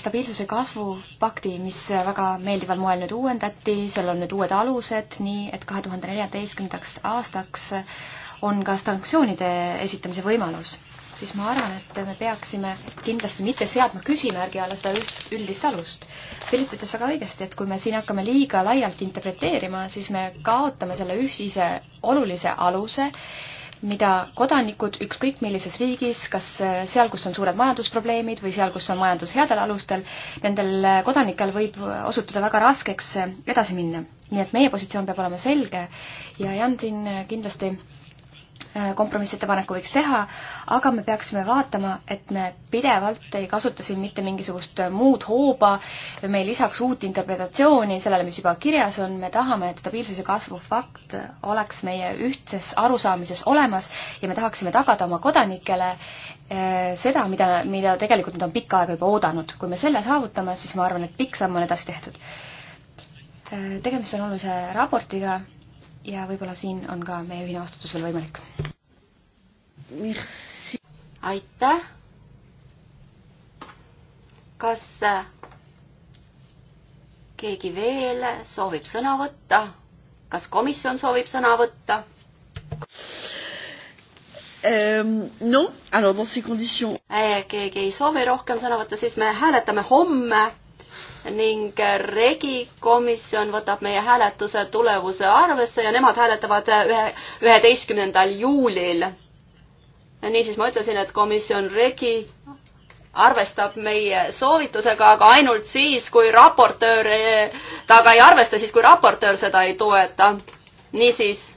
stabiilsuse kasvupakti, mis väga meeldival moel nüüd uuendati, seal on nüüd uued alused, nii et kahe tuhande neljateistkümnendaks aastaks on ka sanktsioonide esitamise võimalus, siis ma arvan, et me peaksime kindlasti mitte seadma küsimärgi alla seda üldist alust. Philip ütles väga õigesti, et kui me siin hakkame liiga laialt interpreteerima, siis me kaotame selle ühise olulise aluse mida kodanikud ükskõik millises riigis, kas seal, kus on suured majandusprobleemid või seal, kus on majandus headel alustel, nendel kodanikel võib osutuda väga raskeks edasi minna. nii et meie positsioon peab olema selge ja Jan siin kindlasti äh, Äh, kompromissettepaneku võiks teha, aga me peaksime vaatama, et me pidevalt ei kasuta siin mitte mingisugust muud hooba, me ei lisaks uut interpretatsiooni sellele, mis juba kirjas on, me tahame, et stabiilsuse kasvu fakt oleks meie ühtses arusaamises olemas ja me tahaksime tagada oma kodanikele äh, seda, mida, mida tegelikult nad on pikka aega juba oodanud. kui me selle saavutame, siis ma arvan, et pikk samm on edasi tehtud äh, tegemist on olulise raportiga ja võib-olla siin on ka meie ühine vastutus veel võimalik. aitäh. kas äh, keegi veel soovib sõna võtta? kas komisjon soovib sõna võtta? Euh, ähm, non, alors dans ces conditions. Äh, keegi ei soovi rohkem sõna võtta, siis me hääletame homme ning regi komisjon võtab meie hääletuse tulemuse arvesse ja nemad hääletavad ühe, üheteistkümnendal juulil. niisiis ma ütlesin, et komisjon regi arvestab meie soovitusega, aga ainult siis, kui raportöör, ta aga ei arvesta siis, kui raportöör seda ei toeta. niisiis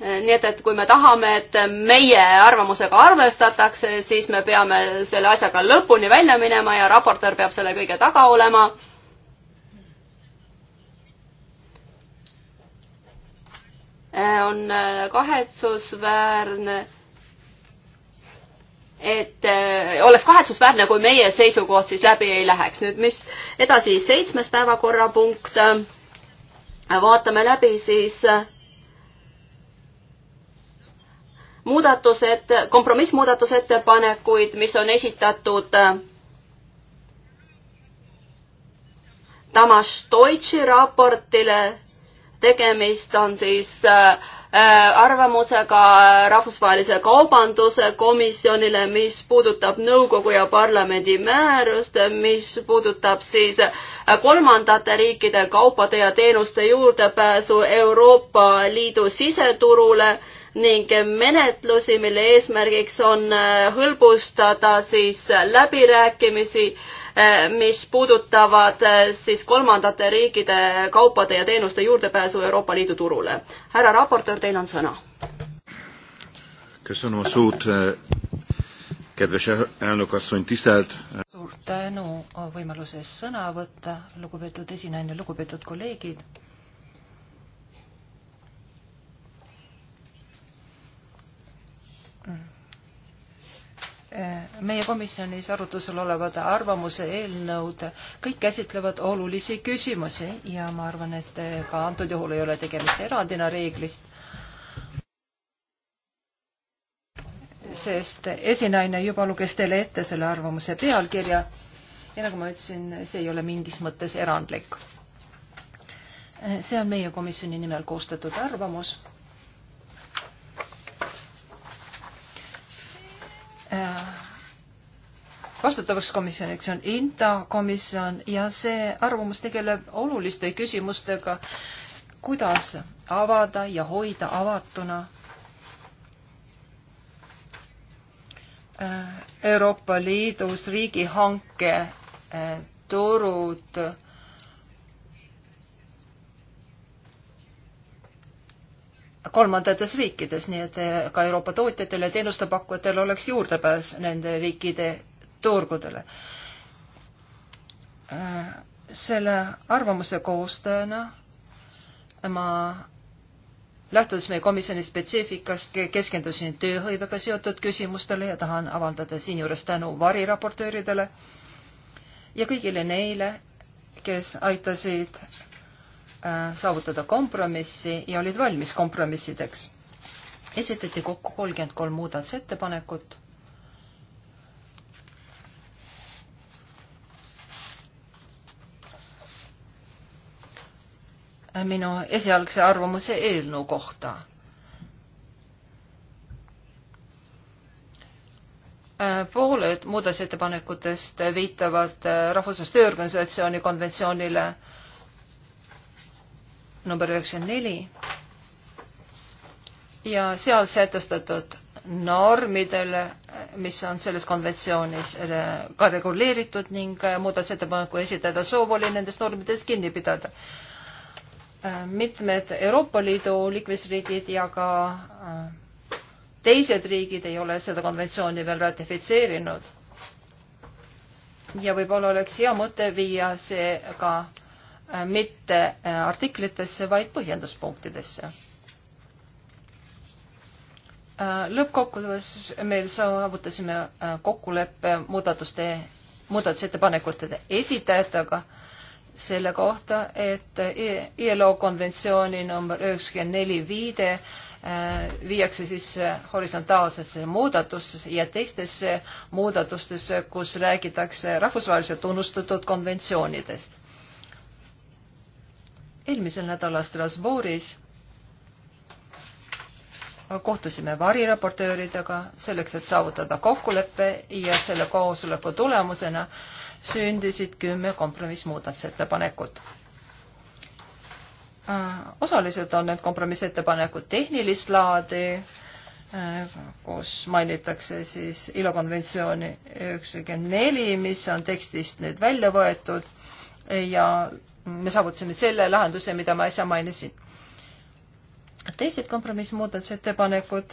nii et, et kui me tahame, et meie arvamusega arvestatakse, siis me peame selle asjaga lõpuni välja minema ja raportöör peab selle kõige taga olema. on äh, kahetsusväärne, et äh, oleks kahetsusväärne, kui meie seisukoht siis läbi ei läheks. nüüd, mis edasi, seitsmes päevakorrapunkt. vaatame läbi siis äh, muudatused, kompromissmuudatusettepanekuid, mis on esitatud äh, Tamas Deutsche raportile. tegemist on siis äh, äh, arvamusega Rahvusvahelise Kaubanduse Komisjonile, mis puudutab nõukogu ja parlamendi määrust, mis puudutab siis kolmandate riikide kaupade ja teenuste juurdepääsu Euroopa Liidu siseturule ning menetlusi, mille eesmärgiks on äh, hõlbustada siis läbirääkimisi, äh, mis puudutavad äh, siis kolmandate riikide kaupade ja teenuste juurdepääsu Euroopa Liidu turule. härra raportöör, teil on sõna. köszönöm a szót, eh, kedves elnök asszony, tisztelt! Eh. suur tänu võimaluse eest sõna võtta, lugupeetud esinaine, lugupeetud kolleegid Mm. meie komisjonis arutusel olevad arvamuse eelnõud, kõik käsitlevad olulisi küsimusi ja ma arvan, et ka antud juhul ei ole tegemist erandina reeglist. sest esinaine juba luges teile ette selle arvamuse pealkirja ja nagu ma ütlesin, see ei ole mingis mõttes erandlik. see on meie komisjoni nimel koostatud arvamus Äh, vastutavaks komisjoniks on INTA komisjon ja see arvamus tegeleb oluliste küsimustega, kuidas avada ja hoida avatuna äh, Euroopa Liidus riigihanke äh, turud kolmandates riikides, nii et ka Euroopa tootjatel ja teenustepakkujatel oleks juurdepääs nende riikide turgudele. selle arvamuse koostajana ma lähtudes meie komisjoni spetsiifikast, keskendusin tööhõivega seotud küsimustele ja tahan avaldada siinjuures tänu variraportööridele ja kõigile neile, kes aitasid Äh, saavutada kompromissi ja olid valmis kompromissideks. esitati kokku kolmkümmend kolm muudatusettepanekut. minu esialgse arvamuse eelnõu kohta. Äh, pooled muudatusettepanekutest viitavad äh, Rahvusvahelise Tööorganisatsiooni konventsioonile number üheksakümmend neli ja seal sätestatud normidele, mis on selles konventsioonis äh, ka reguleeritud ning äh, muudatusettepaneku esitajate soov oli nendest normidest kinni pidada. Äh, mitmed Euroopa Liidu liikmesriigid ja ka teised riigid ei ole seda konventsiooni veel ratifitseerinud. ja võib-olla oleks hea mõte viia see ka Äh, mitte äh, artiklitesse, vaid põhjenduspunktidesse. Äh, lõppkokkuvõttes meil saavutasime kokkuleppe muudatuste, muudatusettepanekute esitajatega selle kohta, et ILO konventsiooni number üheksakümmend neli viide viiakse sisse horisontaalsesse muudatustesse ja teistesse muudatustesse, kus räägitakse rahvusvaheliselt tunnustatud konventsioonidest eelmisel nädalal Strasbourgis kohtusime variraportööridega selleks, et saavutada kokkulepe ja selle koosoleku tulemusena sündisid kümme kompromissmuudatusettepanekut. Äh, osaliselt on need kompromissettepanekud tehnilist laadi, äh, kus mainitakse siis ILO konventsiooni üheksakümmend neli, mis on tekstist nüüd välja võetud ja me saavutasime selle lahenduse, mida ma äsja mainisin. teised kompromissmuudatusettepanekud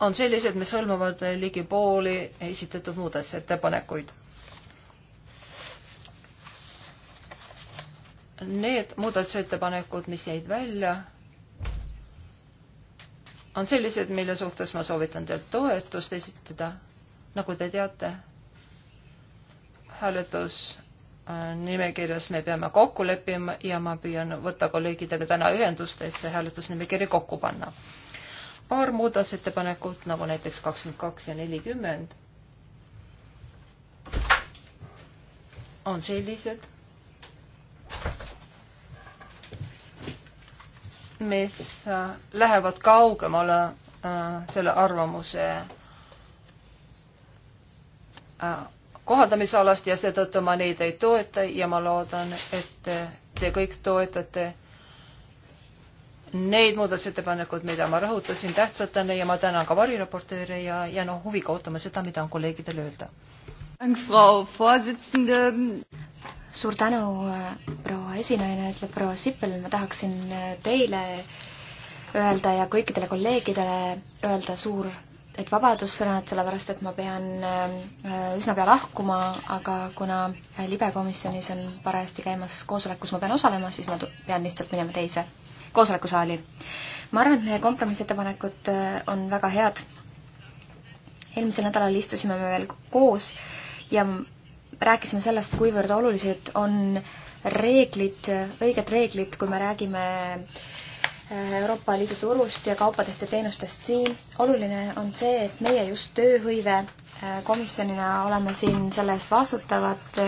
on sellised, mis hõlmavad ligi pooli esitatud muudatusettepanekuid. Need muudatusettepanekud, mis jäid välja, on sellised, mille suhtes ma soovitan teilt toetust esitada. nagu te teate, hääletus nimekirjas me peame kokku leppima ja ma püüan võtta kolleegidega täna ühendust, et see hääletusnimekiri kokku panna. paar muudatusettepanekut, nagu näiteks kakskümmend kaks ja nelikümmend, on sellised, mis äh, lähevad kaugemale äh, selle arvamuse äh, kohaldamisalast ja seetõttu ma neid ei toeta ja ma loodan, et te kõik toetate neid muudatusettepanekud, mida ma rõhutasin tähtsatena ja ma tänan ka variraportööre ja, ja noh, huviga ootame seda, mida on kolleegidel öelda. suur tänu, proua esinaine, ütleb proua Sippel, ma tahaksin teile öelda ja kõikidele kolleegidele öelda suur et vabadussõnad, sellepärast et ma pean äh, üsna pea lahkuma, aga kuna äh, libekomisjonis on parajasti käimas koosolek, kus ma pean osalema, siis ma pean lihtsalt minema teise koosolekusaali. ma arvan, et meie kompromissettepanekud äh, on väga head. eelmisel nädalal istusime me veel koos ja rääkisime sellest, kuivõrd olulised on reeglid, õiged reeglid, kui me räägime äh, Euroopa Liidu turust ja kaupadest ja teenustest siin. oluline on see, et meie just tööhõive äh, komisjonina oleme siin selle eest vastutavad,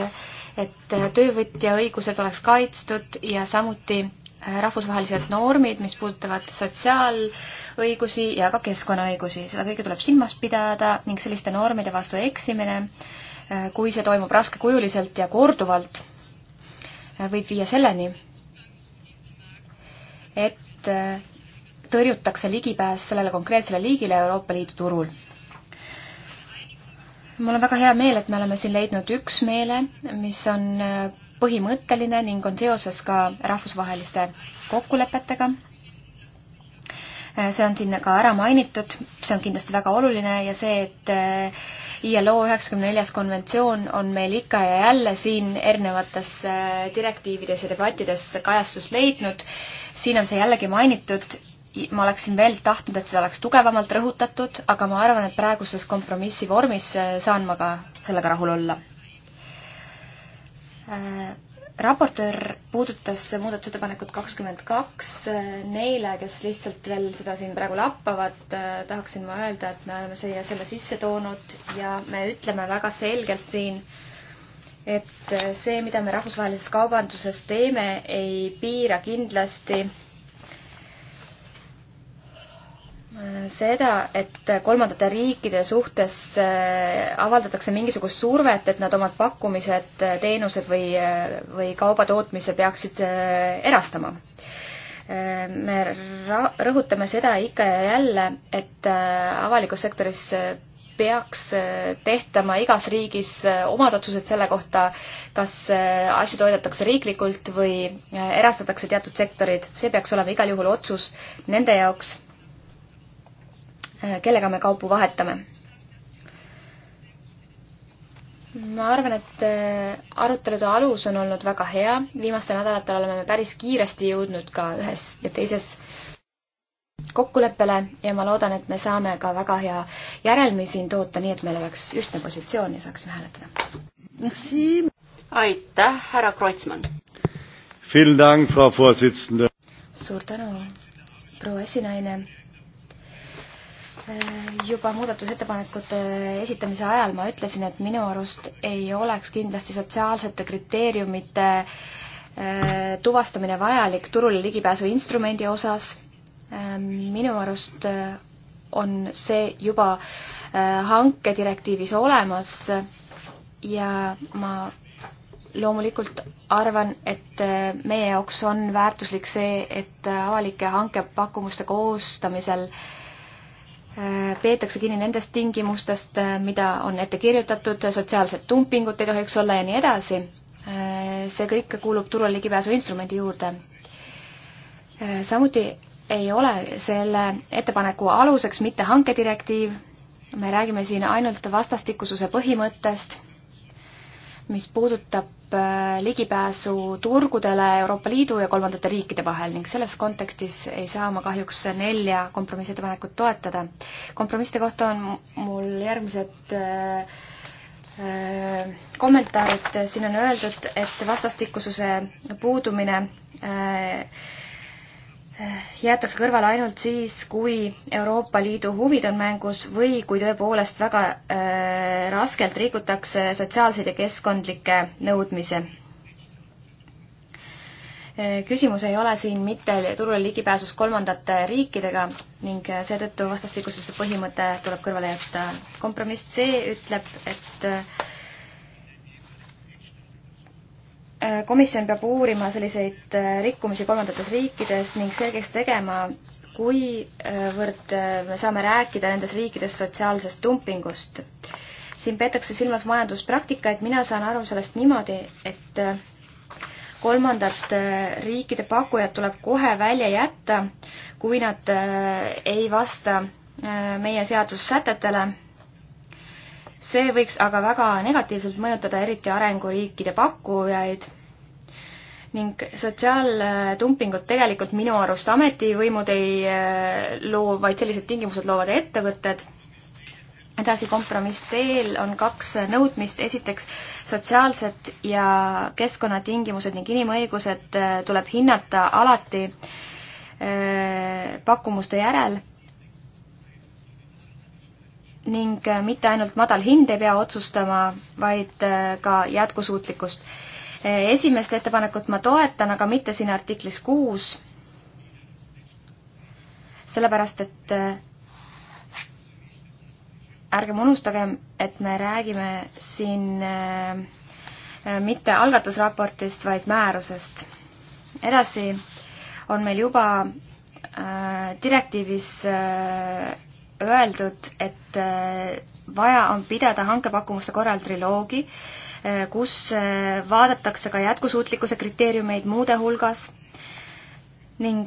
et töövõtja õigused oleks kaitstud ja samuti äh, rahvusvahelised normid, mis puudutavad sotsiaalõigusi ja ka keskkonnaõigusi. seda kõike tuleb silmas pidada ning selliste normide vastu eksimine, äh, kui see toimub raskekujuliselt ja korduvalt, võib viia selleni, et et äh, tõrjutakse ligipääs sellele konkreetsele liigile Euroopa Liidu turul mul on väga hea meel, et me oleme siin leidnud üksmeele, mis on äh, põhimõtteline ning on seoses ka rahvusvaheliste kokkulepetega Äh, see on siin ka ära mainitud, see on kindlasti väga oluline ja see, et äh, ILO üheksakümne neljas konventsioon on meil ikka ja jälle siin erinevates äh, direktiivides ja debattides kajastust leidnud. siin on see jällegi mainitud ma oleksin veel tahtnud, et seda oleks tugevamalt rõhutatud, aga ma arvan, et praeguses kompromissi vormis saan ma ka sellega rahul olla raportöör puudutas muudatusettepanekut kakskümmend kaks. Äh, neile, kes lihtsalt veel seda siin praegu lappavad, äh, tahaksin ma öelda, et me oleme siia selle sisse toonud ja me ütleme väga selgelt siin, et äh, see, mida me rahvusvahelises kaubanduses teeme, ei piira kindlasti seda, et kolmandate riikide suhtes äh, avaldatakse mingisugust survet, et nad omad pakkumised, äh, teenused või, äh, või kaubatootmise peaksid erastama. me rõhutame seda ikka ja jälle, et avalikus sektoris peaks tehtama igas riigis omad otsused selle kohta, kas asju toidetakse riiklikult või erastatakse teatud sektorid, see peaks olema igal juhul otsus nende jaoks Äh, kellega me kaupu vahetame. ma arvan, et äh, arutelude alus on olnud väga hea, viimastel nädalatel oleme me päris kiiresti jõudnud ka ühes ja teises kokkuleppele ja ma loodan, et me saame ka väga hea järelmi siin toota, nii et meil oleks ühtne positsioon ja saaksime hääletada. aitäh, härra Kreutzmann! suur tänu, proua esinaine juba muudatusettepanekute esitamise ajal ma ütlesin, et minu arust ei oleks kindlasti sotsiaalsete kriteeriumite äh, tuvastamine vajalik turule ligipääsu instrumendi osas. Ähm, minu arust äh, on see juba äh, hankedirektiivis olemas ja ma loomulikult arvan, et meie jaoks on väärtuslik see, et avalike hankepakkumuste koostamisel äh, Äh, peetakse kinni nendest tingimustest, äh, mida on ette kirjutatud, sotsiaalset dumpingut ei tohiks olla ja nii edasi. Äh, see kõik kuulub turule ligipääsu instrumendi juurde. samuti ei ole selle ettepaneku aluseks mitte hankedirektiiv, me räägime siin ainult vastastikususe põhimõttest mis puudutab äh, ligipääsu turgudele Euroopa Liidu ja kolmandate riikide vahel ning selles kontekstis ei saa ma kahjuks nelja kompromissettepanekut toetada. kompromisside kohta on mul järgmised äh, äh, kommentaarid, siin on öeldud, et vastastikususe puudumine äh, jäetakse kõrvale ainult siis, kui Euroopa Liidu huvid on mängus või kui tõepoolest väga äh, raskelt rikutakse sotsiaalseid ja keskkondlikke nõudmisi. Äh, küsimus ei ole siin mitte turule ligipääsus kolmandate riikidega ning äh, seetõttu vastastikususe põhimõte tuleb kõrvale jätta. kompromiss C ütleb, et äh, komisjon peab uurima selliseid äh, rikkumisi kolmandates riikides ning selgeks tegema, kuivõrd äh, äh, me saame rääkida nendes riikides sotsiaalsest dumpingust. siin peetakse silmas majanduspraktikaid, mina saan aru sellest niimoodi, et kolmandat riikide pakkujad tuleb kohe välja jätta, kui nad ei vasta meie seadussätetele see võiks aga väga negatiivselt mõjutada eriti arenguriikide pakkujaid ning sotsiaaltumpingut tegelikult minu arust ametivõimud ei eh, loo, vaid sellised tingimused loovad ettevõtted. edasi kompromissteel on kaks nõudmist, esiteks sotsiaalsed ja keskkonnatingimused ning inimõigused eh, tuleb hinnata alati eh, pakkumuste järel ning äh, mitte ainult madal hind ei pea otsustama, vaid äh, ka jätkusuutlikkust. Äh, esimest ettepanekut ma toetan, aga mitte siin artiklis kuus, sellepärast et ärgem unustagem, et me räägime siin mitte algatusraportist, vaid määrusest. edasi on meil juba direktiivis öeldud, et äh, vaja on pidada hankepakkumuste korral triloogi, äh, kus äh, vaadatakse ka jätkusuutlikkuse kriteeriumeid muude hulgas ning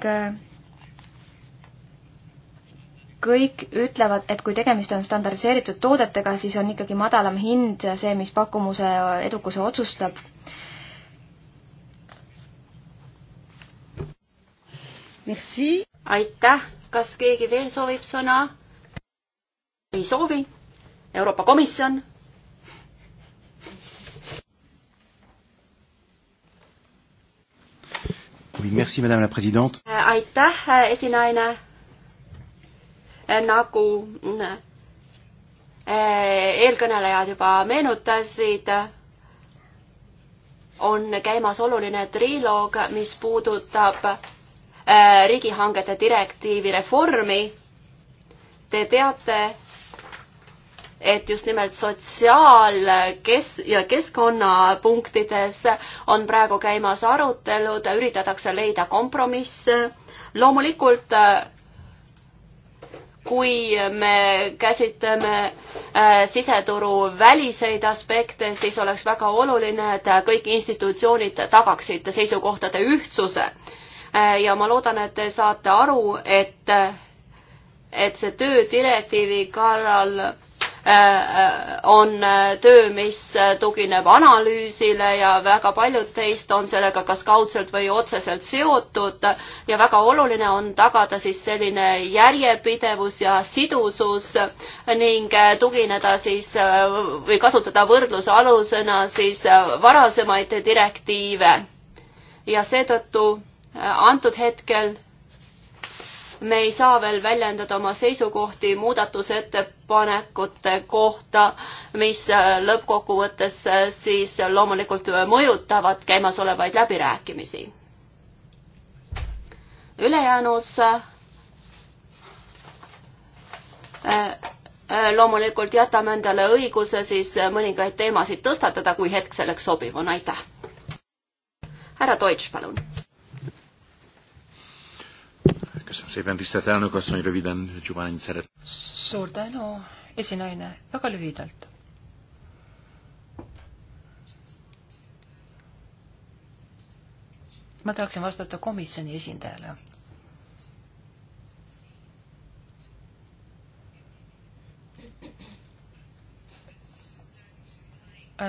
kõik ütlevad, et kui tegemist on standardiseeritud toodetega, siis on ikkagi madalam hind see, mis pakkumuse edukuse otsustab Merci. aitäh, kas keegi veel soovib sõna? ei soovi. Euroopa Komisjon. Äh, aitäh, äh, esinaine. Äh, nagu eelkõnelejad juba meenutasid, on käimas oluline triloog, mis puudutab riigihangete direktiivi reformi. Te teate, et just nimelt sotsiaal- kes- ja keskkonnapunktides on praegu käimas arutelud, üritatakse leida kompromisse. loomulikult kui me käsitleme äh, siseturu väliseid aspekte, siis oleks väga oluline, et kõik institutsioonid tagaksid seisukohtade ühtsuse. Äh, ja ma loodan, et te saate aru, et, et see töö direktiivi kallal Äh, äh, on äh, töö, mis tugineb analüüsile ja väga paljud teist on sellega kas kaudselt või otseselt seotud ja väga oluline on tagada siis selline järjepidevus ja sidusus ning tugineda siis või kasutada võrdlusalusena siis varasemaid direktiive ja seetõttu antud hetkel me ei saa veel väljendada oma seisukohti muudatusettepanekute kohta, mis lõppkokkuvõttes siis loomulikult mõjutavad käimasolevaid läbirääkimisi. ülejäänus äh, loomulikult jätame endale õiguse siis mõningaid teemasid tõstatada, kui hetk selleks sobiv on, aitäh. härra Deutsch, palun köszönöm szépen, tisztelt elnök asszony, röviden csupán ennyit szeret. Suur tänu, esinaine, väga lühidalt. ma tahaksin vastata komisjoni esindajale.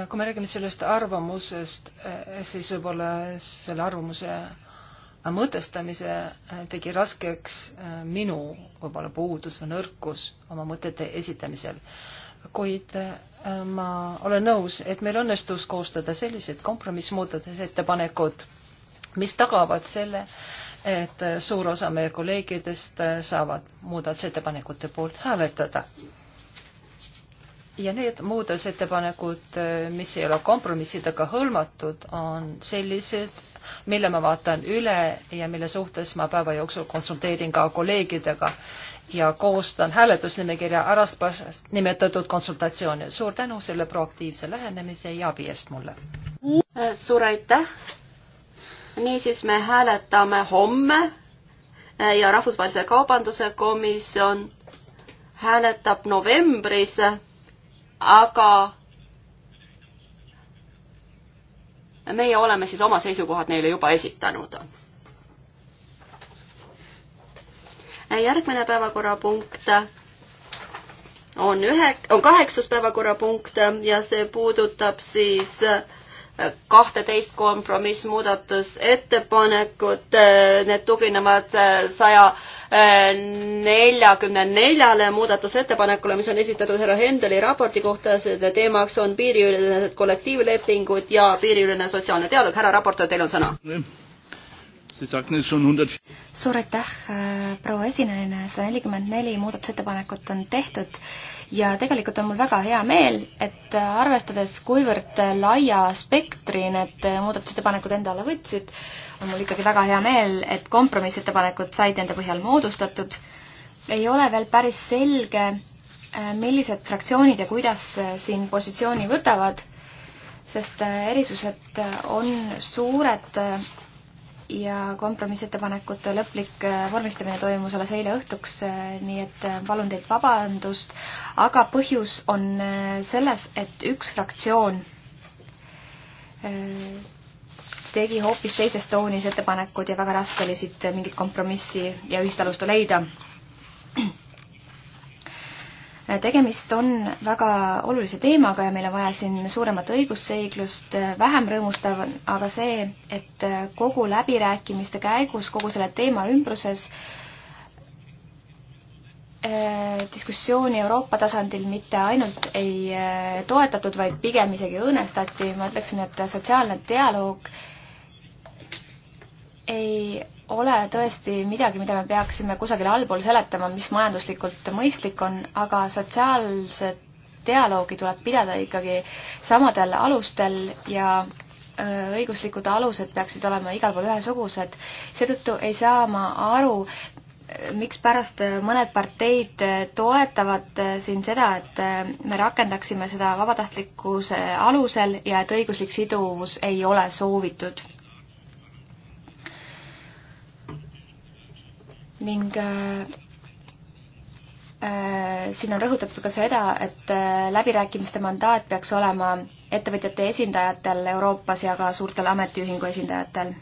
kui me räägime sellest arvamusest, eh, siis võib-olla selle arvamuse mõtestamise äh, tegi raskeks äh, minu võib-olla puudus või nõrkus oma mõtete esitamisel. kuid äh, ma olen nõus, et meil õnnestus koostada sellised kompromissmuudatusettepanekud, mis tagavad selle, et suur osa meie kolleegidest saavad muudatusettepanekute poolt hääletada. ja need muudatusettepanekud, mis ei ole kompromissidega hõlmatud, on sellised, mille ma vaatan üle ja mille suhtes ma päeva jooksul konsulteerin ka kolleegidega ja koostan hääletusnimekirja arastpast nimetatud konsultatsioone. suur tänu selle proaktiivse lähenemise ja abi eest mulle. suur aitäh. niisiis me hääletame homme ja Rahvusvahelise Kaubanduse Komisjon hääletab novembris, aga meie oleme siis oma seisukohad neile juba esitanud. järgmine päevakorrapunkt on ühe, on kaheksas päevakorrapunkt ja see puudutab siis äh, kahteteist kompromissmuudatusettepanekut, need tuginevad saja eh, neljakümne neljale muudatusettepanekule, mis on esitatud härra Hendeli raporti kohta, selle teemaks on piiriülesed kollektiivlepingud ja piiriülene sotsiaalne dialoog. härra raportöör, teil on sõna. suur aitäh, eh, proua esinejana, sada nelikümmend neli muudatusettepanekut on tehtud ja tegelikult on mul väga hea meel, et arvestades, kuivõrd laia spektri need muudatusettepanekud enda alla võtsid, on mul ikkagi väga hea meel, et kompromissettepanekud said nende põhjal moodustatud. ei ole veel päris selge, millised fraktsioonid ja kuidas siin positsiooni võtavad, sest erisused on suured ja kompromissettepanekute lõplik äh, vormistamine toimus alles eile õhtuks, äh, nii et äh, palun teilt vabandust, aga põhjus on selles, et üks fraktsioon tegi hoopis teises toonis ettepanekud ja väga raske oli siit mingit kompromissi ja ühist alustu leida tegemist on väga olulise teemaga ja meil on vaja siin suuremat õigusseiglust, vähem rõõmustav on aga see, et kogu läbirääkimiste käigus, kogu selle teema ümbruses äh, diskussiooni Euroopa tasandil mitte ainult ei äh, toetatud, vaid pigem isegi õõnestati, ma ütleksin, et sotsiaalne dialoog ei ole tõesti midagi, mida me peaksime kusagil allpool seletama, mis majanduslikult mõistlik on, aga sotsiaalset dialoogi tuleb pidada ikkagi samadel alustel ja õiguslikud alused peaksid olema igal pool ühesugused. seetõttu ei saa ma aru, mikspärast mõned parteid toetavad siin seda, et me rakendaksime seda vabatahtlikkuse alusel ja et õiguslik siduvus ei ole soovitud ning äh, äh, siin on rõhutatud ka seda, et äh, läbirääkimiste mandaat peaks olema ettevõtjate esindajatel Euroopas ja ka suurtel ametiühingu esindajatel.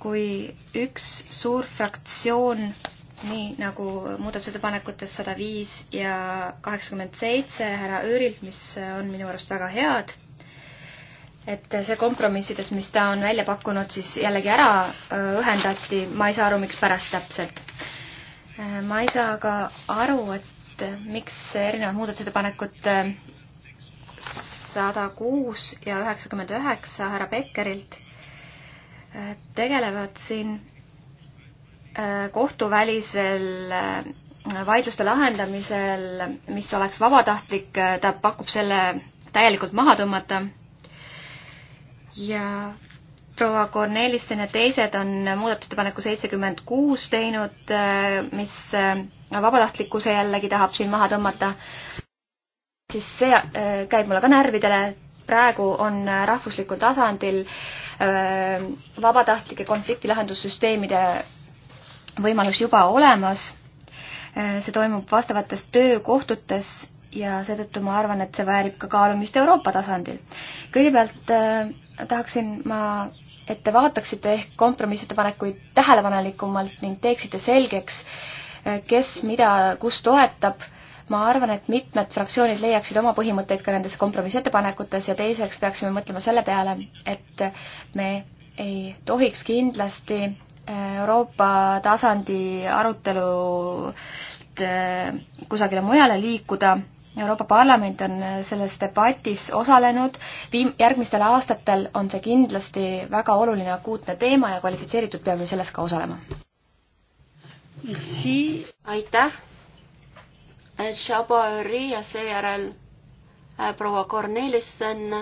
kui üks suur fraktsioon, nii nagu muudatusettepanekutes sada viis ja kaheksakümmend seitse härra Öörilt, mis on minu arust väga head, et see kompromissides, mis ta on välja pakkunud, siis jällegi ära õhendati, ma ei saa aru, miks pärast täpselt. ma ei saa ka aru, et miks erinevad muudatusettepanekud sada kuus ja üheksakümmend üheksa härra Beckerilt tegelevad siin kohtuvälisel vaidluste lahendamisel, mis oleks vabatahtlik, ta pakub selle täielikult maha tõmmata ja proua Kornelissen ja teised on muudatusettepaneku seitsekümmend kuus teinud, mis äh, vabatahtlikkuse jällegi tahab siin maha tõmmata, siis see äh, käib mulle ka närvidele. praegu on rahvuslikul tasandil äh, vabatahtlike konfliktilahendussüsteemide võimalus juba olemas. see toimub vastavates töökohtutes ja seetõttu ma arvan, et see väärib ka kaalumist Euroopa tasandil. kõigepealt tahaksin ma, et te vaataksite ehk kompromissettepanekuid tähelepanelikumalt ning teeksite selgeks, eh, kes mida, kus toetab. ma arvan, et mitmed fraktsioonid leiaksid oma põhimõtteid ka nendes kompromissettepanekutes ja teiseks peaksime mõtlema selle peale, et me ei tohiks kindlasti eh, Euroopa tasandi arutelu eh, kusagile mujale liikuda Euroopa Parlament on selles debatis osalenud, viim-, järgmistel aastatel on see kindlasti väga oluline akuutne teema ja kvalifitseeritud peame selles ka osalema. aitäh! Shabaöri ja seejärel äh, proua Kornelissen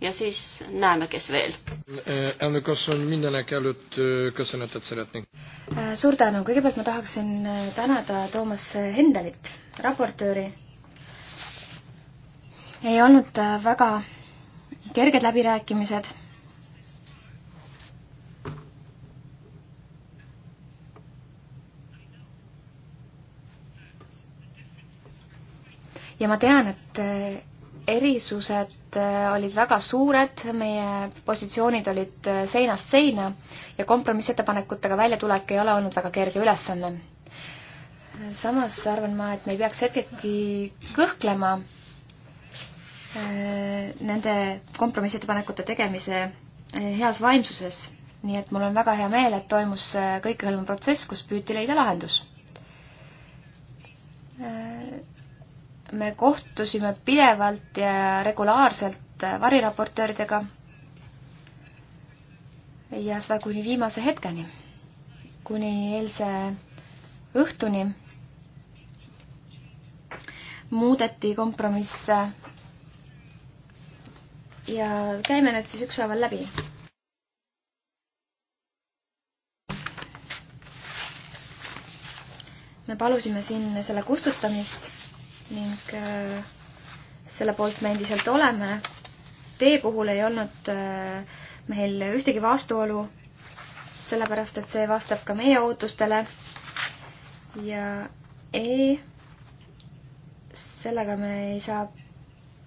ja siis näeme, kes veel. Äh, elnök asszony, mindenek előtt äh, köszönetet szeretnénk. suur tänu, kõigepealt ma tahaksin tänada Toomas Hendelit raportööri. ei olnud äh, väga kerged läbirääkimised ja ma tean, et äh, erisused äh, olid väga suured, meie positsioonid olid seinast seina ja kompromissettepanekutega väljatulek ei ole olnud väga kerge ülesanne samas arvan ma, et me ei peaks hetkekski kõhklema äh, nende kompromissettepanekute tegemise äh, heas vaimsuses. nii et mul on väga hea meel, et toimus äh, kõikehõlmav protsess, kus püüti leida lahendus. me kohtusime pidevalt ja regulaarselt variraportööridega ja seda kuni viimase hetkeni, kuni eilse õhtuni muudeti kompromisse. ja käime need siis ükshaaval läbi. me palusime siin selle kustutamist ning äh, selle poolt me endiselt oleme. tee puhul ei olnud äh, meil ühtegi vastuolu, sellepärast et see vastab ka meie ootustele. ja E sellega me ei saa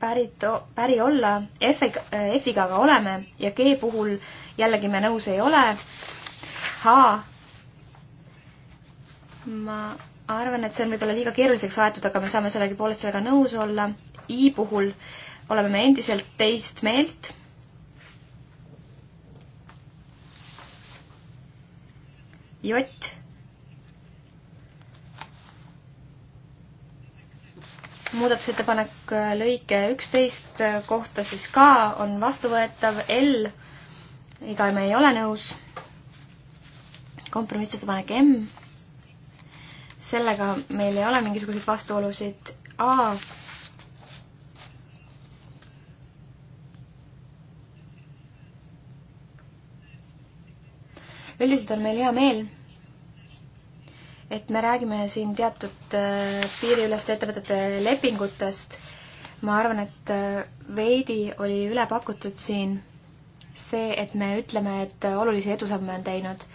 pärit, päri olla, F-iga, F-iga aga oleme ja G puhul jällegi me nõus ei ole. H, ma arvan, et see on võib-olla liiga keeruliseks aetud, aga me saame sellegipoolest sellega nõus olla. I puhul oleme me endiselt teist meelt jott muudatusettepanek äh, lõike üksteist äh, kohta siis ka on vastuvõetav, L, iga me ei ole nõus. kompromissettepanek M, sellega meil ei ole mingisuguseid vastuolusid, A. üldiselt on meil hea meel et me räägime siin teatud äh, piiriüleste ettevõtete lepingutest. ma arvan, et äh, veidi oli üle pakutud siin see, et me ütleme, et olulisi edusamme on teinud.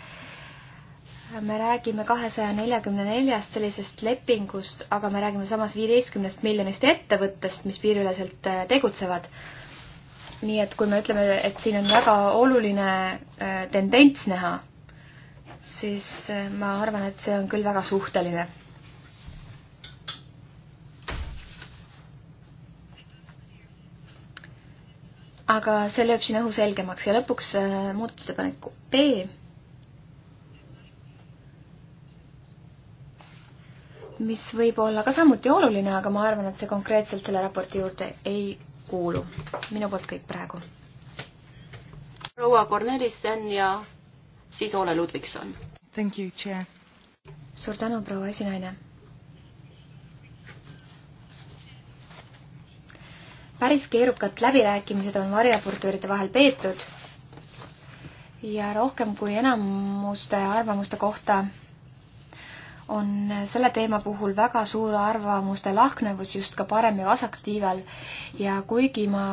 me räägime kahesaja neljakümne neljast sellisest lepingust, aga me räägime samas viieteistkümnest miljonist ettevõttest, mis piiriüleselt äh, tegutsevad. nii et kui me ütleme, et siin on väga oluline tendents näha siis eh, ma arvan, et see on küll väga suhteline. aga see lööb siin õhu selgemaks ja lõpuks eh, muudatusepanek B mis võib olla ka samuti oluline, aga ma arvan, et see konkreetselt selle raporti juurde ei kuulu. minu poolt kõik praegu. proua Kornelissen ja siis Ole Ludvigson. suur tänu, proua esinaine. päris keerukad läbirääkimised on varjaportööride vahel peetud ja rohkem kui enamuste arvamuste kohta on selle teema puhul väga suur arvamuste lahknevus just ka parem- ja vasaktiival ja kuigi ma,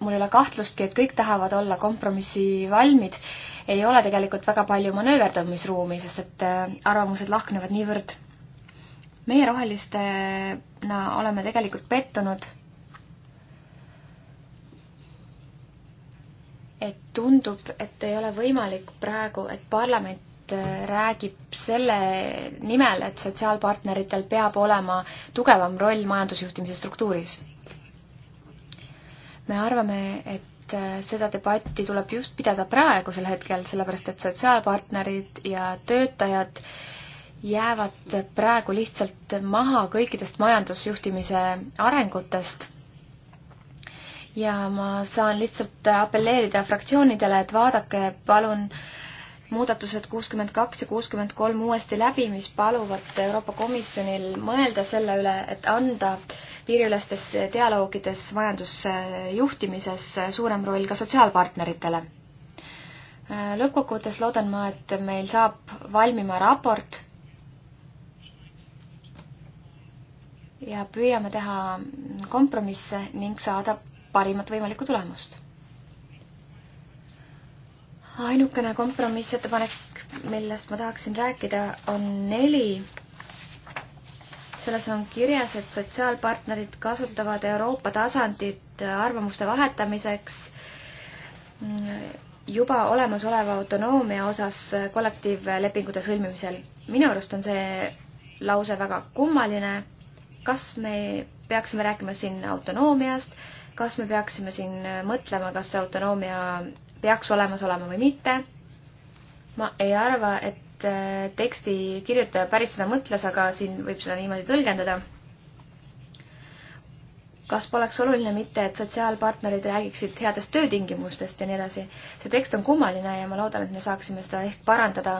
mul ei ole kahtlustki, et kõik tahavad olla kompromissivalmid, ei ole tegelikult väga palju manööverdamisruumi, sest et äh, arvamused lahknevad niivõrd. meie rohelistena oleme tegelikult pettunud, et tundub, et ei ole võimalik praegu, et parlament Äh, räägib selle nimel, et sotsiaalpartneritel peab olema tugevam roll majandusjuhtimise struktuuris. me arvame, et äh, seda debatti tuleb just pidada praegusel hetkel, sellepärast et sotsiaalpartnerid ja töötajad jäävad praegu lihtsalt maha kõikidest majandusjuhtimise arengutest ja ma saan lihtsalt apelleerida fraktsioonidele, et vaadake palun äh, muudatused kuuskümmend kaks ja kuuskümmend kolm uuesti läbi, mis paluvad Euroopa Komisjonil mõelda selle üle, et anda piiriülestes dialoogides majandusjuhtimises suurem roll ka sotsiaalpartneritele. lõppkokkuvõttes loodan ma, et meil saab valmima raport ja püüame teha kompromisse ning saada parimat võimalikku tulemust ainukene kompromissettepanek, millest ma tahaksin rääkida, on neli. selles on kirjas, et sotsiaalpartnerid kasutavad Euroopa tasandit arvamuste vahetamiseks juba olemasoleva autonoomia osas kollektiivlepingute sõlmimisel. minu arust on see lause väga kummaline. kas me peaksime rääkima siin autonoomiast, kas me peaksime siin mõtlema, kas see autonoomia peaks olemas olema või mitte. ma ei arva, et äh, teksti kirjutaja päris seda mõtles, aga siin võib seda niimoodi tõlgendada. kas poleks oluline mitte, et sotsiaalpartnerid räägiksid headest töötingimustest ja nii edasi? see tekst on kummaline ja ma loodan, et me saaksime seda ehk parandada.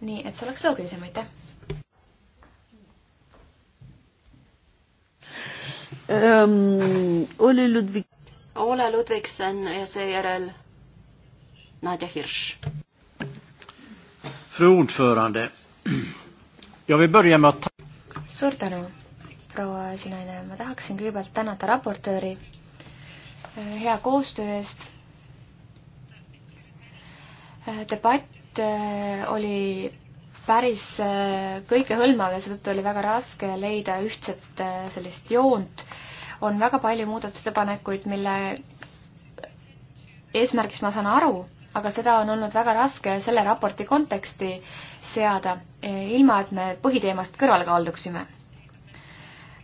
nii, et see oleks loogilisem, aitäh ähm,. Olle Ludvig. Ole Ludvigsen ja seejärel Nadja Hirš. suur tänu, proua esinaine, ma tahaksin kõigepealt tänada raportööri eh, hea koostöö eest. Eh, debatt eh, oli päris kõikehõlmav ja seetõttu oli väga raske leida ühtset sellist joont on väga palju muudatusettepanekuid, mille eesmärgist ma saan aru, aga seda on olnud väga raske selle raporti konteksti seada, ilma et me põhiteemast kõrvale kalduksime.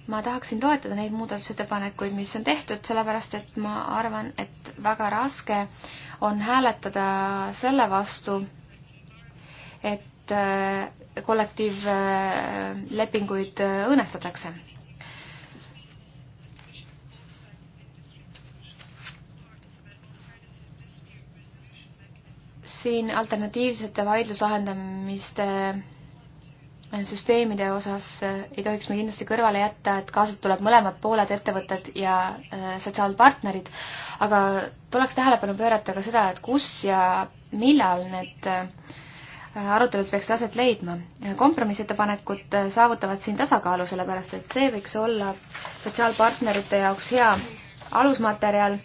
ma tahaksin toetada neid muudatusettepanekuid, mis on tehtud, sellepärast et ma arvan, et väga raske on hääletada selle vastu, et äh, kollektiivlepinguid äh, õõnestatakse siin alternatiivsete vaidluslahendamiste süsteemide osas äh, ei tohiks me kindlasti kõrvale jätta, et kaasat tuleb mõlemad pooled, ettevõtted ja äh, sotsiaalpartnerid, aga tuleks tähelepanu pöörata ka seda, et kus ja millal need äh, arutelud peaksid aset leidma. kompromissettepanekud saavutavad siin tasakaalu, sellepärast et see võiks olla sotsiaalpartnerite jaoks hea alusmaterjal,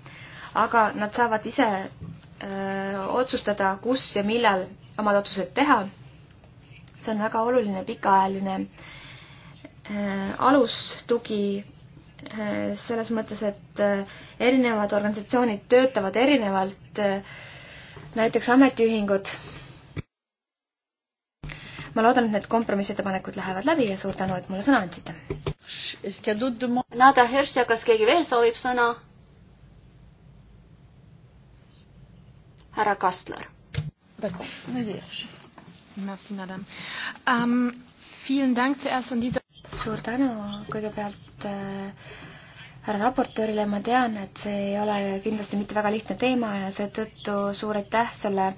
aga nad saavad ise Äh, otsustada, kus ja millal omad otsused teha. see on väga oluline pikaajaline äh, alustugi äh, selles mõttes, et erinevad organisatsioonid töötavad erinevalt, näiteks ametiühingud. ma loodan, et need kompromissettepanekud lähevad läbi ja suur tänu, et mulle sõna andsite. Nada Hirš ja kas keegi veel soovib sõna? härra Kastler. Um, suur tänu kõigepealt äh, härra raportöörile, ma tean, et see ei ole kindlasti mitte väga lihtne teema ja seetõttu suur aitäh selle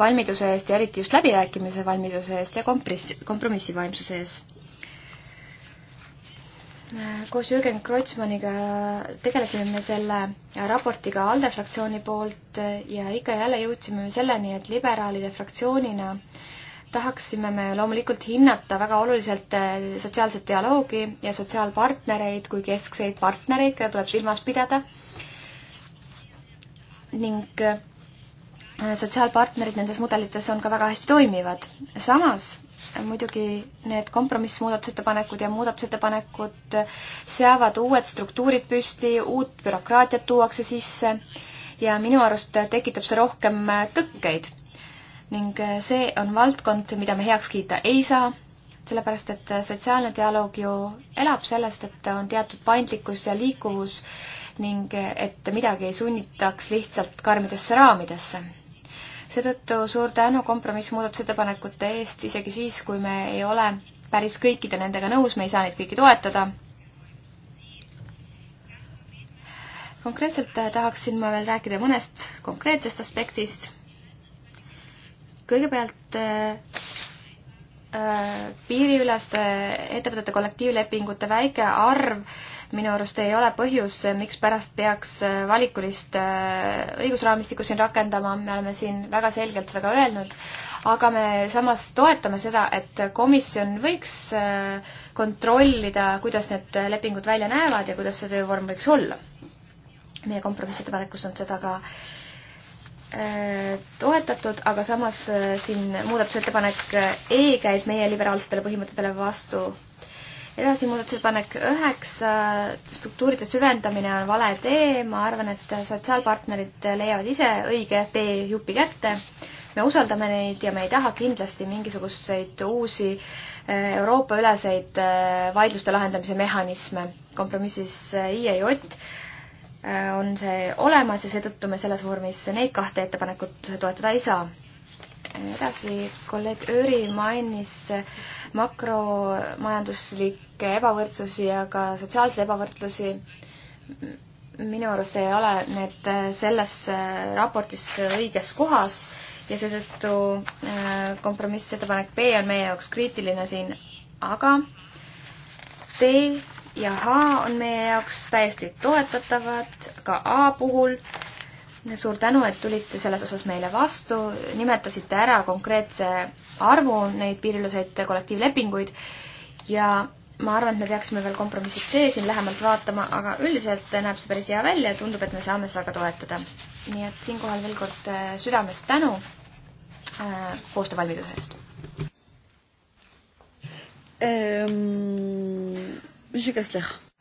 valmiduse eest ja eriti just läbirääkimise valmiduse eest ja kompris-, kompromissivaimsuse ees koos Jürgen Kreutzmanniga tegelesime me selle raportiga ALDE fraktsiooni poolt ja ikka ja jälle jõudsime selleni, et liberaalide fraktsioonina tahaksime me loomulikult hinnata väga oluliselt eh, sotsiaalset dialoogi ja sotsiaalpartnereid kui keskseid partnereid, keda tuleb silmas pidada. ning eh, sotsiaalpartnerid nendes mudelites on ka väga hästi toimivad. samas muidugi need kompromissmuudatusettepanekud ja muudatusettepanekud seavad uued struktuurid püsti, uut bürokraatiat tuuakse sisse ja minu arust tekitab see rohkem tõkkeid. ning see on valdkond, mida me heaks kiita ei saa, sellepärast et sotsiaalne dialoog ju elab sellest, et on teatud paindlikkus ja liikuvus ning et midagi ei sunnitaks lihtsalt karmidesse raamidesse seetõttu suur tänu kompromissmuudatusettepanekute eest, isegi siis, kui me ei ole päris kõikide nendega nõus, me ei saa neid kõiki toetada. konkreetselt tahaksin ma veel rääkida mõnest konkreetsest aspektist. kõigepealt äh, äh, piiriüleste ettevõtete kollektiivlepingute väike arv minu arust ei ole põhjus, mikspärast peaks valikulist äh, õigusraamistikku siin rakendama, me oleme siin väga selgelt seda ka öelnud, aga me samas toetame seda, et komisjon võiks äh, kontrollida, kuidas need lepingud välja näevad ja kuidas see töövorm võiks olla. meie kompromissettepanekus on seda ka äh, toetatud, aga samas siin muudatusettepanek E käib meie liberaalsetele põhimõtetele vastu edasi muudatusepanek üheksa, struktuuride süvendamine on vale tee, ma arvan, et sotsiaalpartnerid leiavad ise õige tee jupi kätte. me usaldame neid ja me ei taha kindlasti mingisuguseid uusi eh, Euroopa-üleseid eh, vaidluste lahendamise mehhanisme. kompromissis eh, I ja J on see olemas ja seetõttu me selles vormis neid kahte ettepanekut toetada ei saa edasi, kolleeg Öri mainis makromajanduslikke ebavõrdsusi ja ka sotsiaalseid ebavõrdlusi. minu arust ei ole need selles äh, raportis õiges kohas ja seetõttu äh, kompromissettepanek B on meie jaoks kriitiline siin, aga D ja H on meie jaoks täiesti toetatavad, ka A puhul suur tänu, et tulite selles osas meile vastu, nimetasite ära konkreetse arvu neid piiriüleseid kollektiivlepinguid ja ma arvan, et me peaksime veel kompromissid sees siin lähemalt vaatama, aga üldiselt näeb see päris hea välja ja tundub, et me saame seda ka toetada. nii et siinkohal veel kord äh, südamest tänu äh, koostöövalmiduse eest ähm,.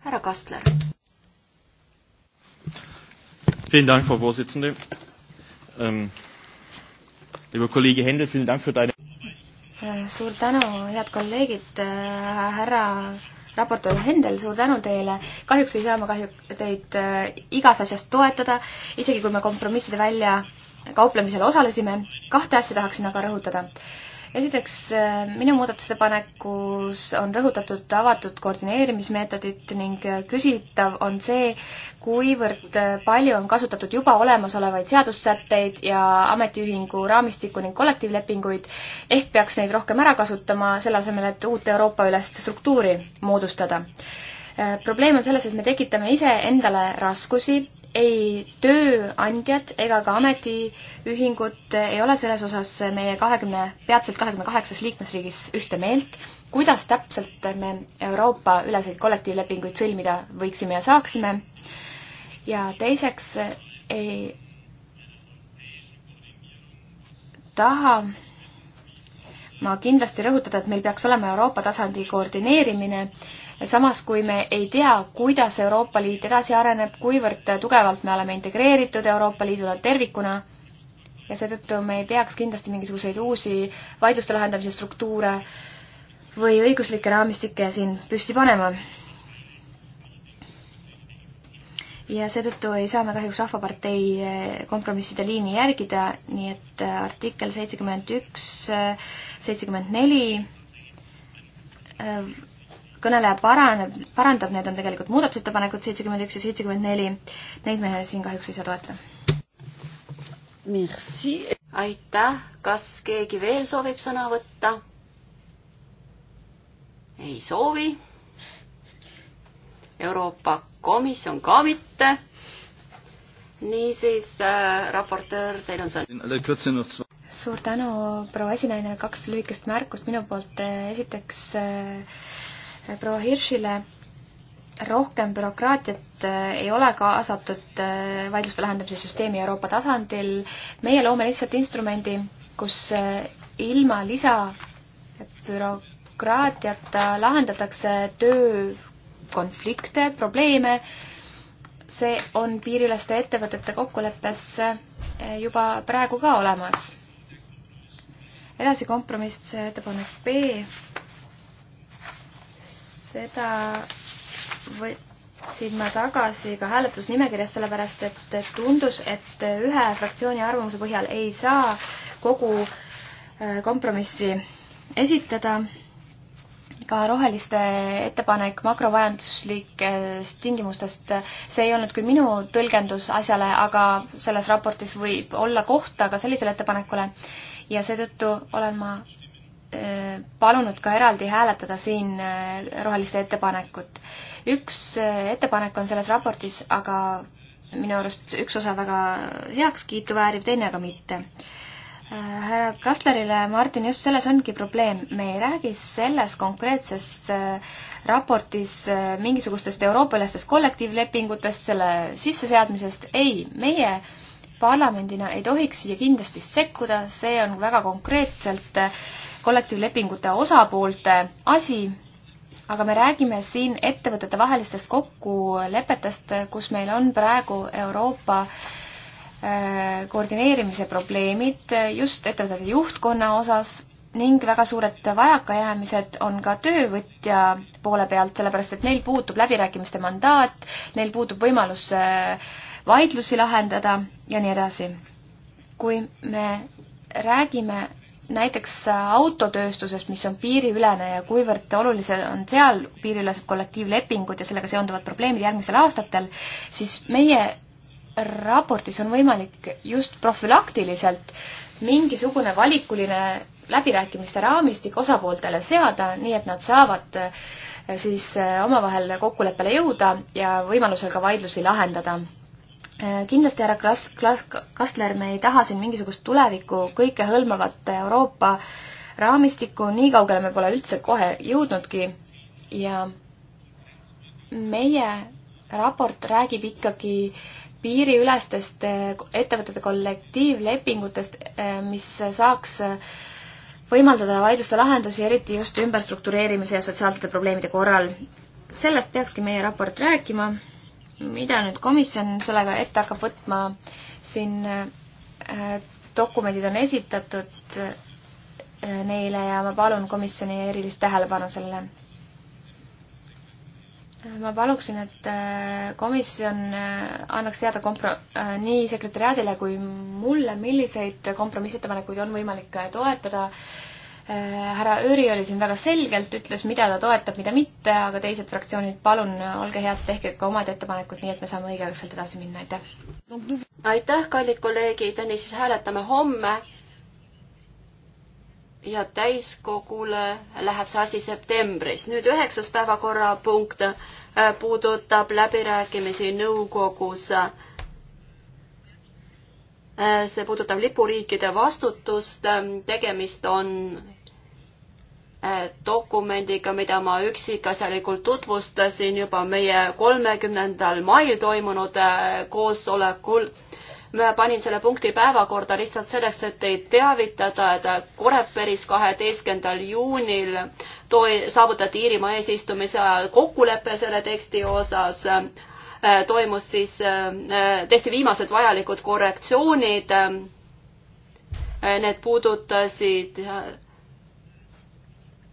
härra Kastler Vielen Dank, Frau Vorsitzende. Ähm, lieber Kollege Händel, vielen Dank für deine. Äh, suur tänu, head kolleegid äh,, härra raportöör Händel, suur tänu teile. kahjuks ei saa ma kahju-, teid äh, igas asjas toetada, isegi kui me kompromisside välja kauplemisel osalesime. kahte asja tahaksin aga rõhutada äh, esiteks, äh, minu muudatusettepanekus on rõhutatud avatud koordineerimismeetodit ning äh, küsitav on see, kuivõrd äh, palju on kasutatud juba olemasolevaid seadussätteid ja ametiühingu raamistikku ning kollektiivlepinguid, ehk peaks neid rohkem ära kasutama, selle asemel, et uut Euroopa-ülest struktuuri moodustada probleem on selles, et me tekitame iseendale raskusi ei tööandjad ega ka ametiühingud ei ole selles osas meie kahekümne, peatselt kahekümne kaheksas liikmesriigis ühte meelt, kuidas täpselt me Euroopa üleseid kollektiivlepinguid sõlmida võiksime ja saaksime. ja teiseks ei taha ma kindlasti rõhutada, et meil peaks olema Euroopa tasandi koordineerimine äh, samas, kui me ei tea, kuidas Euroopa Liit edasi areneb, kuivõrd tugevalt me oleme integreeritud Euroopa Liidule tervikuna ja seetõttu me ei peaks kindlasti mingisuguseid uusi vaidluste lahendamise struktuure või õiguslikke raamistikke siin püsti panema. ja seetõttu ei saa me kahjuks Rahvapartei eh, kompromisside liini järgida, nii et eh, artikkel seitsekümmend üks, eh, seitsekümmend neli kõneleja paraneb, parandab, need on tegelikult muudatusettepanekud seitsekümmend üks ja seitsekümmend neli. Neid me siin kahjuks ei saa toetada. aitäh, kas keegi veel soovib sõna võtta? ei soovi. Euroopa Komisjon ka mitte. niisiis äh,, raportöör, teil on sõna. suur tänu, proua esinaine, kaks lühikest märkust minu poolt. Äh, esiteks äh, proua Hirschile, rohkem bürokraatiat äh, ei ole kaasatud äh, vaidluste lahendamise süsteemi Euroopa tasandil, meie loome lihtsalt instrumendi, kus äh, ilma lisabürokraatiata lahendatakse töökonflikte, probleeme, see on piiriüleste ettevõtete kokkuleppes juba praegu ka olemas. edasi kompromissettepanek B seda võtsin ma tagasi ka hääletusnimekirjas, sellepärast et tundus, et ühe fraktsiooni arvamuse põhjal ei saa kogu äh, kompromissi esitada. ka roheliste ettepanek makromajanduslikest tingimustest, see ei olnud küll minu tõlgendus asjale, aga selles raportis võib olla kohta ka sellisele ettepanekule ja seetõttu olen ma Äh, palunud ka eraldi hääletada siin äh, roheliste ettepanekut. üks äh, ettepanek on selles raportis aga minu arust üks osa väga heakskiitu vääriv, teine aga mitte. härra Kasslerile, Martin, just selles ongi probleem, me ei räägi selles konkreetses raportis mingisugustest euroopalastest kollektiivlepingutest, selle sisseseadmisest, ei, meie parlamendina ei tohiks siia kindlasti sekkuda, see on väga konkreetselt kollektiivlepingute osapoolte asi, aga me räägime siin ettevõtete vahelistest kokkulepetest, kus meil on praegu Euroopa äh, koordineerimise probleemid just ettevõtete juhtkonna osas ning väga suured vajakajäämised on ka töövõtja poole pealt, sellepärast et neil puutub läbirääkimiste mandaat, neil puudub võimalus äh, vaidlusi lahendada ja nii edasi. kui me räägime näiteks autotööstusest, mis on piiriülene ja kuivõrd olulised on seal piiriülesed kollektiivlepingud ja sellega seonduvad probleemid järgmisel aastatel, siis meie raportis on võimalik just profülaktiliselt mingisugune valikuline läbirääkimiste raamistik osapooltele seada, nii et nad saavad äh, siis äh, omavahel kokkuleppele jõuda ja võimalusel ka vaidlusi lahendada Äh, kindlasti, härra Klas-, Klas-, Kastler, me ei taha siin mingisugust tulevikku kõikehõlmavat Euroopa raamistikku, nii kaugele me pole üldse kohe jõudnudki ja meie raport räägib ikkagi piiriülestest äh, ettevõtete kollektiivlepingutest, äh, mis saaks võimaldada vaidluste lahendusi, eriti just ümberstruktureerimise ja sotsiaalsete probleemide korral. sellest peakski meie raport rääkima mida nüüd komisjon sellega ette hakkab võtma, siin äh, dokumendid on esitatud äh, neile ja ma palun komisjoni erilist tähelepanu sellele. Äh, ma paluksin, et komisjon annaks teada kompro-, nii sekretäriaadile kui mulle, milliseid kompromissettepanekuid on võimalik toetada Äh, härra Öri oli siin väga selgelt, ütles, mida ta toetab, mida mitte, aga teised fraktsioonid, palun olge head, tehke ka omad ettepanekud, nii et me saame õigeaegselt edasi minna, aitäh. aitäh, kallid kolleegid, niisiis hääletame homme. ja täiskogule läheb see asi septembris. nüüd üheksas päevakorrapunkt äh, puudutab läbirääkimisi nõukogus äh, see puudutab lipuriikide vastutust, tegemist on Eh, dokumendiga, mida ma üksikasjalikult tutvustasin juba meie kolmekümnendal mail toimunud eh, koosolekul. ma panin selle punkti päevakorda lihtsalt selleks, et teid teavitada, et Koreperis kaheteistkümnendal juunil toi-, saavutati Iirimaa eesistumise ajal kokkulepe selle teksti osas eh, toimus siis, tehti viimased vajalikud korrektsioonid. Need puudutasid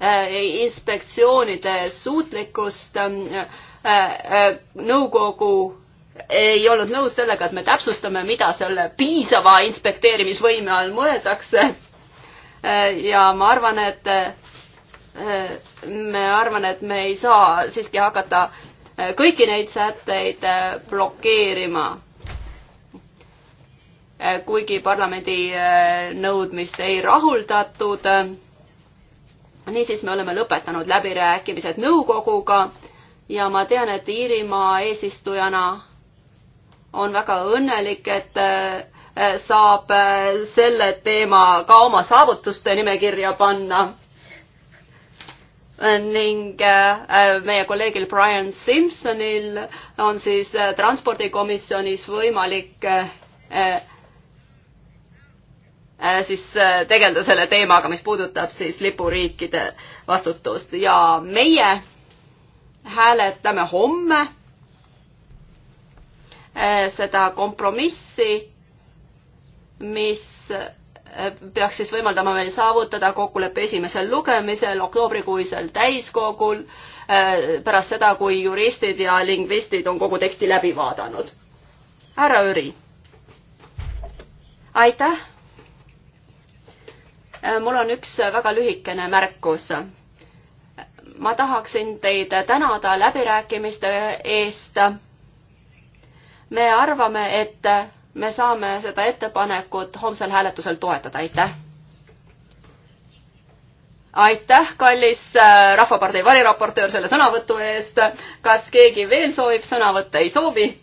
Äh, inspektsioonide suutlikkust. Äh, äh, nõukogu ei olnud nõus sellega, et me täpsustame, mida selle piisava inspekteerimisvõime all mõeldakse. ja ma arvan, et me arvan, et me ei saa siiski hakata kõiki neid sätteid blokeerima. kuigi parlamendi nõudmist ei rahuldatud niisiis, me oleme lõpetanud läbirääkimised nõukoguga ja ma tean, et Iirimaa eesistujana on väga õnnelik, et äh, saab äh, selle teema ka oma saavutuste nimekirja panna ning äh, meie kolleegil Brian Simpsonil on siis transpordikomisjonis võimalik Äh, siis äh, tegeleda selle teemaga, mis puudutab siis lipuriikide vastutust ja meie hääletame homme äh, seda kompromissi, mis peaks siis võimaldama meil saavutada kokkuleppe esimesel lugemisel oktoobrikuisel täiskogul pärast seda, kui juristid ja lingvistid on kogu teksti läbi vaadanud. härra Jüri. aitäh Äh, mul on üks äh, väga lühikene märkus. ma tahaksin teid tänada läbirääkimiste eest. me arvame, et me saame seda ettepanekut homsel hääletusel toetada, aitäh! aitäh, kallis äh, Rahvapartei variraportöör selle sõnavõtu eest. kas keegi veel soovib sõna võtta? ei soovi.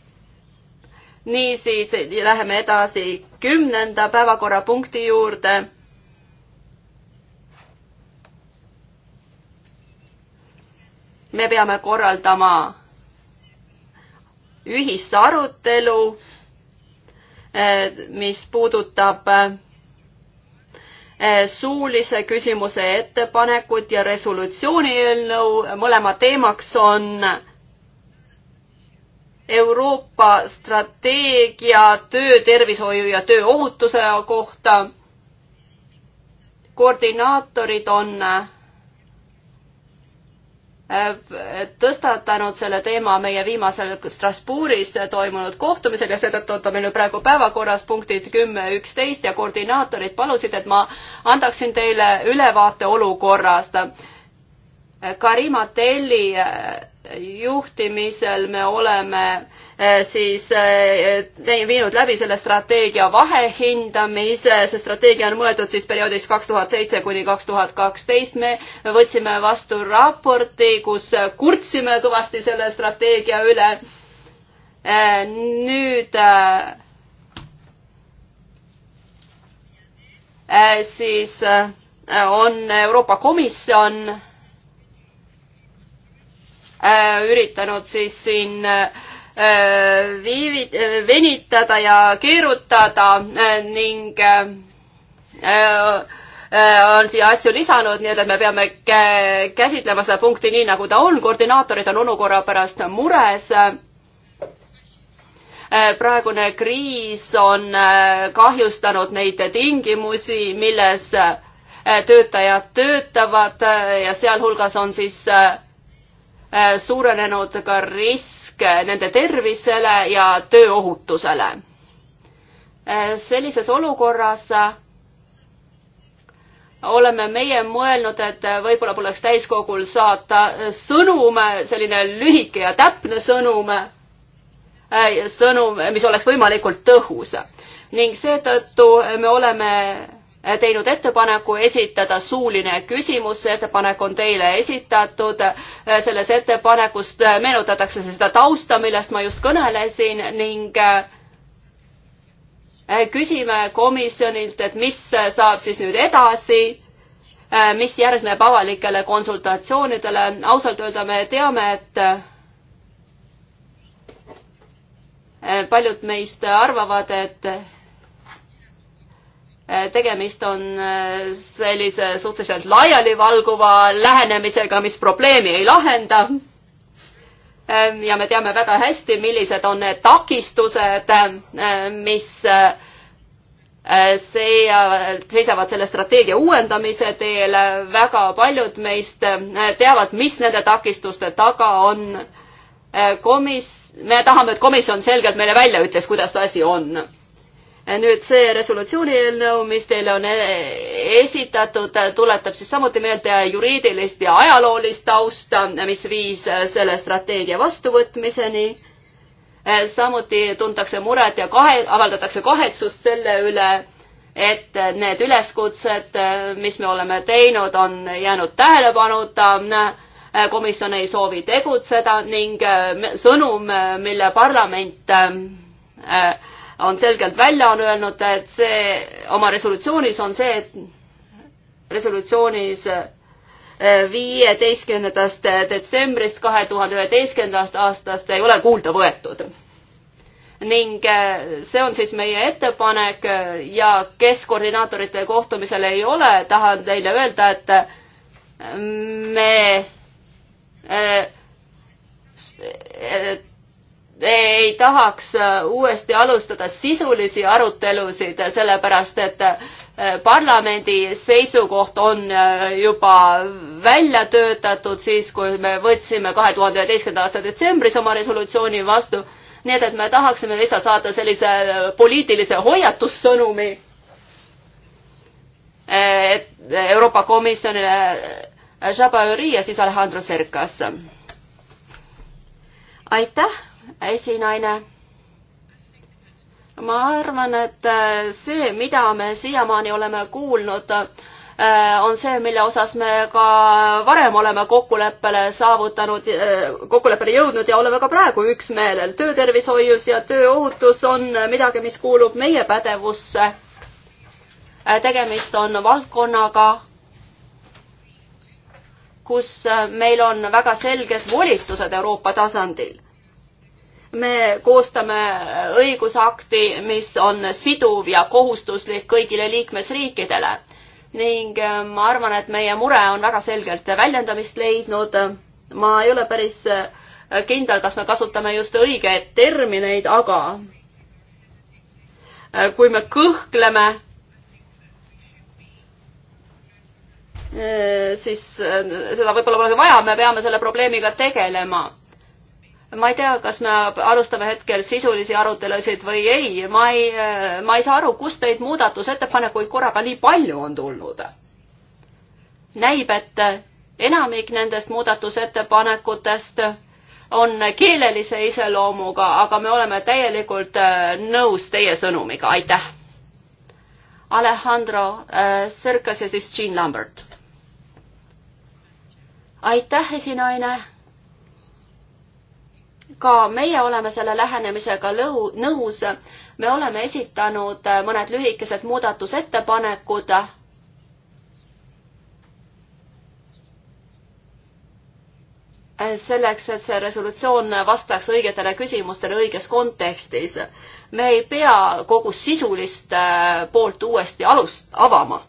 niisiis läheme edasi kümnenda päevakorrapunkti juurde me peame korraldama ühisarutelu, eh, mis puudutab eh, suulise küsimuse ettepanekut ja resolutsiooni eelnõu, mõlema teemaks on Euroopa strateegia töötervishoiu ja tööohutuse kohta. koordinaatorid on Äh, tõstatanud selle teema meie viimasel Strasbourgis toimunud kohtumisel ja seetõttu on ta meil praegu päevakorras punktid kümme, üksteist ja koordinaatorid palusid, et ma andaksin teile ülevaate olukorrast. Karima Telli äh, juhtimisel me oleme eh, siis eh, eh, viinud läbi selle strateegia vahehindamise, see strateegia on mõeldud siis perioodiks kaks tuhat seitse kuni kaks tuhat kaksteist, me võtsime vastu raporti, kus kurtsime kõvasti selle strateegia üle. nüüd siis on Euroopa Komisjon Äh, üritanud siis siin äh, viivi-, äh, venitada ja keerutada ning on siia asju lisanud, nii et me peame käsitlema seda punkti nii, nagu ta on, koordinaatorid on olukorra pärast mures. praegune kriis on kahjustanud neid tingimusi, milles töötajad töötavad ja sealhulgas on siis äh, Äh, suurenenud ka risk nende tervisele ja tööohutusele. Äh, sellises olukorras äh, oleme meie mõelnud, et võib-olla poleks täiskogul saata sõnum, selline lühike ja täpne sõnum, sõnum, mis oleks võimalikult tõhus. ning seetõttu me oleme teinud ettepaneku esitada suuline küsimus, see ettepanek on teile esitatud. selles ettepanekust meenutatakse seda tausta, millest ma just kõnelesin ning äh, küsime komisjonilt, et mis saab siis nüüd edasi, äh, mis järgneb avalikele konsultatsioonidele. ausalt öelda me teame, et äh, paljud meist arvavad, et Äh, tegemist on äh, sellise suhteliselt laialivalguva lähenemisega, mis probleemi ei lahenda. Ähm, ja me teame väga hästi, millised on need takistused, äh, mis see, seisavad selle strateegia uuendamise teel. väga paljud meist teavad, mis nende takistuste taga on. komis-, me tahame, et komisjon selgelt meile välja ütleks, kuidas see asi on nüüd see resolutsiooni eelnõu, mis teile on e-, esitatud, tuletab siis samuti meelde juriidilist ja ajaloolist tausta, mis viis selle strateegia vastuvõtmiseni. E, samuti tuntakse muret ja kahe, avaldatakse kahetsust selle üle, et need üleskutsed, mis me oleme teinud, on jäänud tähelepanuta e, komisjon ei soovi tegutseda ning sõnum, mille parlament on selgelt välja on öelnud, et see oma resolutsioonis on see, et resolutsioonis äh, viieteistkümnendast detsembrist kahe tuhande üheteistkümnendast aastast ei ole kuulda võetud. ning äh, see on siis meie ettepanek äh, ja kes koordinaatorite kohtumisel ei ole, tahan teile öelda, et me et ei tahaks äh, uuesti alustada sisulisi arutelusid, sellepärast et äh, parlamendi seisukoht on äh, juba välja töötatud siis, kui me võtsime kahe tuhande üheteistkümnenda aasta detsembris oma resolutsiooni vastu. nii et, et me tahaksime lihtsalt saata sellise poliitilise hoiatussõnumi Euroopa Komisjonile Jabaüri ja siis Alejandro Cercas. aitäh esinaine. ma arvan, et äh, see, mida me siiamaani oleme kuulnud, äh, on see, mille osas me ka varem oleme kokkuleppele saavutanud, äh, kokkuleppele jõudnud ja oleme ka praegu üksmeelel. töötervishoius ja tööohutus on midagi, mis kuulub meie pädevusse. tegemist on valdkonnaga, kus meil on väga selged volitused Euroopa tasandil me koostame õigusakti, mis on siduv ja kohustuslik kõigile liikmesriikidele. ning äh, ma arvan, et meie mure on väga selgelt väljendamist leidnud. ma ei ole päris äh, kindel, kas me kasutame just õigeid termineid, aga äh, kui me kõhkleme, siis seda võib-olla polegi vaja, me peame selle probleemiga tegelema ma ei tea, kas me alustame hetkel sisulisi arutelusid või ei, ma ei, ma ei saa aru, kust neid muudatusettepanekuid korraga nii palju on tulnud. näib, et enamik nendest muudatusettepanekutest on keelelise iseloomuga, aga me oleme täielikult äh, nõus teie sõnumiga, aitäh. Alejandro äh, Sõrkas ja siis Jean Lambert. aitäh, esinaine ka meie oleme selle lähenemisega lõu, nõus. me oleme esitanud mõned lühikesed muudatusettepanekud. selleks, et see resolutsioon vastaks õigetele küsimustele õiges kontekstis. me ei pea kogu sisulist äh, poolt uuesti alust avama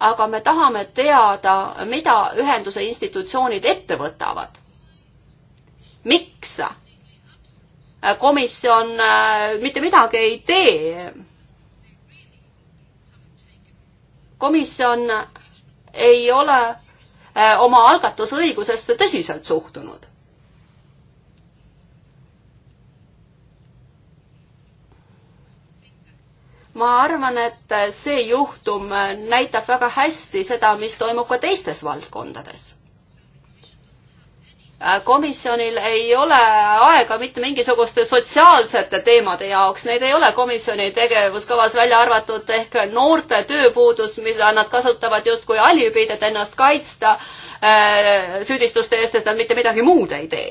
aga me tahame teada, mida ühenduse institutsioonid ette võtavad miks komisjon äh, mitte midagi ei tee? komisjon ei ole äh, oma algatusõigusesse tõsiselt suhtunud. ma arvan, et see juhtum näitab väga hästi seda, mis toimub ka teistes valdkondades Äh, komisjonil ei ole aega mitte mingisuguste sotsiaalsete teemade jaoks, neid ei ole komisjoni tegevuskavas välja arvatud ehk noorte tööpuudus, mida nad kasutavad justkui alibiid, et ennast kaitsta äh, süüdistuste eest, et nad mitte midagi muud ei tee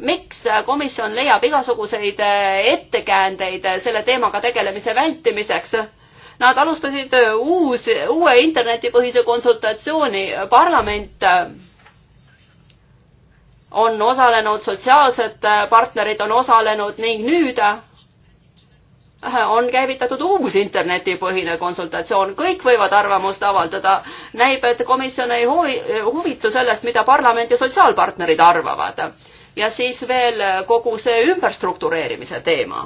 miks komisjon leiab igasuguseid äh, ettekäändeid selle teemaga tegelemise vältimiseks? Nad alustasid uus, uue internetipõhise konsultatsiooni, parlament on osalenud, sotsiaalsed partnerid on osalenud ning nüüd on käivitatud uus internetipõhine konsultatsioon, kõik võivad arvamust avaldada. näib, et komisjon ei huvi, huvitu sellest, mida parlament ja sotsiaalpartnerid arvavad. ja siis veel kogu see ümberstruktureerimise teema.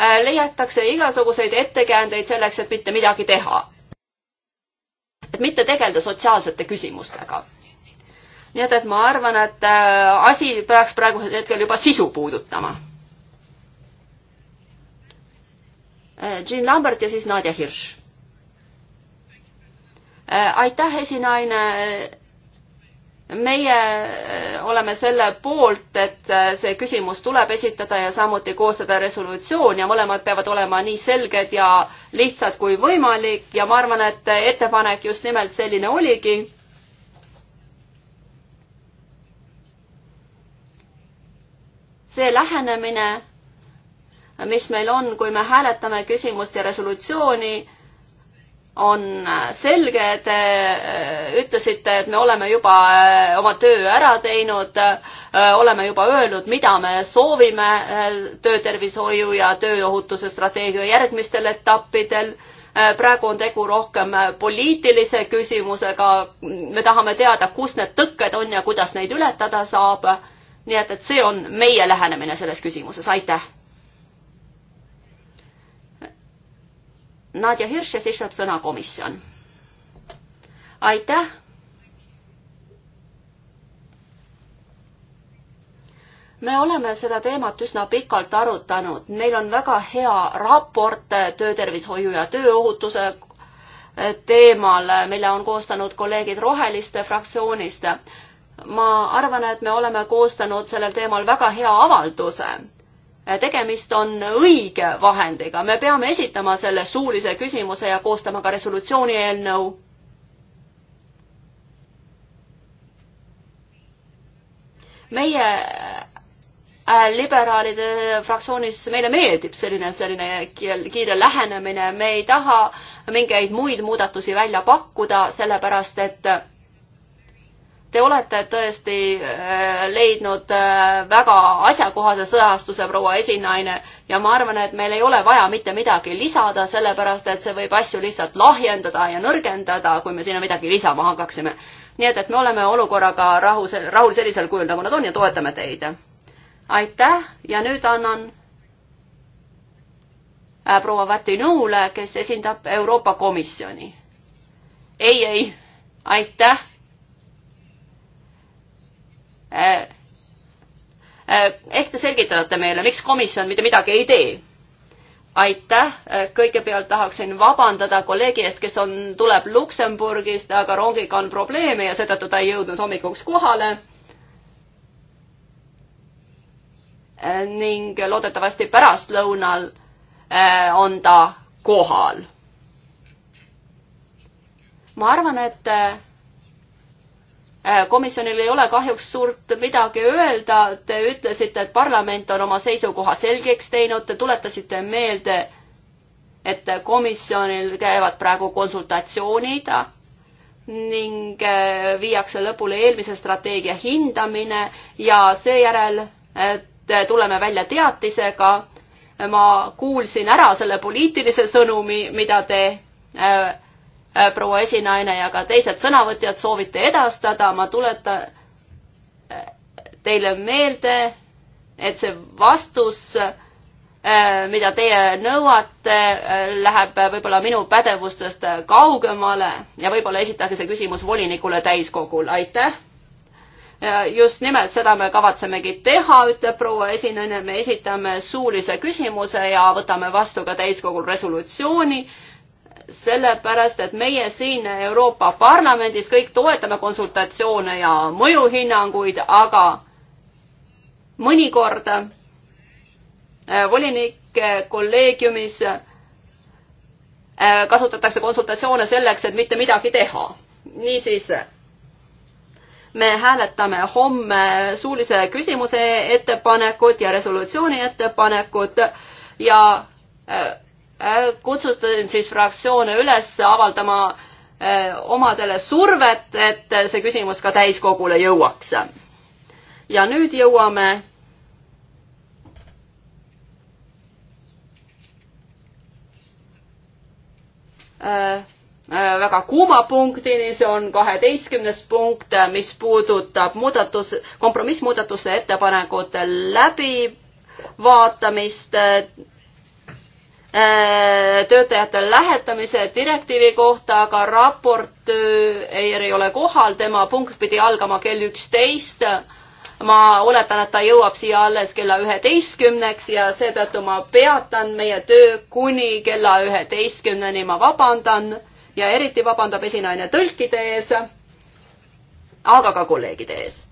Äh, leiatakse igasuguseid ettekäändeid selleks, et mitte midagi teha. et mitte tegeleda sotsiaalsete küsimustega. nii et, et ma arvan, et äh, asi peaks praegusel hetkel juba sisu puudutama. Äh, Jean Lambert ja siis Nadja Hirš. aitäh, esinaine meie eh, oleme selle poolt, et eh, see küsimus tuleb esitada ja samuti koostada resolutsioon ja mõlemad peavad olema nii selged ja lihtsad kui võimalik ja ma arvan, et ettepanek just nimelt selline oligi. see lähenemine, mis meil on, kui me hääletame küsimust ja resolutsiooni on selge, te äh, ütlesite, et me oleme juba äh, oma töö ära teinud, äh, oleme juba öelnud, mida me soovime töötervishoiu ja tööohutuse strateegia järgmistel etappidel. praegu on tegu rohkem poliitilise küsimusega, me tahame teada, kus need tõkked on ja kuidas neid ületada saab. nii et, et see on meie lähenemine selles küsimuses, aitäh Nadja Hirš ja siis saab sõna komisjon. aitäh. me oleme seda teemat üsna pikalt arutanud, meil on väga hea raport töötervishoiu ja tööohutuse teemal, mille on koostanud kolleegid Roheliste fraktsioonist. ma arvan, et me oleme koostanud sellel teemal väga hea avalduse Äh, tegemist on õige vahendiga, me peame esitama selle suulise küsimuse ja koostama ka resolutsiooni eelnõu. meie äh, liberaalide fraktsioonis, meile meeldib selline, selline kiire lähenemine, me ei taha mingeid muid muudatusi välja pakkuda, sellepärast et Te olete tõesti äh, leidnud äh, väga asjakohase sõjastuse, proua esinaine, ja ma arvan, et meil ei ole vaja mitte midagi lisada, sellepärast et see võib asju lihtsalt lahjendada ja nõrgendada, kui me sinna midagi lisama hakkaksime. nii et, et me oleme olukorraga rahu, rahul sellisel kujul, nagu nad on ja toetame teid. aitäh ja nüüd annan äh, proua Vatinõule, kes esindab Euroopa Komisjoni. ei, ei, aitäh Äh, äh, ehk te selgitate meile, miks komisjon mitte midagi ei tee? aitäh, äh, kõigepealt tahaksin vabandada kolleegi eest, kes on, tuleb Luksemburgist, aga rongiga on probleeme ja seetõttu ta ei jõudnud hommikuks kohale ning loodetavasti pärastlõunal on ta kohal. ma arvan, et Äh, komisjonil ei ole kahjuks suurt midagi öelda, te ütlesite, et parlament on oma seisukoha selgeks teinud, te tuletasite meelde, et komisjonil käivad praegu konsultatsioonid ning äh, viiakse lõpule eelmise strateegia hindamine ja seejärel äh, tuleme välja teatisega. ma kuulsin ära selle poliitilise sõnumi, mida te Äh, proua esinaine ja ka teised sõnavõtjad soovite edastada, ma tuletan äh, teile meelde, et see vastus, äh, mida teie nõuate, läheb võib-olla minu pädevustest kaugemale ja võib-olla esitage see küsimus volinikule täiskogul, aitäh. just nimelt seda me kavatsemegi teha, ütleb proua esineja, me esitame suulise küsimuse ja võtame vastu ka täiskogul resolutsiooni sellepärast et meie siin Euroopa Parlamendis kõik toetame konsultatsioone ja mõjuhinnanguid, aga mõnikord äh, volinike äh, kolleegiumis äh, kasutatakse konsultatsioone selleks, et mitte midagi teha. niisiis, me hääletame homme suulise küsimuse ettepanekut ja resolutsiooni ettepanekut ja Äh, kutsutan siis fraktsioone üles avaldama äh, omadele survet, et see küsimus ka täiskogule jõuaks. ja nüüd jõuame äh, väga kuuma punktini, see on kaheteistkümnes punkt, mis puudutab muudatus, kompromissmuudatuse ettepanekute läbivaatamist Äh, töötajate lähetamise direktiivi kohta, aga raportöör ei ole kohal, tema punkt pidi algama kell üksteist. ma oletan, et ta jõuab siia alles kella üheteistkümneks ja seetõttu ma peatan meie töö kuni kella üheteistkümneni, ma vabandan ja eriti vabandab esinaine tõlkide ees, aga ka kolleegide ees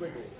squiggles.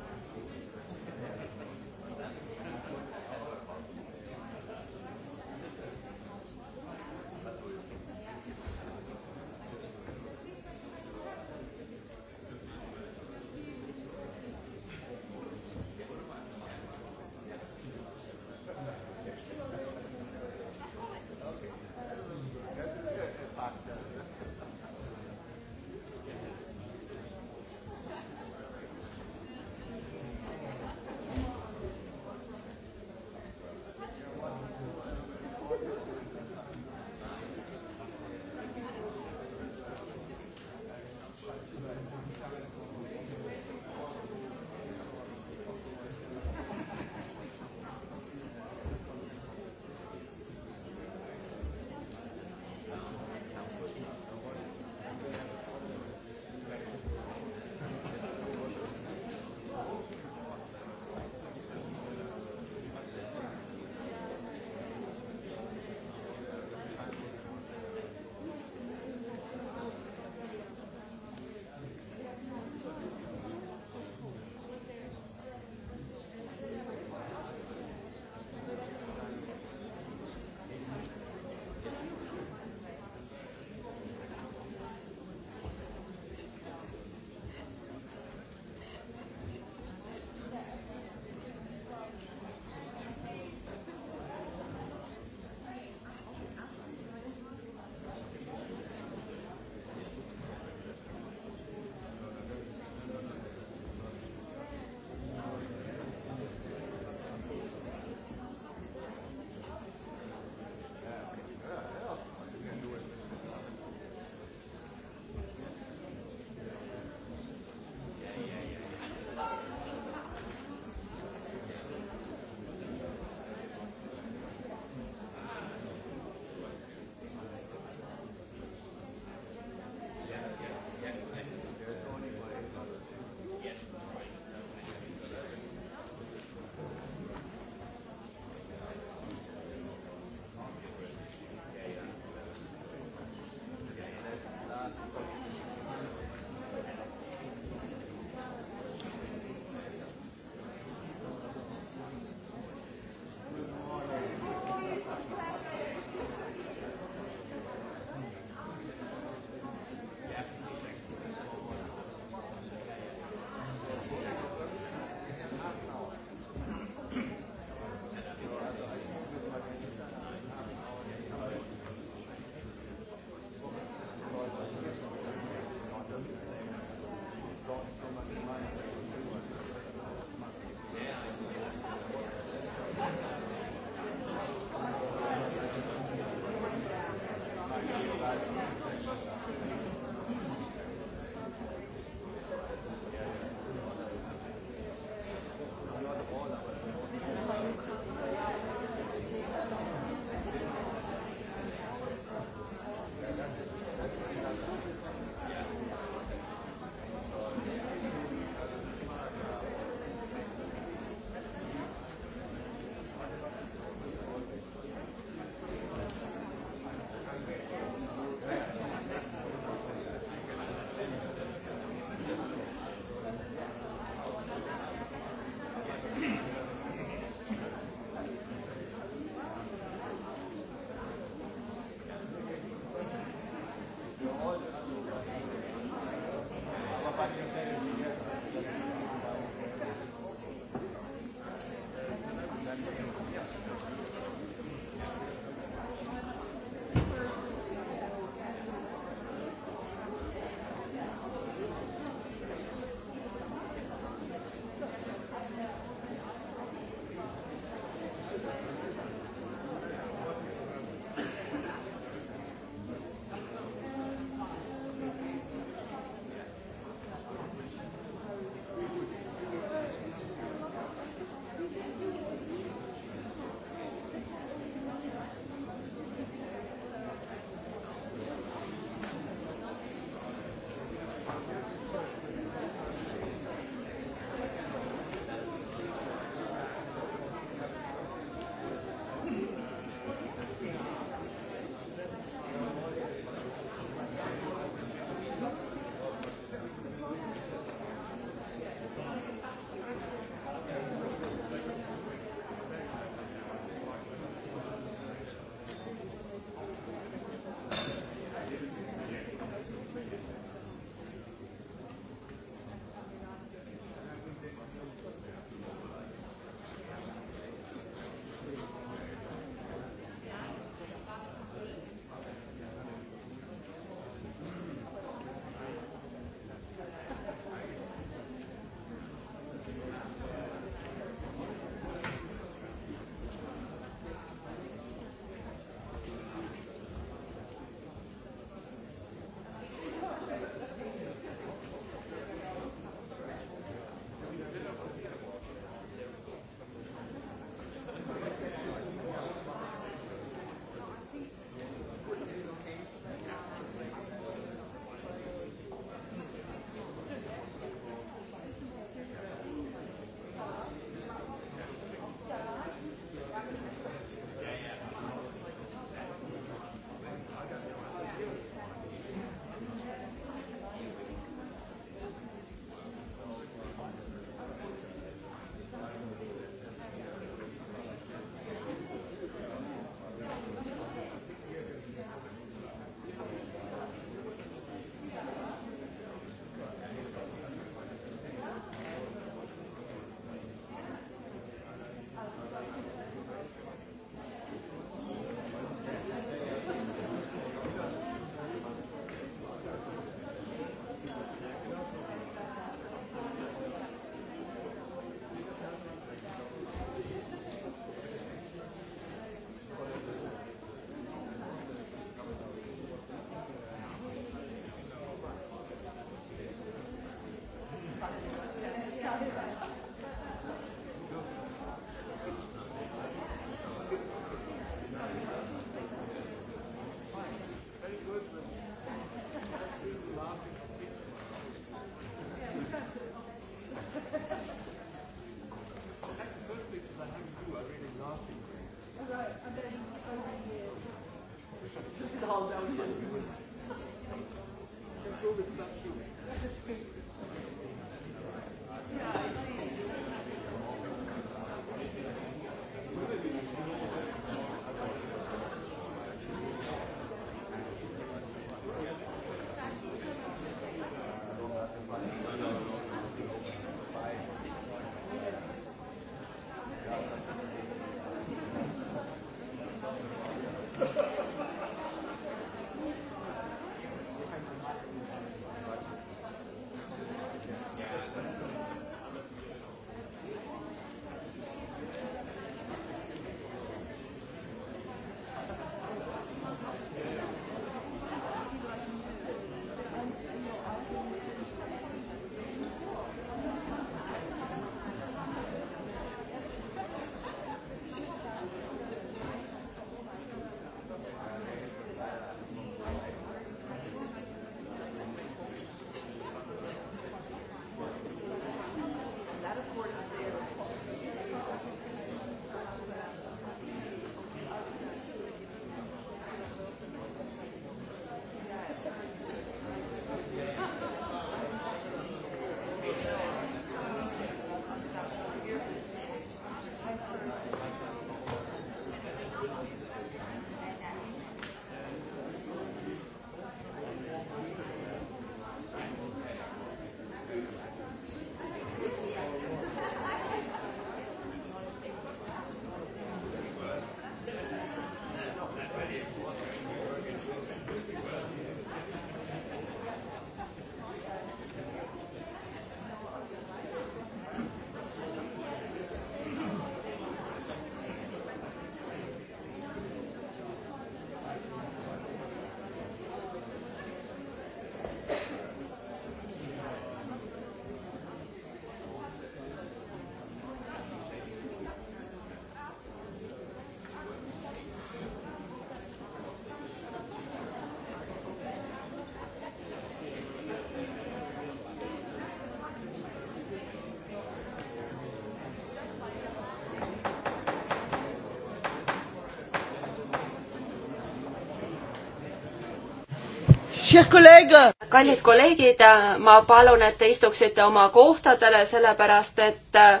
kallid kolleegid, ma palun, et te istuksite oma kohtadele, sellepärast et äh,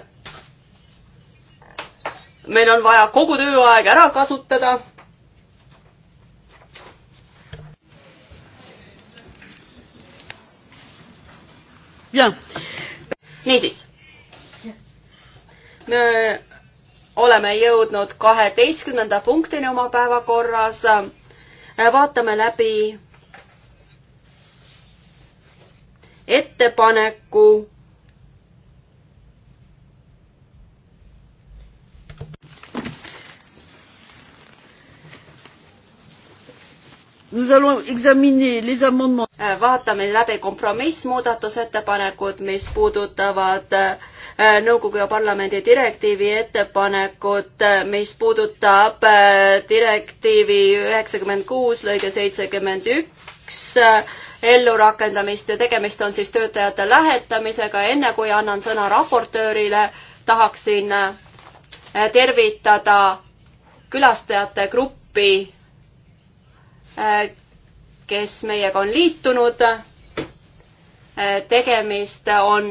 meil on vaja kogu tööaeg ära kasutada. niisiis. me oleme jõudnud kaheteistkümnenda punktini oma päevakorras. vaatame läbi ettepaneku äh, vaatame läbi kompromissmuudatusettepanekud, mis puudutavad äh, nõukogu ja parlamendi direktiivi ettepanekut, äh, mis puudutab direktiivi üheksakümmend kuus lõige seitsekümmend üks kaks äh, ellurakendamist ja tegemist on siis töötajate lähetamisega. enne kui annan sõna raportöörile, tahaksin äh, tervitada külastajate gruppi, äh, kes meiega on liitunud. tegemist on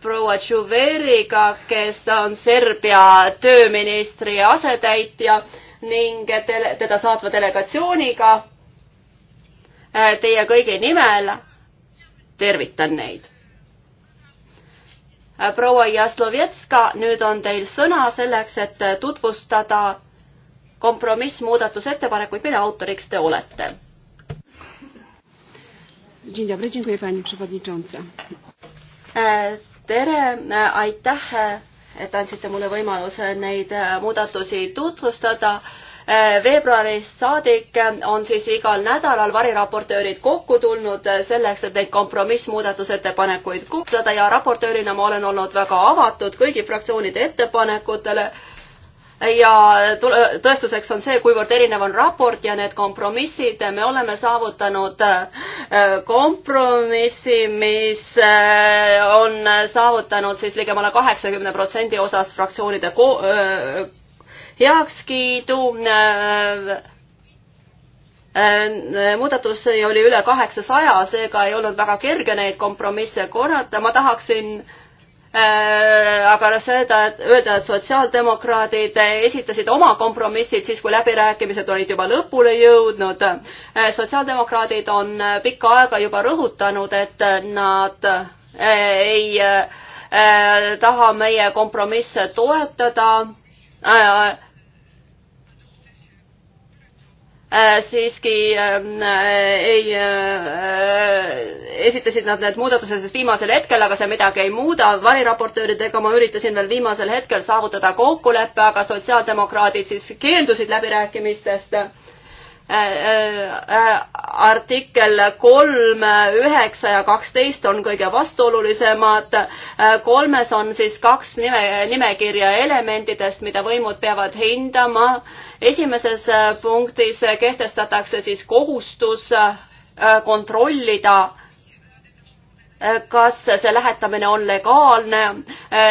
proua Tšuveriga, kes on Serbia tööministri asetäitja ning tele, teda saatva delegatsiooniga äh, teie kõigi nimel tervitan neid. Äh, proua Jaslovetska, nüüd on teil sõna selleks, et tutvustada kompromissmuudatusettepanekuid, mille autoriks te olete. Äh, tere, aitäh et andsite mulle võimaluse neid äh, muudatusi tutvustada. Äh, veebruarist saadik on siis igal nädalal variraportöörid kokku tulnud äh, selleks, et neid kompromissmuudatusettepanekuid kuulata ja raportöörina ma olen olnud väga avatud kõigi fraktsioonide ettepanekutele ja tõestuseks on see, kuivõrd erinev on raport ja need kompromissid, me oleme saavutanud äh, kompromissi, mis äh, on saavutanud siis ligemale kaheksakümne protsendi osas fraktsioonide ko-, äh, heakskiidu muudatusi oli üle kaheksasaja, seega ei olnud väga kerge neid kompromisse korrata, ma tahaksin äh, Äh, aga noh, seda, et öelda, et sotsiaaldemokraadid esitasid oma kompromissid siis, kui läbirääkimised olid juba lõpule jõudnud. Äh, sotsiaaldemokraadid on äh, pikka aega juba rõhutanud, et nad ei taha meie kompromisse toetada Äh, siiski ähm, äh, ei, äh, esitasid nad need muudatused siis viimasel hetkel, aga see midagi ei muuda. variraportööridega ma üritasin veel viimasel hetkel saavutada kokkuleppe, aga sotsiaaldemokraadid siis keeldusid läbirääkimistest Äh, äh, äh, artikkel kolm, üheksa ja kaksteist on kõige vastuolulisemad. kolmes on siis kaks nime, nimekirja elementidest, mida võimud peavad hindama. esimeses punktis kehtestatakse siis kohustus kontrollida kas see lähetamine on legaalne,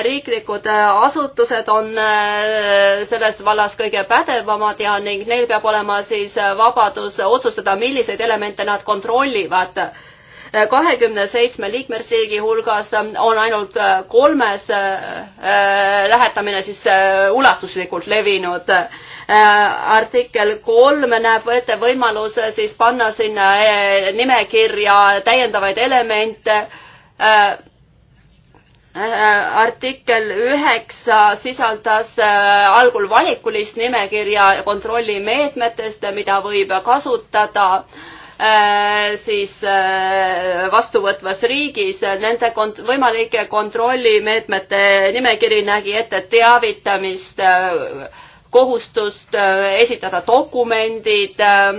riiklikud asutused on äh, selles vallas kõige pädevamad ja ning neil peab olema siis vabadus otsustada, milliseid elemente nad kontrollivad kahekümne seitsme liikmesriigi hulgas on ainult kolmes äh, lähetamine siis äh, ulatuslikult levinud Äh, artikkel kolm näeb ette võimaluse siis panna sinna äh, nimekirja täiendavaid elemente. Äh, artikkel üheksa sisaldas algul valikulist nimekirja kontrollimeetmetest, mida võib kasutada siis vastuvõtvas riigis nende kont-, võimalike kontrollimeetmete nimekiri nägi ette teavitamist äh, kohustust äh, esitada dokumendid, äh,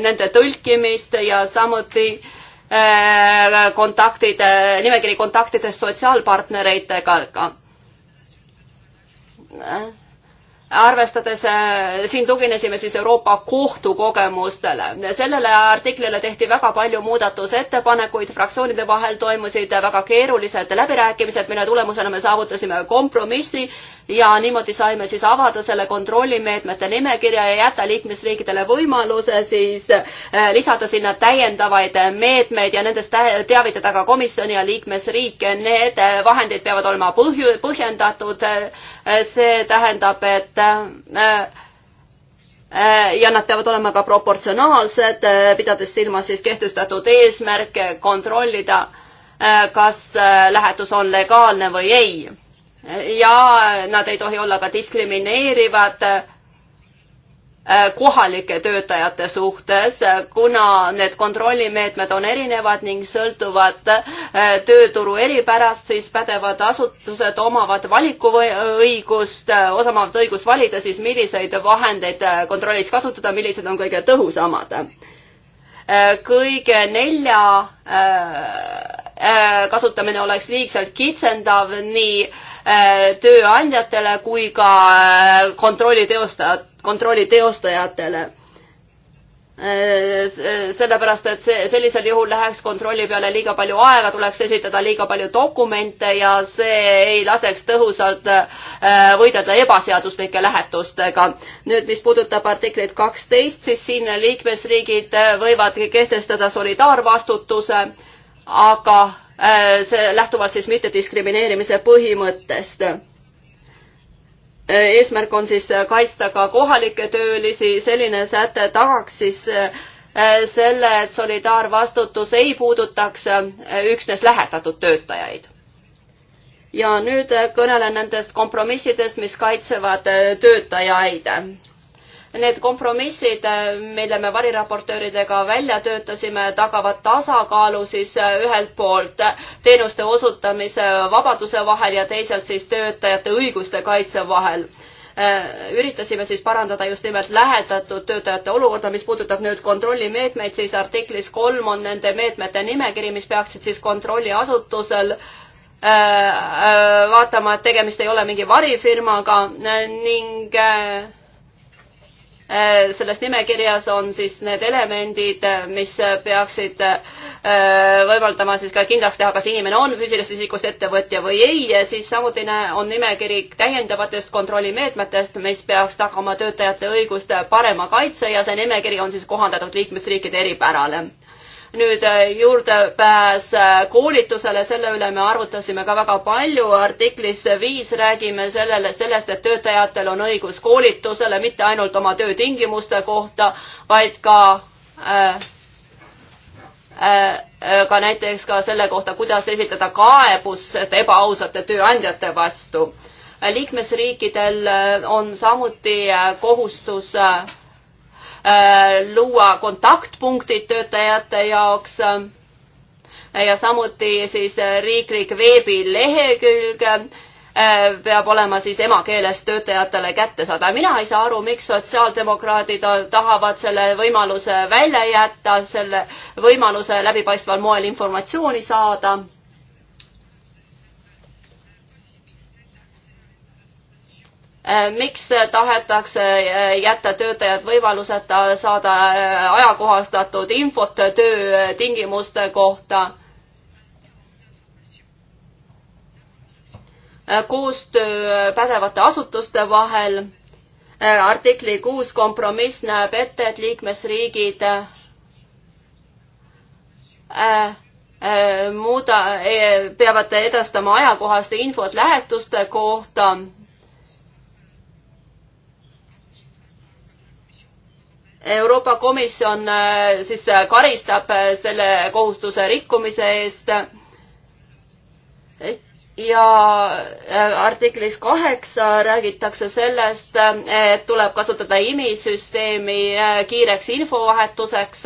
nende tõlkimist ja samuti äh, kontaktide, nimekiri kontaktidest sotsiaalpartneritega arvestades, siin tuginesime siis Euroopa Kohtu kogemustele. sellele artiklile tehti väga palju muudatusettepanekuid, fraktsioonide vahel toimusid väga keerulised läbirääkimised, mille tulemusena me saavutasime kompromissi, ja niimoodi saime siis avada selle kontrollimeetmete nimekirja ja jätta liikmesriikidele võimaluse siis äh, lisada sinna täiendavaid meetmeid ja nendest teavitada ka komisjoni ja liikmesriike. Need äh, vahendid peavad olema põhju-, põhjendatud. Äh, see tähendab, et ja nad peavad olema ka proportsionaalsed, pidades silmas siis kehtestatud eesmärke kontrollida, kas lähetus on legaalne või ei ja nad ei tohi olla ka diskrimineerivad äh, kohalike töötajate suhtes, kuna need kontrollimeetmed on erinevad ning sõltuvad äh, tööturu eripärast, siis pädevad asutused omavad valikuõigust, äh, omavad õigust valida siis, milliseid vahendeid kontrollis kasutada, millised on kõige tõhusamad. kõige nelja kasutamine oleks liigselt kitsendav nii äh, Äh, tööandjatele kui ka äh, kontrolli teostajad, kontrolli teostajatele äh, sellepärast, et see, sellisel juhul läheks kontrolli peale liiga palju aega, tuleks esitada liiga palju dokumente ja see ei laseks tõhusalt võidelda ebaseaduslike lähetustega. nüüd, mis puudutab artiklit kaksteist, siis siin liikmesriigid võivad kehtestada solidaarvastutuse, aga Äh, see lähtuvalt siis mittediskrimineerimise põhimõttest. Äh, eesmärk on siis kaitsta ka kohalikke töölisi, selline säte tagaks siis äh, selle, et solidaarvastutus ei puudutaks üksnes lähetatud töötajaid. ja nüüd kõnelen nendest kompromissidest, mis kaitsevad töötajaid Need kompromissid, äh, mille me variraportööridega välja töötasime, tagavad tasakaalu siis äh, ühelt poolt teenuste osutamise äh, vabaduse vahel ja teisalt siis töötajate õiguste kaitse vahel üritasime siis parandada just nimelt lähedatud töötajate olukorda, mis puudutab nüüd kontrollimeetmeid, siis artiklis kolm on nende meetmete nimekiri, mis peaksid siis kontrolliasutusel vaatama, et tegemist ei ole mingi varifirmaga ning Äh, selles nimekirjas on siis need elemendid, äh, mis peaksid äh, võimaldama siis ka kindlaks teha, kas inimene on füüsilisest isikust ettevõtja või ei, siis samuti on nimekiri täiendavatest kontrollimeetmetest, mis peaks tagama töötajate õiguste parema kaitse ja see nimekiri on siis kohandatud liikmesriikide eripärale nüüd äh, juurdepääs äh, koolitusele, selle üle me arutasime ka väga palju. artiklis viis räägime sellele, sellest, et töötajatel on õigus koolitusele mitte ainult oma töötingimuste kohta, vaid ka äh, äh, äh ka näiteks ka selle kohta, kuidas esitada kaebus ebaausate tööandjate vastu. liikmesriikidel on samuti kohustus äh, Äh, luua kontaktpunktid töötajate jaoks äh, ja samuti siis äh, riiklik veebilehekülg peab olema siis emakeeles töötajatele kättesaadav. mina ei saa aru, miks sotsiaaldemokraadid tahavad selle võimaluse välja jätta, selle võimaluse läbipaistval moel informatsiooni saada Äh, miks tahetakse äh, jätta töötajad võimaluseta saada äh, ajakohastatud infot töötingimuste kohta? koostöö pädevate asutuste vahel. artikli kuus kompromiss näeb ette, et liikmesriigid äh, muuda, peavad edastama ajakohast infot lähetuste kohta Euroopa Komisjon äh, siis äh, karistab äh, selle kohustuse rikkumise eest. ja artiklis kaheksa räägitakse sellest, et tuleb kasutada imisüsteemi kiireks infovahetuseks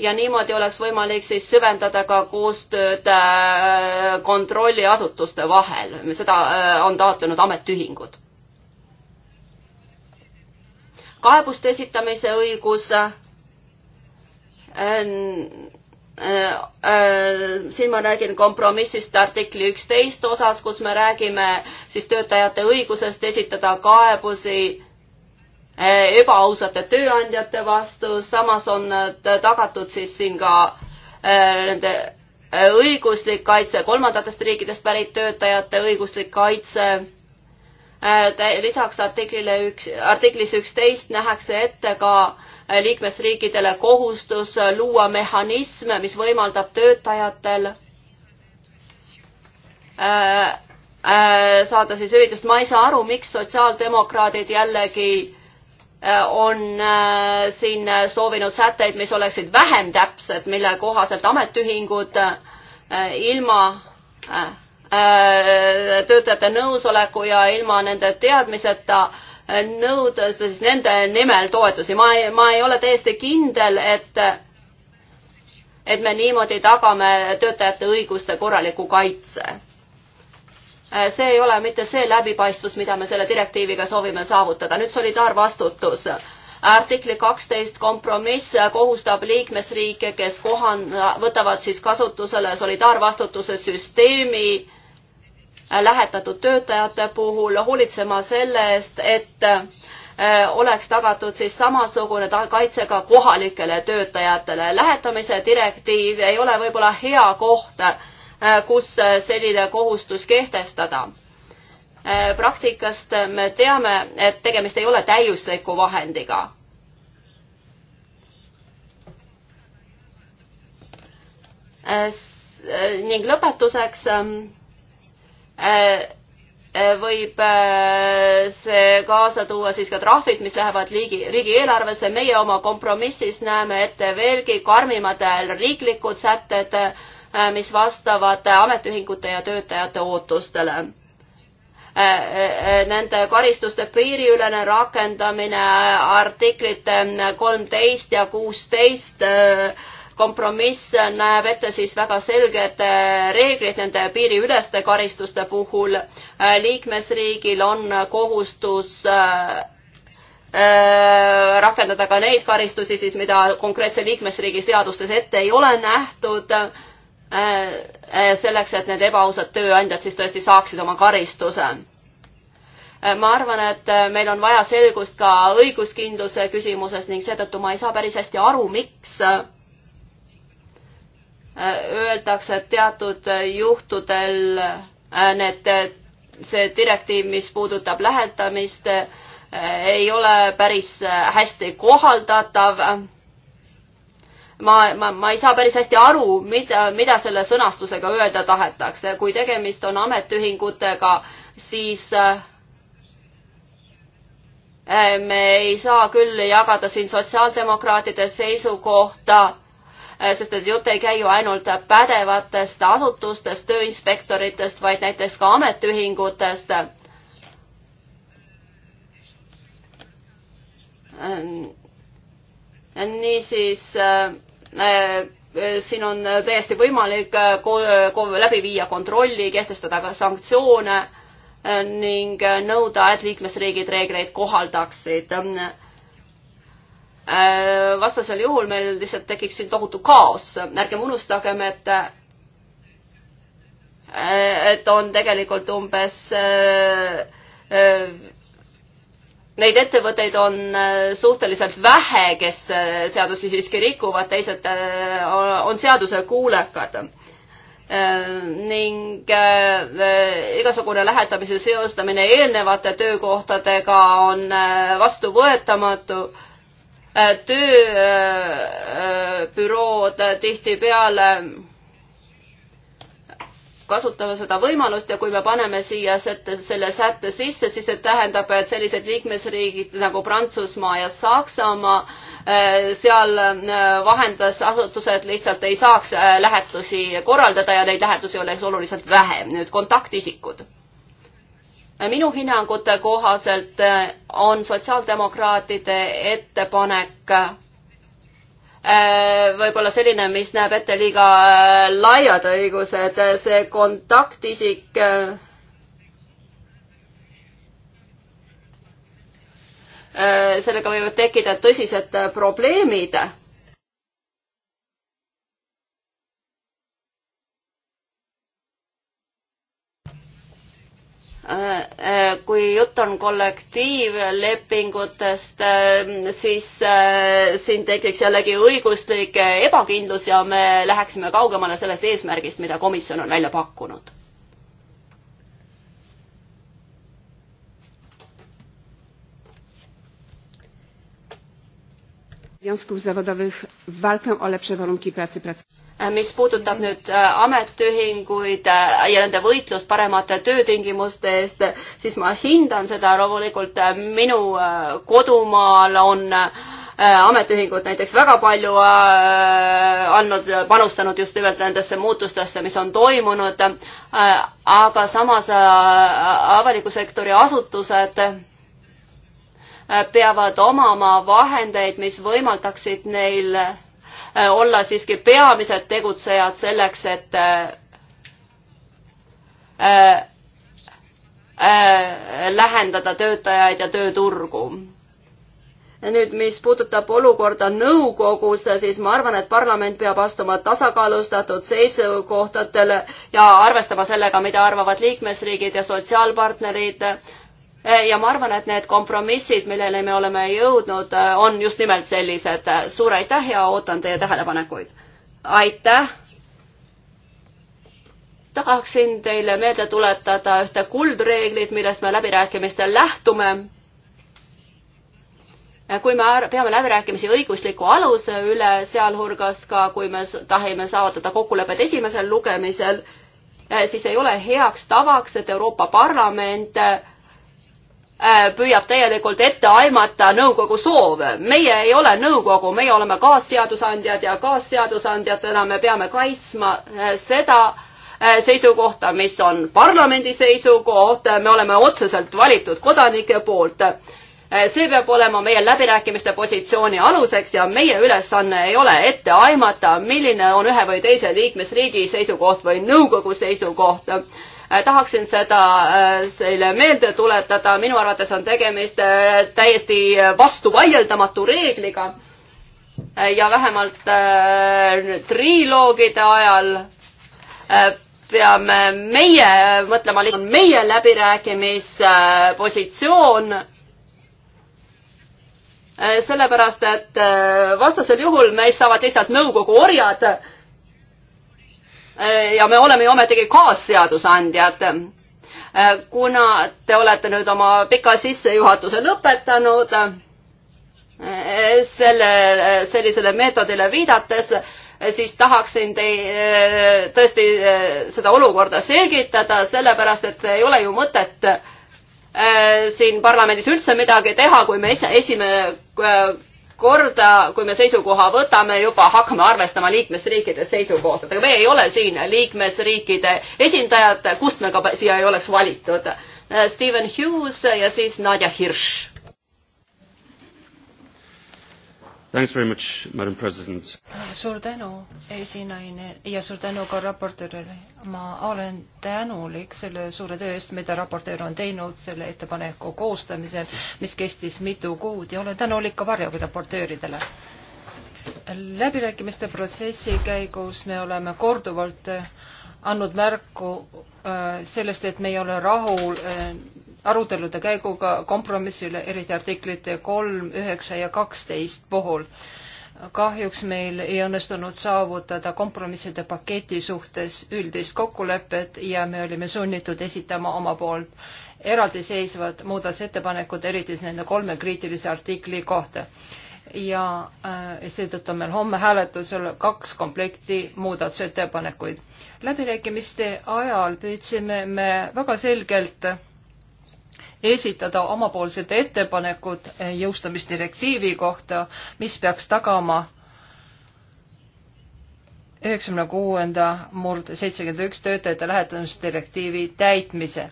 ja niimoodi oleks võimalik siis süvendada ka koostööd kontrolliasutuste vahel. seda on taotlenud ametiühingud kaebuste esitamise õigus äh, äh, äh, siin ma räägin kompromissist artikli üksteist osas, kus me räägime siis töötajate õigusest esitada kaebusi ebaausate tööandjate vastu, samas on tagatud siis siin ka nende õiguslik kaitse, kolmandatest riikidest pärit töötajate õiguslik kaitse Äh, lisaks artiklile üks, artiklis üksteist nähakse ette ka äh, liikmesriikidele kohustus luua mehhanism, mis võimaldab töötajatel äh, saada siis hüvitist. ma ei saa aru, miks sotsiaaldemokraadid jällegi on siin soovinud sätteid, mis oleksid vähem täpsed, mille kohaselt ametiühingud ilma Äh, töötajate nõusoleku ja ilma nende teadmiseta nõuda siis nende nimel toetusi. ma ei, ma ei ole täiesti kindel, et, et me niimoodi tagame töötajate õiguste korraliku kaitse. Äh, see ei ole mitte see läbipaistvus, mida me selle direktiiviga soovime saavutada. nüüd solidaarvastutus artikli kaksteist kompromiss kohustab liikmesriike, kes kohan-, võtavad siis kasutusele solidaarvastutuse süsteemi lähetatud töötajate puhul hoolitsema selle eest, et äh, oleks tagatud siis samasugune kaitse ka kohalikele töötajatele. lähetamise direktiiv ei ole võib-olla hea koht, äh, kus äh, selline kohustus kehtestada. praktikast me teame, et tegemist ei ole täiusliku vahendiga ning lõpetuseks ähm, Äh, äh, võib äh, see kaasa tuua siis ka trahvid, mis lähevad liigi, riigieelarvesse. meie oma kompromissis näeme ette veelgi karmimad riiklikud sätted, mis vastavad ametiühingute ja töötajate ootustele. Nende karistuste piiriülene rakendamine artiklite kolmteist ja kuusteist 16 kompromiss näeb ette siis väga selged äh, reeglid nende piiriüleste karistuste puhul. Äh, liikmesriigil on kohustus äh, rakendada ka neid karistusi siis, mida konkreetse liikmesriigi seadustes ette ei ole nähtud, selleks, et need ebaausad tööandjad siis tõesti saaksid oma karistuse ma arvan, et meil on vaja selgust ka õiguskindluse küsimuses ning seetõttu ma ei saa päris hästi aru, miks öeldakse, et teatud juhtudel äh, need, see direktiiv, mis puudutab lähetamist, äh, ei ole päris äh, hästi kohaldatav. ma, ma, ma ei saa päris hästi aru, mida, mida selle sõnastusega öelda tahetakse, kui tegemist on ametiühingutega, siis me ei saa küll jagada siin sotsiaaldemokraatide seisukohta Äh, sest et jutt ei käi ju ainult pädevatest asutustest, tööinspektoritest, vaid näiteks ka ametiühingutest. Äh, niisiis äh, siin on täiesti võimalik läbi viia kontrolli, kehtestada ka sanktsioone ning nõuda, et liikmesriigid reegleid kohaldaksid Äh, vastasel juhul meil lihtsalt tekiks siin tohutu kaos. ärgem unustagem, et äh, et on tegelikult umbes äh, Neid ettevõtteid on suhteliselt vähe, kes seadusi siiski rikuvad, teised on seadusekuulekad ning igasugune lähetamise seostamine eelnevate töökohtadega on vastuvõetamatu Äh, tööbürood äh, äh, tihtipeale kasutame seda võimalust ja kui me paneme siia sätte, selle sätte sisse, siis see tähendab, et sellised liikmesriigid nagu Prantsusmaa ja Saksamaa, seal vahendusasutused lihtsalt ei saaks lähetusi korraldada ja neid lähetusi oleks oluliselt vähem. nüüd kontaktisikud minu hinnangute kohaselt äh, on sotsiaaldemokraatide ettepanek äh, võib-olla selline, mis näeb ette liiga äh, laiad õigused, see kontaktisik sellega võivad tekkida tõsised probleemid kui jutt on kollektiivlepingutest, siis eh, siin tekiks jällegi õiguslik ebakindlus ja me läheksime kaugemale sellest eesmärgist, mida komisjon on välja pakkunud. E, mis puudutab nüüd e, ametiühinguid e, ja nende võitlust paremate töötingimuste eest, siis ma hindan seda loomulikult, minu kodumaal on ametiühingud näiteks väga palju andnud, panustanud just nimelt nendesse muutustesse, mis on toimunud, aga samas avaliku sektori asutused Äh, peavad omama vahendeid, mis võimaldaksid neil äh, olla siiski peamised tegutsejad selleks, et äh, äh, äh lähendada töötajaid ja tööturgu nüüd, mis puudutab olukorda nõukogus, siis ma arvan, et parlament peab astuma tasakaalustatud seisukohtadele ja arvestama sellega, mida arvavad liikmesriigid ja sotsiaalpartnerid. Eh, ja ma arvan, et need kompromissid, millele me oleme jõudnud, eh, on just nimelt sellised. suur aitäh ja ootan teie tähelepanekuid. aitäh! tahaksin teile meelde tuletada ühte kuldreeglit, millest me läbirääkimistel lähtume. Eh, kui me peame läbirääkimisi õigusliku aluse üle, sealhulgas ka, kui me tahame saavutada kokkulepet esimesel lugemisel, siis ei ole heaks tavaks, et Euroopa Parlament Äh, püüab täielikult ette aimata nõukogu soove. meie ei ole nõukogu, meie oleme kaasseadusandjad ja kaasseadusandjatena me peame kaitsma äh, seda äh, seisukohta, mis on parlamendi seisukoht, me oleme otseselt valitud kodanike poolt. see peab olema meie läbirääkimiste positsiooni aluseks ja meie ülesanne ei ole ette aimata, milline on ühe või teise liikmesriigi seisukoht või nõukogu seisukoht Äh, tahaksin seda teile äh, meelde tuletada, minu arvates on tegemist äh, täiesti vastuvaieldamatu reegliga ja vähemalt äh, triloogide ajal äh, peame meie mõtlema lihtsalt meie läbirääkimispositsioon äh,. sellepärast, et vastasel juhul meist saavad lihtsalt nõukogu orjad Äh, ja me oleme ju ometigi kaasseadusandjad. Äh, kuna te olete nüüd oma pika sissejuhatuse lõpetanud, äh, selle, sellisele meetodile viidates, siis tahaksin tei-, tõesti seda olukorda selgitada, sellepärast et ei ole ju mõtet siin parlamendis üldse midagi teha, kui me esimene korda, kui me seisukoha võtame, juba hakkame arvestama liikmesriikide seisukohtadega. me ei ole siin liikmesriikide esindajad, kust me ka siia ei oleks valitud. Steven Hughes ja siis Nadja Hirš Thanks very much, Madam President. suur tänu, esinaine ja suur tänu ka raportöörile. ma olen tänulik selle suure töö eest, mida raportöör on teinud selle ettepaneku koostamisel, mis kestis mitu kuud ja olen tänulik ka varjuraportööridele. läbirääkimiste protsessi käigus me oleme korduvalt andnud märku äh, sellest, et me ei ole rahul äh, arutelude käiguga kompromissile, eriti artiklite kolm, üheksa ja kaksteist puhul. kahjuks meil ei õnnestunud saavutada kompromisside paketi suhtes üldist kokkulepet ja me olime sunnitud esitama oma poolt eraldiseisvad muudatusettepanekud, eriti nende kolme kriitilise artikli kohta ja äh, seetõttu on meil homme hääletusel kaks komplekti muudatusettepanekuid. läbirääkimiste ajal püüdsime me väga selgelt esitada omapoolsed ettepanekud eh, jõustamisdirektiivi kohta, mis peaks tagama üheksakümne kuuenda murd seitsekümmend üks töötajate lähetamisdirektiivi täitmise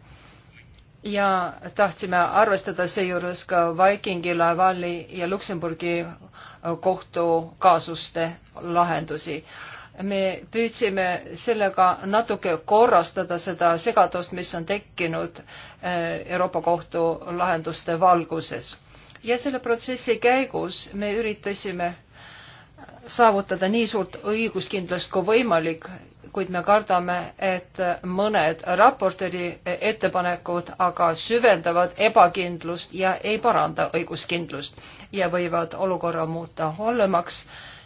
ja tahtsime arvestada seejuures ka Vikingi, Laevali ja Luksemburgi kohtu kaasuste lahendusi me püüdsime sellega natuke korrastada seda segadust, mis on tekkinud äh, Euroopa Kohtu lahenduste valguses. ja selle protsessi käigus me üritasime saavutada nii suurt õiguskindlust kui võimalik, kuid me kardame, et mõned raportööri ettepanekud aga süvendavad ebakindlust ja ei paranda õiguskindlust ja võivad olukorra muuta halvemaks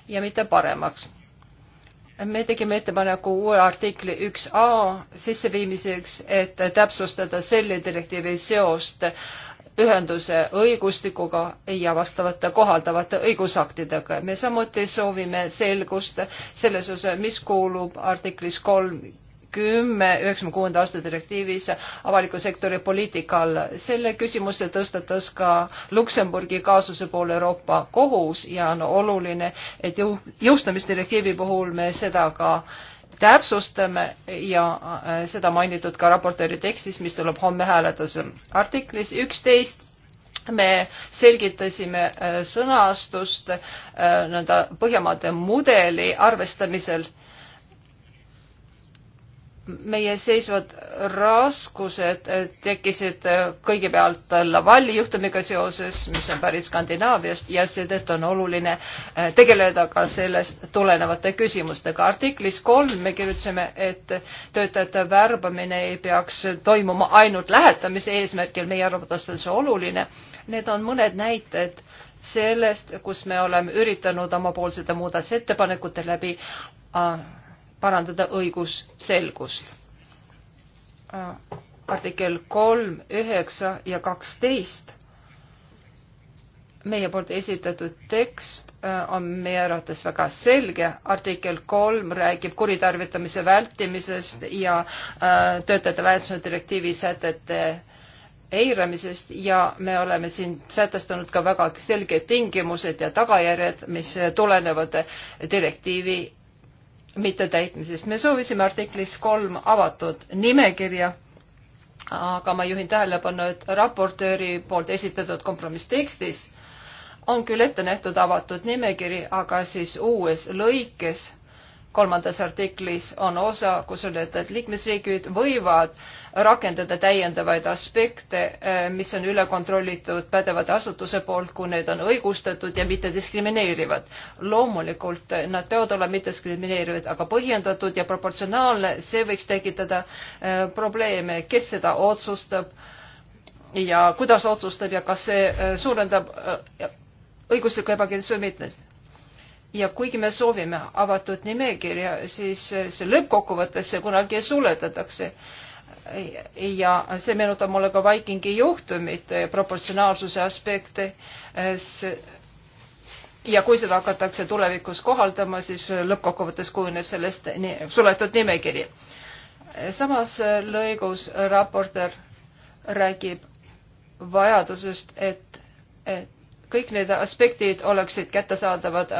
ja mitte paremaks me tegime ettepaneku uue artikli üks A sisseviimiseks, et täpsustada selle direktiivi seost ühenduse õigustikuga ja vastavate kohaldavate õigusaktidega. me samuti soovime selgust selles osas, mis kuulub artiklis kolm kümme üheksakümne kuuenda aasta direktiivis avaliku sektori poliitika all. selle küsimuse tõstatas ka Luksemburgi kaasuse pool Euroopa Kohus ja on oluline, et jõu-, jõustamisdirektiivi puhul me seda ka täpsustame ja äh, seda mainitud ka raportööri tekstis, mis tuleb homme hääletusel. artiklis üksteist me selgitasime äh, sõnastust äh, nõnda Põhjamaade mudeli arvestamisel meie seisvad raskused tekkisid äh, kõigepealt Lavalli juhtumiga seoses, mis on pärit Skandinaaviast ja seetõttu on oluline äh, tegeleda ka sellest tulenevate küsimustega. artiklis kolm me kirjutasime, et töötajate värbamine ei peaks toimuma ainult lähetamise eesmärgil, meie arvates on see oluline. Need on mõned näited sellest, kus me oleme üritanud omapoolsete muudatusettepanekute läbi äh, parandada õigusselgust. artikkel kolm, üheksa ja kaksteist meie poolt esitatud tekst äh, on meie arvates väga selge. artikkel kolm räägib kuritarvitamise vältimisest ja äh, töötajate väetsuse direktiivi sätete eiramisest ja me oleme siin sätestanud ka väga selged tingimused ja tagajärjed, mis tulenevad direktiivi mittetäitmisest. me soovisime artiklis kolm avatud nimekirja, aga ma juhin tähelepanu, et raportööri poolt esitatud kompromisstekstis on küll ette nähtud avatud nimekiri, aga siis uues lõikes kolmandas artiklis on osa, kus öeldakse, et liikmesriigid võivad rakendada täiendavaid aspekte, eh, mis on üle kontrollitud pädevate asutuse poolt, kui need on õigustatud ja mitte diskrimineerivad. loomulikult eh, nad peavad olema mittediskrimineerivad, aga põhjendatud ja proportsionaalne, see võiks tekitada eh, probleeme, kes seda otsustab ja kuidas otsustab ja kas see suurendab õiguslikku ebakindlust või mitte ja kuigi me soovime avatud nimekirja, siis see lõppkokkuvõttes see kunagi suletatakse. ja see meenutab mulle ka Vikingi juhtumit, proportsionaalsuse aspekte. ja kui seda hakatakse tulevikus kohaldama, siis lõppkokkuvõttes kujuneb sellest suletud nimekiri. samas lõigus raporter räägib vajadusest, et, et kõik need aspektid oleksid kättesaadavad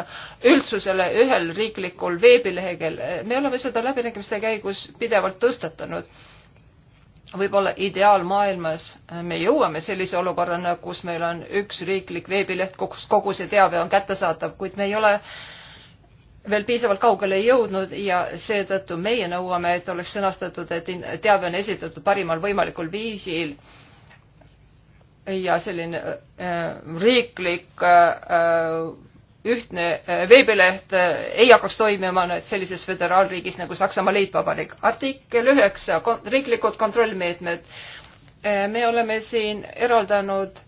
üldsusele ühel riiklikul veebileheküljel. me oleme seda läbirääkimiste käigus pidevalt tõstatanud. võib-olla ideaalmaailmas me jõuame sellise olukorrana, kus meil on üks riiklik veebileht, kus kogu see teave on kättesaadav, kuid me ei ole veel piisavalt kaugele jõudnud ja seetõttu meie nõuame, et oleks sõnastatud, et teave on esitatud parimal võimalikul viisil ja selline äh, riiklik äh, ühtne äh, veebileht ei hakkaks toimima nüüd sellises föderaalriigis nagu Saksamaa Liitvabariik. artikkel üheksa, riiklikud kontrollmeetmed. me oleme siin eraldanud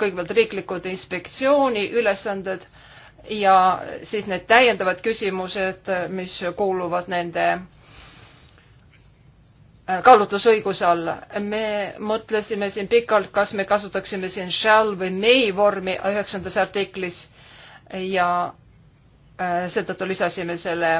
kõigepealt riiklikud inspektsiooni ülesanded ja siis need täiendavad küsimused, mis kuuluvad nende äh, kaalutlusõiguse alla. me mõtlesime siin pikalt, kas me kasutaksime siin shall või may vormi üheksandas artiklis ja äh, seetõttu lisasime selle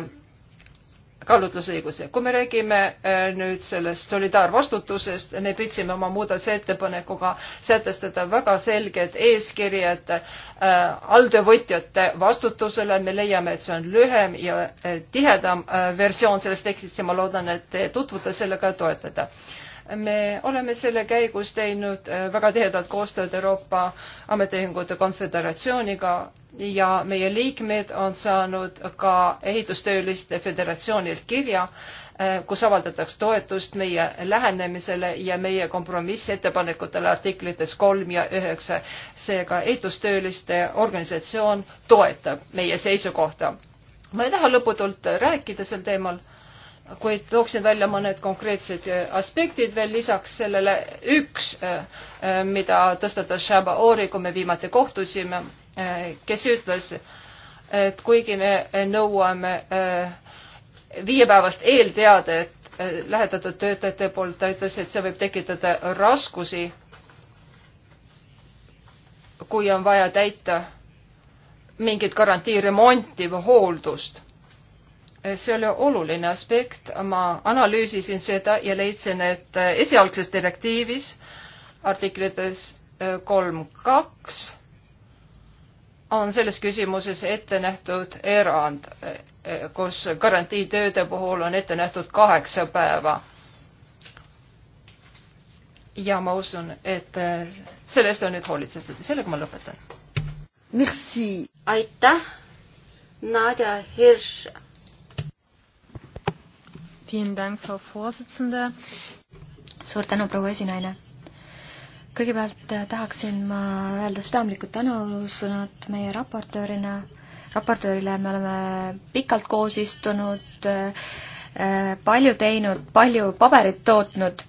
kaalutlusõiguse. kui me räägime äh, nüüd sellest solidaarvastutusest, me püüdsime oma muudatusettepanekuga sätestada väga selged eeskirjad äh, alltöövõtjate vastutusele. me leiame, et see on lühem ja äh, tihedam versioon sellest tekstist ja ma loodan, et te tutvute sellega ja toetate me oleme selle käigus teinud äh, väga tihedat koostööd Euroopa Ametiühingute Konföderatsiooniga ja meie liikmed on saanud ka ehitustööliste föderatsioonilt kirja, äh, kus avaldatakse toetust meie lähenemisele ja meie kompromissettepanekutele artiklites kolm ja üheksa. seega ehitustööliste organisatsioon toetab meie seisukohta. ma ei taha lõputult rääkida sel teemal kuid tooksin välja mõned konkreetsed äh, aspektid veel lisaks sellele üks, äh, äh, mida tõstatas Shaba Ori, kui me viimati kohtusime, kes ütles, et kuigi me nõuame viiepäevast eelteadet lähetatud töötajate poolt, ta ütles, et see võib tekitada raskusi, kui on vaja täita mingit garantii remonti või hooldust see oli oluline aspekt, ma analüüsisin seda ja leidsin, et esialgses direktiivis artiklites äh, kolm kaks on selles küsimuses ette nähtud erand, äh, äh, kus garantiitööde puhul on ette nähtud kaheksa päeva. ja ma usun, et sellest on nüüd hoolitsetud ja sellega ma lõpetan. aitäh, Nadja Hirš suur tänu, proua esinaine. kõigepealt äh, tahaksin ma öelda südamlikud tänusõnad meie raportöörina, raportöörile, me oleme pikalt koos istunud, äh, palju teinud, palju paberit tootnud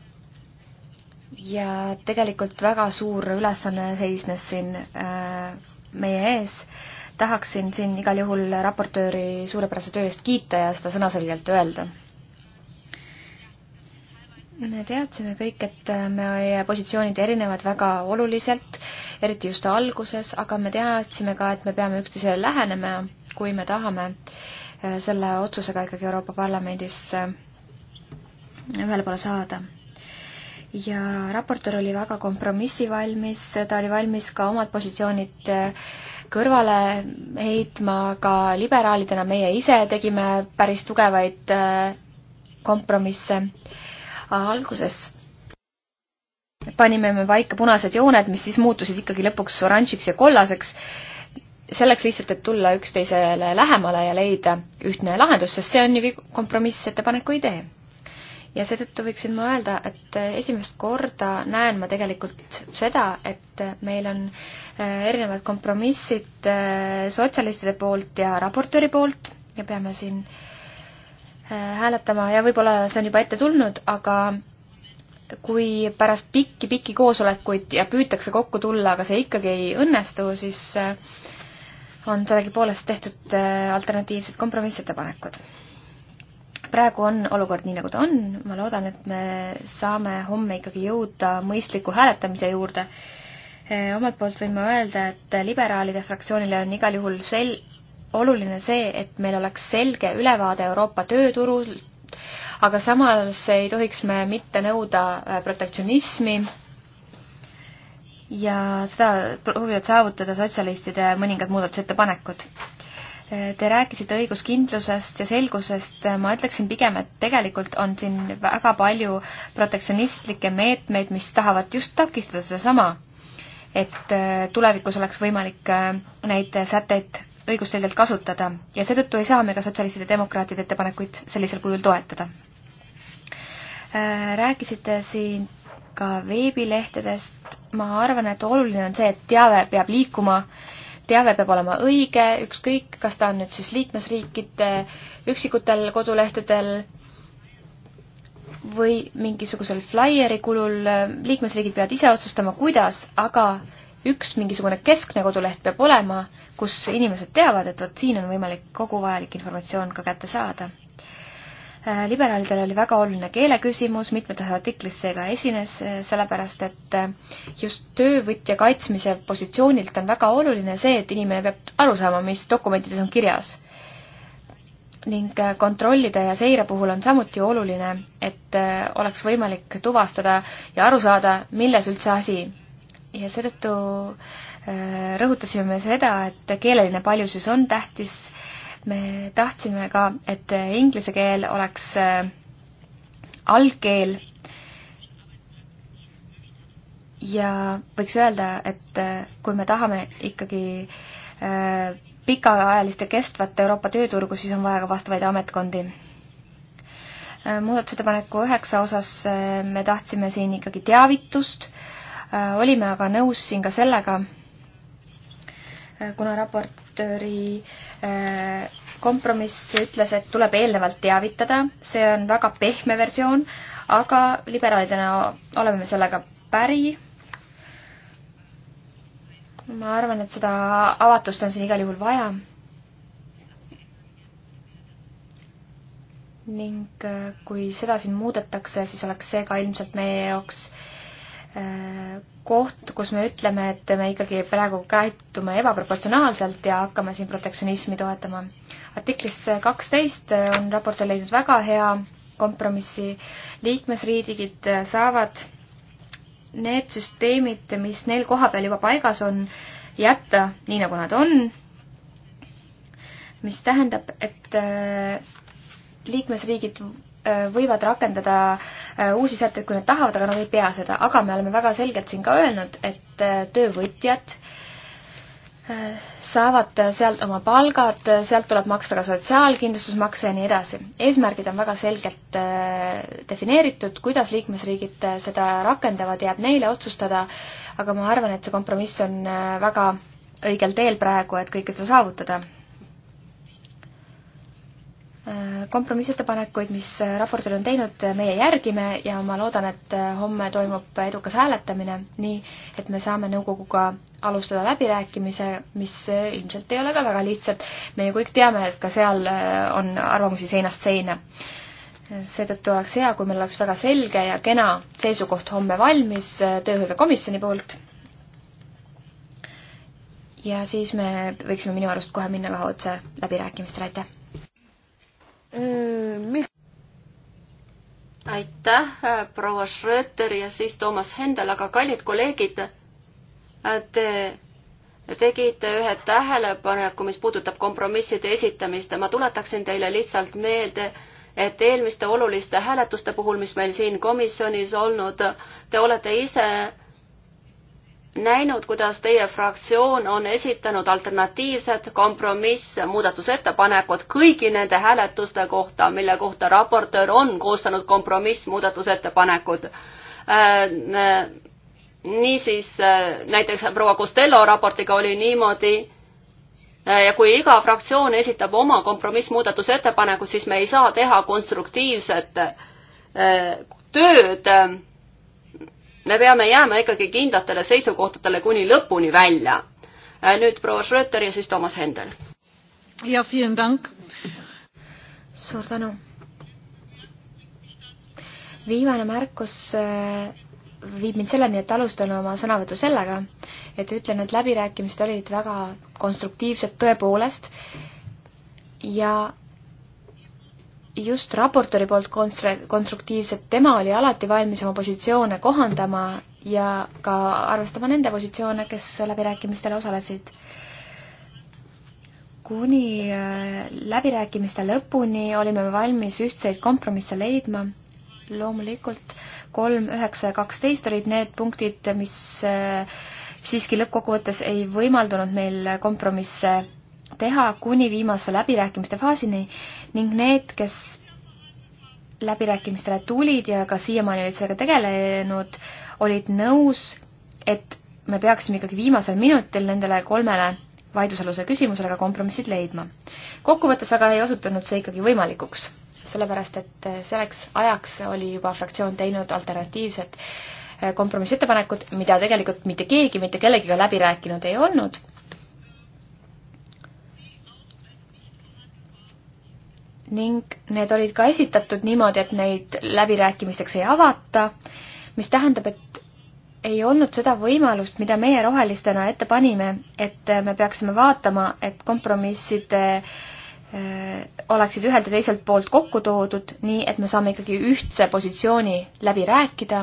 ja tegelikult väga suur ülesanne seisnes siin äh, meie ees tahaksin siin igal juhul raportööri suurepärase töö eest kiita ja seda sõnaselgelt öelda me teadsime kõik, et meie positsioonid erinevad väga oluliselt, eriti just alguses, aga me teadsime ka, et me peame üksteisele lähenema, kui me tahame eh, selle otsusega ikkagi Euroopa Parlamendis eh, ühele poole saada. ja raportöör oli väga kompromissivalmis, ta oli valmis ka omad positsioonid eh, kõrvale heitma, ka liberaalidena meie ise tegime päris tugevaid kompromisse alguses panime me paika punased jooned, mis siis muutusid ikkagi lõpuks oranžiks ja kollaseks, selleks lihtsalt, et tulla üksteisele lähemale ja leida ühtne lahendus, sest see on ju kõik kompromissettepaneku idee. ja seetõttu võiksin ma öelda, et esimest korda näen ma tegelikult seda, et meil on äh, erinevad kompromissid äh, sotsialistide poolt ja raportööri poolt ja peame siin äh, Äh, hääletama ja võib-olla see on juba ette tulnud, aga kui pärast pikki-pikki koosolekuid ja püütakse kokku tulla, aga see ikkagi ei õnnestu, siis äh, on sellegipoolest tehtud äh, alternatiivsed kompromissettepanekud. praegu on olukord nii, nagu ta on, ma loodan, et me saame homme ikkagi jõuda mõistliku hääletamise juurde. omalt poolt võin ma öelda, et liberaalide fraktsioonile on igal juhul sel-, oluline see, et meil oleks selge ülevaade Euroopa tööturult, aga samas ei tohiks me mitte nõuda äh, protektsionismi ja seda proovivad saavutada sotsialistide mõningad muudatusettepanekud. Äh, te rääkisite õiguskindlusest ja selgusest, äh, ma ütleksin pigem, et tegelikult on siin väga palju protektsionistlikke meetmeid, mis tahavad just takistada sedasama, et tulevikus oleks võimalik neid sätteid õigusselgelt kasutada ja seetõttu ei saa me ka sotsialistide demokraatide ettepanekuid sellisel kujul toetada. Äh, rääkisite siin ka veebilehtedest, ma arvan, et oluline on see, et teave peab liikuma, teave peab olema õige, ükskõik, kas ta on nüüd siis liikmesriikide üksikutel kodulehtedel või mingisugusel flaieri kulul, liikmesriigid peavad ise otsustama, kuidas, aga üks mingisugune keskne koduleht peab olema, kus inimesed teavad, et vot siin on võimalik kogu vajalik informatsioon ka kätte saada. Äh, liberaalidel oli väga oluline keeleküsimus, mitmetes artiklis see ka esines, äh, sellepärast et äh, just töövõtja kaitsmise positsioonilt on väga oluline see, et inimene peab aru saama, mis dokumentides on kirjas ning kontrollide ja seire puhul on samuti oluline, et oleks võimalik tuvastada ja aru saada, milles üldse asi, ja seetõttu äh, rõhutasime me seda, et keeleline paljusus on tähtis. me tahtsime ka, et inglise keel oleks äh, algkeel. ja võiks öelda, et äh, kui me tahame ikkagi pikaajalist ja kestvat Euroopa tööturgu, siis on vaja ka vastavaid ametkondi muudatusettepaneku üheksa osas me tahtsime siin ikkagi teavitust äh, Äh, olime aga nõus siin ka sellega, äh, kuna raportööri äh, kompromiss ütles, et tuleb eelnevalt teavitada, see on väga pehme versioon, aga liberaalidena oleme me sellega päri. ma arvan, et seda avatust on siin igal juhul vaja ning kui seda siin muudetakse, siis oleks see ka ilmselt meie jaoks koht, kus me ütleme, et me ikkagi praegu käitume ebaproportsionaalselt ja hakkame siin protektsionismi toetama. artiklis kaksteist on raportöö leidnud väga hea kompromissi. liikmesriigid saavad need süsteemid, mis neil kohapeal juba paigas on, jätta nii, nagu nad on, mis tähendab, et äh, liikmesriigid Äh, võivad rakendada äh, uusi sätteid, kui nad tahavad, aga nad ei pea seda, aga me oleme väga selgelt siin ka öelnud, et äh, töövõtjad saavad sealt oma palgad, sealt tuleb maksta ka sotsiaalkindlustusmakse ja nii edasi. eesmärgid on väga selgelt defineeritud, kuidas liikmesriigid seda rakendavad, jääb neile otsustada, aga ma arvan, et see kompromiss on väga õigel teel praegu, et kõike seda saavutada kompromissettepanekuid, mis raportööl on teinud, meie järgime ja ma loodan, et homme toimub edukas hääletamine, nii et me saame nõukoguga alustada läbirääkimise, mis ilmselt ei ole ka väga lihtsad. me ju kõik teame, et ka seal äh, on arvamusi seinast seina. seetõttu oleks hea, kui meil oleks väga selge ja kena seisukoht homme valmis äh, tööhõivekomisjoni poolt. ja siis me võiksime minu arust kohe minna ka otse läbirääkimistele, aitäh! aitäh, proua Schröter ja siis Toomas Hendel, aga kallid kolleegid, te tegite ühe tähelepaneku, mis puudutab kompromisside esitamist ja ma tuletaksin teile lihtsalt meelde, et eelmiste oluliste hääletuste puhul, mis meil siin komisjonis olnud, te olete ise näinud, kuidas teie fraktsioon on esitanud alternatiivsed kompromissmuudatusettepanekud kõigi nende hääletuste kohta, mille kohta raportöör on koostanud kompromissmuudatusettepanekud. Äh, niisiis äh, näiteks proua Costello raportiga oli niimoodi, äh, ja kui iga fraktsioon esitab oma kompromissmuudatusettepanekud, siis me ei saa teha konstruktiivset tööd me peame jääma ikkagi kindlatele seisukohtadele kuni lõpuni välja. Äh, nüüd proua Schröter ja siis Toomas Hendel. ja, suur tänu. viimane märkus äh, viib mind selleni, et alustan oma sõnavõtu sellega, et ütlen, et läbirääkimised olid väga konstruktiivsed tõepoolest ja just raportööri poolt konstruktiivset, tema oli alati valmis oma positsioone kohandama ja ka arvestama nende positsioone, kes läbirääkimistel osalesid. kuni äh, läbirääkimiste lõpuni olime valmis ühtseid kompromisse leidma. loomulikult kolm, üheksa ja kaksteist olid need punktid, mis äh, siiski lõppkokkuvõttes ei võimaldunud meil kompromisse teha kuni viimase läbirääkimiste faasini ning need, kes läbirääkimistele tulid ja ka siiamaani olid sellega tegelenud, olid nõus, et me peaksime ikkagi viimasel minutil nendele kolmele vaidlusaluse küsimusele ka kompromissid leidma. kokkuvõttes aga ei osutunud see ikkagi võimalikuks, sellepärast et selleks ajaks oli juba fraktsioon teinud alternatiivset kompromissettepanekut, mida tegelikult mitte keegi mitte kellegiga läbi rääkinud ei olnud ning need olid ka esitatud niimoodi, et neid läbirääkimisteks ei avata, mis tähendab, et ei olnud seda võimalust, mida meie rohelistena ette panime, et me peaksime vaatama, et kompromissid äh, oleksid ühelt ja teiselt poolt kokku toodud, nii et me saame ikkagi ühtse positsiooni läbi rääkida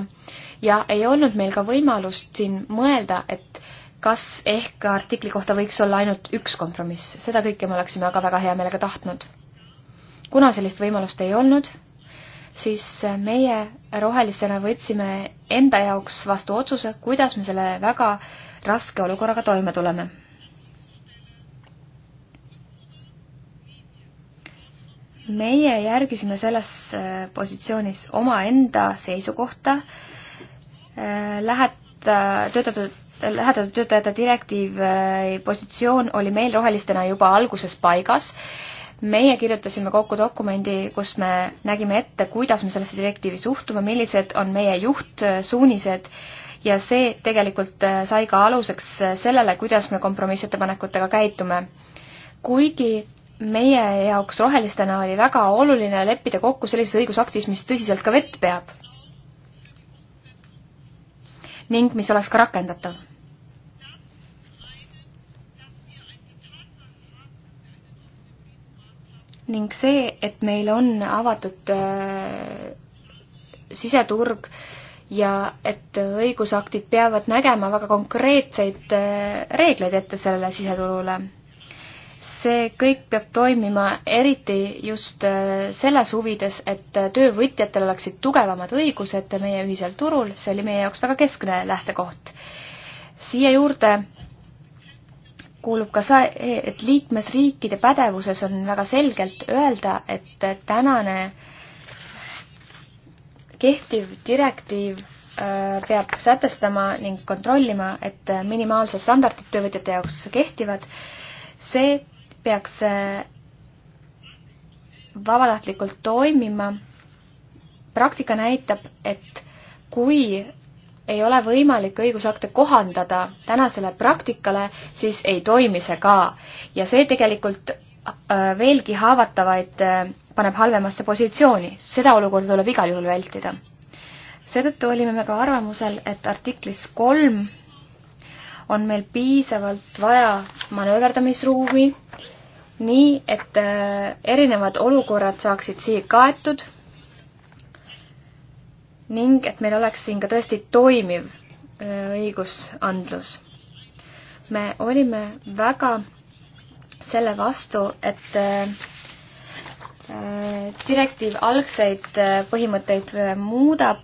ja ei olnud meil ka võimalust siin mõelda, et kas ehk artikli kohta võiks olla ainult üks kompromiss, seda kõike me oleksime aga väga hea meelega tahtnud kuna sellist võimalust ei olnud, siis meie rohelisena võtsime enda jaoks vastu otsuse, kuidas me selle väga raske olukorraga toime tuleme. meie järgisime selles äh, positsioonis omaenda seisukohta, äh, läheta, töötatud, lähetatud töötajate direktiivi äh, positsioon oli meil rohelistena juba alguses paigas meie kirjutasime kokku dokumendi, kus me nägime ette, kuidas me sellesse direktiivi suhtume, millised on meie juhtsuunised äh, ja see tegelikult äh, sai ka aluseks äh, sellele, kuidas me kompromissettepanekutega käitume. kuigi meie jaoks rohelistena oli väga oluline leppida kokku sellises õigusaktis, mis tõsiselt ka vett peab ning mis oleks ka rakendatav ning see, et meil on avatud äh, siseturg ja et õigusaktid peavad nägema väga konkreetseid äh, reegleid ette sellele siseturule. see kõik peab toimima eriti just äh, selles huvides, et töövõtjatel oleksid tugevamad õigused meie ühisel turul, see oli meie jaoks väga keskne lähtekoht. siia juurde kuulub ka see, et liikmesriikide pädevuses on väga selgelt öelda, et tänane kehtiv direktiiv äh, peab sätestama ning kontrollima, et minimaalsed standardid töövõtjate jaoks kehtivad. see peaks äh, vabatahtlikult toimima. praktika näitab, et kui ei ole võimalik õigusakte kohandada tänasele praktikale, siis ei toimi see ka. ja see tegelikult äh, veelgi haavatavaid äh, paneb halvemasse positsiooni, seda olukorda tuleb igal juhul vältida. seetõttu olime me ka arvamusel, et artiklis kolm on meil piisavalt vaja manööverdamisruumi, nii et äh, erinevad olukorrad saaksid siia kaetud ning et meil oleks siin ka tõesti toimiv õigusandlus. me olime väga selle vastu, et direktiiv algseid põhimõtteid muudab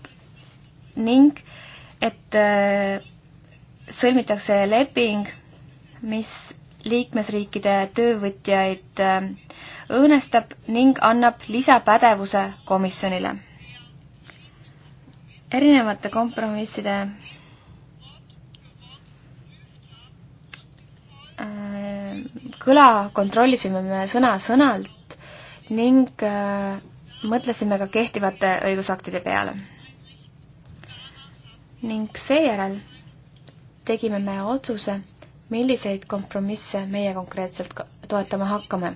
ning et sõlmitakse leping, mis liikmesriikide töövõtjaid õõnestab ning annab lisapädevuse komisjonile erinevate kompromisside äh, kõla kontrollisime me sõna-sõnalt ning äh, mõtlesime ka kehtivate õigusaktide peale. ning seejärel tegime me otsuse, milliseid kompromisse meie konkreetselt toetama hakkame.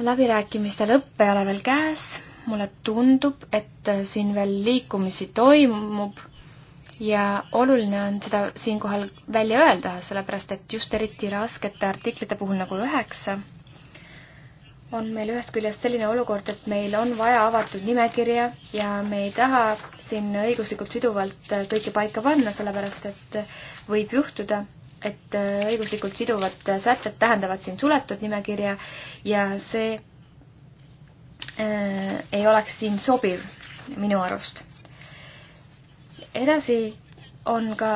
läbirääkimiste lõpp ei ole veel käes mulle tundub, et siin veel liikumisi toimub ja oluline on seda siinkohal välja öelda, sellepärast et just eriti raskete artiklite puhul nagu üheksa, on meil ühest küljest selline olukord, et meil on vaja avatud nimekirja ja me ei taha siin õiguslikult siduvalt kõike paika panna, sellepärast et võib juhtuda, et õiguslikult siduvad sätted tähendavad siin suletud nimekirja ja see Äh, ei oleks siin sobiv minu arust. edasi on ka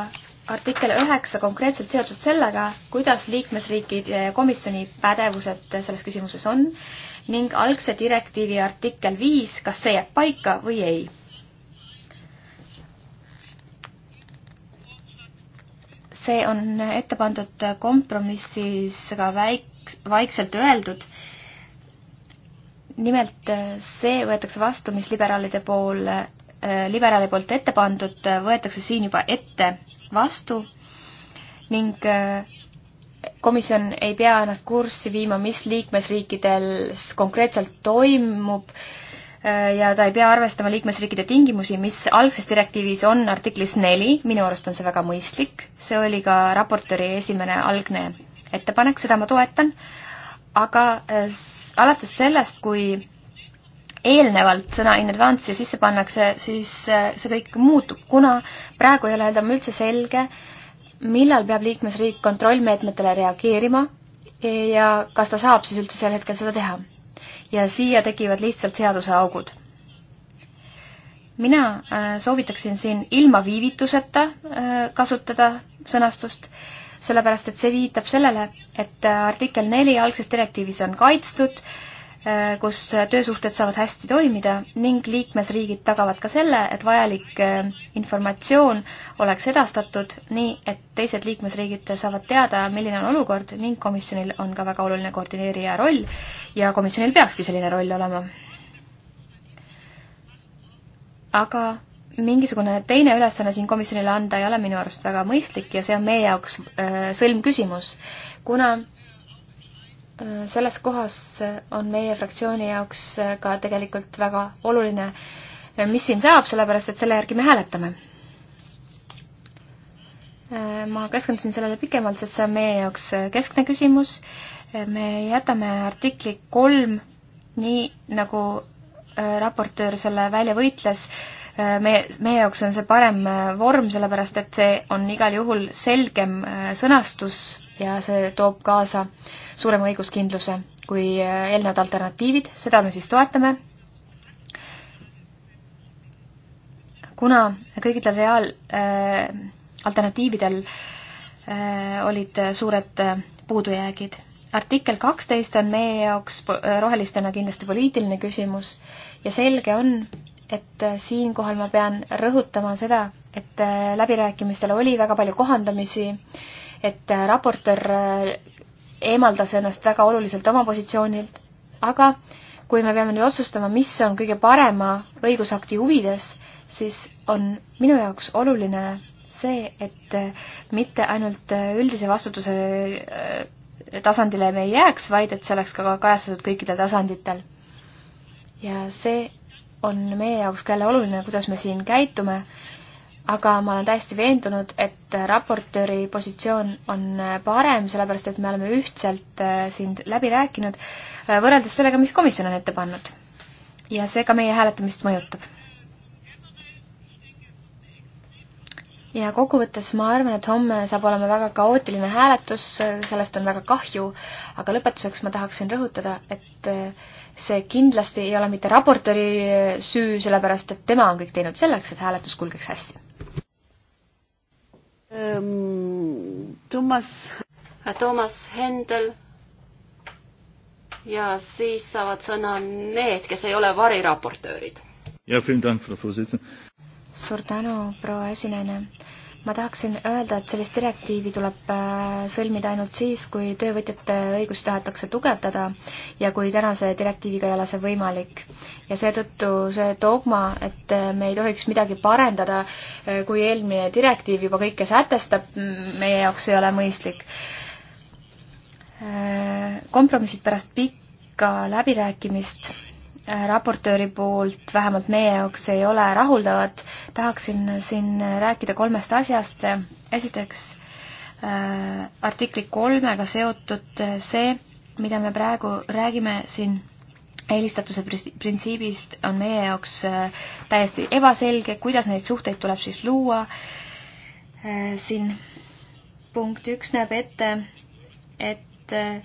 artikkel üheksa konkreetselt seotud sellega, kuidas liikmesriikide komisjoni pädevused selles küsimuses on ning algse direktiivi artikkel viis, kas see jääb paika või ei. see on ette pandud kompromissis ka väik-, vaikselt öeldud äh, nimelt äh, see võetakse vastu, mis liberaalide pool, äh, liberaali poolt ette pandud, äh, võetakse siin juba ette vastu ning komisjon ei pea ennast kurssi viima, mis liikmesriikidel konkreetselt toimub ja ta ei pea arvestama liikmesriikide tingimusi, mis algses direktiivis on artiklis neli, minu arust on see väga mõistlik, see oli ka raportööri esimene algne ettepanek, seda ma toetan aga eh, alates sellest, kui eelnevalt sõna in advance sisse pannakse, siis eh, see kõik muutub, kuna praegu ei ole enam üldse selge, millal peab liikmesriik kontrollmeetmetele reageerima ja kas ta saab siis üldse sel hetkel seda teha. ja siia tekivad lihtsalt seaduseaugud. mina eh, soovitaksin siin ilma viivituseta kasutada sõnastust sellepärast et see viitab sellele, et äh, artikkel neli algses direktiivis on kaitstud, äh, kus töösuhted saavad hästi toimida ning liikmesriigid tagavad ka selle, et vajalik äh, informatsioon oleks edastatud nii, et teised liikmesriigid saavad teada, milline on olukord ning komisjonil on ka väga oluline koordineerija roll ja komisjonil peakski selline roll olema. aga mingisugune teine ülesanne siin komisjonile anda ei ole minu arust väga mõistlik ja see on meie jaoks äh, sõlmküsimus, kuna äh, selles kohas on meie fraktsiooni jaoks äh, ka tegelikult väga oluline, mis siin saab, sellepärast et selle järgi me hääletame. ma keskendusin sellele pikemalt, sest see on meie jaoks keskne küsimus. me jätame artikli kolm, nii nagu raportöör selle välja võitles äh,, meie, meie jaoks on see parem äh, vorm, sellepärast et see on igal juhul selgem äh, sõnastus ja see toob kaasa suurema õiguskindluse kui äh, eelnevad alternatiivid, seda me siis toetame. kuna kõikidel reaal- äh,, alternatiividel äh, olid suured äh, puudujäägid artikkel kaksteist on meie jaoks rohelistena kindlasti poliitiline küsimus ja selge on, et äh, siinkohal ma pean rõhutama seda, et äh, läbirääkimistel oli väga palju kohandamisi, et äh, raportöör eemaldas ennast väga oluliselt oma positsioonilt, aga kui me peame nüüd otsustama, mis on kõige parema õigusakti huvides, siis on minu jaoks oluline see, et mitte ainult üldise vastutuse tasandile me ei jääks, vaid et see oleks ka kajastatud kõikidel tasanditel. ja see on meie jaoks ka jälle oluline, kuidas me siin käitume, aga ma olen täiesti veendunud, et raportööri positsioon on parem, sellepärast et me oleme ühtselt äh, siin läbi rääkinud, äh, võrreldes sellega, mis komisjon on ette pannud. ja see ka meie hääletamist mõjutab ja kokkuvõttes ma arvan, et homme saab olema väga kaootiline hääletus, sellest on väga kahju, aga lõpetuseks ma tahaksin rõhutada, et eh, see kindlasti ei ole mitte raportööri eh, süü, sellepärast et tema on kõik teinud selleks, et hääletus kulgeks hästi. Ehm, Toomas. Äh, Toomas Hendel. ja siis saavad sõna need, kes ei ole variraportöörid. ja, suur tänu, proua esinaine. ma tahaksin öelda, et sellist direktiivi tuleb äh, sõlmida ainult siis, kui töövõtjate õigusi tahetakse tugevdada ja kui tänase direktiiviga ei ole see võimalik. ja seetõttu see dogma, et äh, me ei tohiks midagi parendada, äh, kui eelmine direktiiv juba kõike sätestab, meie jaoks ei ole mõistlik. kompromissid pärast pikka läbirääkimist raportööri poolt vähemalt meie jaoks ei ole rahuldavad. tahaksin siin rääkida kolmest asjast. esiteks äh, artikli kolmega seotud see, mida me praegu räägime siin eelistatuse printsiibist, on meie jaoks äh, täiesti ebaselge, kuidas neid suhteid tuleb siis luua äh,. siin punkt üks näeb ette, et äh,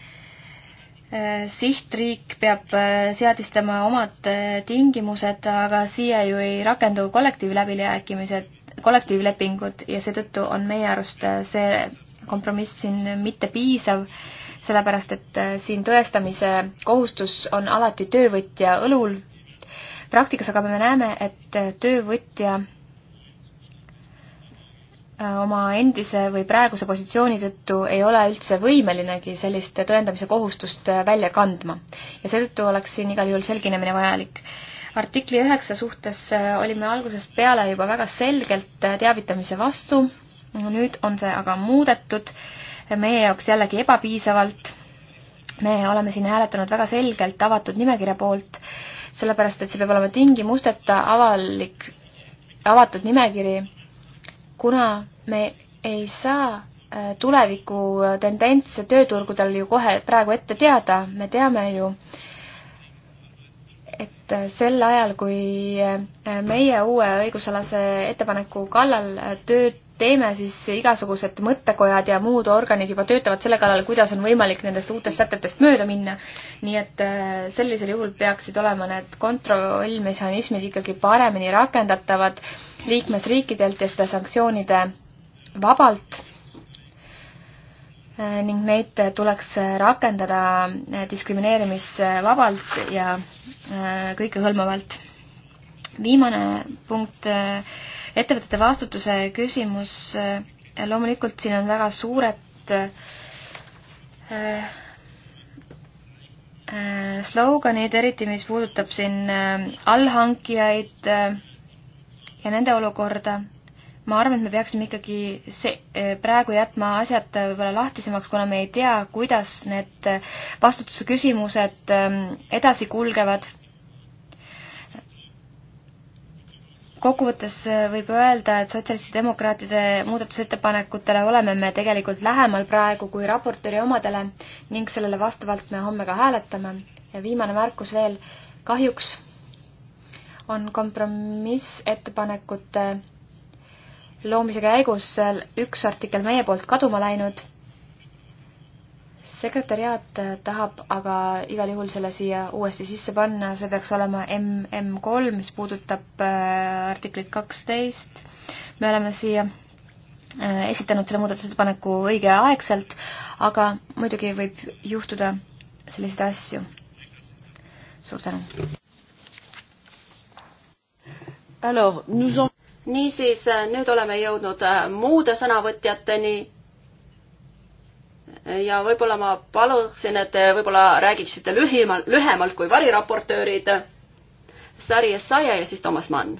Äh, sihtriik peab äh, seadistama omad äh, tingimused, aga siia ju ei rakendu kollektiivläbirääkimised, kollektiivlepingud ja seetõttu on meie arust see kompromiss siin mitte piisav, sellepärast et siin tõestamise kohustus on alati töövõtja õlul. praktikas aga me näeme, et töövõtja Äh, oma endise või praeguse positsiooni tõttu ei ole üldse võimelinegi sellist tõendamise kohustust äh, välja kandma. ja seetõttu oleks siin igal juhul selginemine vajalik. artikli üheksa suhtes äh, olime algusest peale juba väga selgelt teavitamise vastu, nüüd on see aga muudetud, meie jaoks jällegi ebapiisavalt, me oleme siin hääletanud väga selgelt avatud nimekirja poolt, sellepärast et see peab olema tingimusteta avalik, avatud nimekiri kuna me ei saa äh, tuleviku äh, tendentse tööturgudel ju kohe praegu ette teada, me teame ju, et äh, sel ajal, kui meie uue õigusalase ettepaneku kallal tööd teeme, siis igasugused mõttekojad ja muud organid juba töötavad selle kallal, kuidas on võimalik nendest uutest sätetest mööda minna. nii et sellisel juhul peaksid olema need kontrollmehhanismid ikkagi paremini rakendatavad liikmesriikidelt ja seda sanktsioonide vabalt äh, ning neid tuleks rakendada äh, diskrimineerimisvabalt ja äh, kõikehõlmavalt. viimane punkt, ettevõtete vastutuse küsimus. loomulikult siin on väga suured sloganid, eriti mis puudutab siin allhankijaid ja nende olukorda. ma arvan, et me peaksime ikkagi see, eh, praegu jätma asjad võib-olla lahtisemaks, kuna me ei tea, kuidas need vastutuse küsimused ehm, edasi kulgevad. kokkuvõttes eh, võib öelda, et sotsialistidemokraatide muudatusettepanekutele oleme me tegelikult lähemal praegu kui raportööri omadele ning sellele vastavalt me homme ka hääletame. ja viimane märkus veel, kahjuks on kompromissettepanekute loomise käigus üks artikkel meie poolt kaduma läinud. sekretäriaat tahab aga igal juhul selle siia uuesti sisse panna, see peaks olema MM3, mis puudutab äh, artiklit kaksteist. me oleme siia äh, esitanud selle muudatusettepaneku õigeaegselt, aga muidugi võib juhtuda selliseid asju. suur tänu! niisiis, äh, nüüd oleme jõudnud äh, muude sõnavõtjateni. ja võib-olla ma paluksin, et te võib-olla räägiksite lühimal, lühemalt kui variraportöörid. Sari Essaia ja siis Toomas Mann.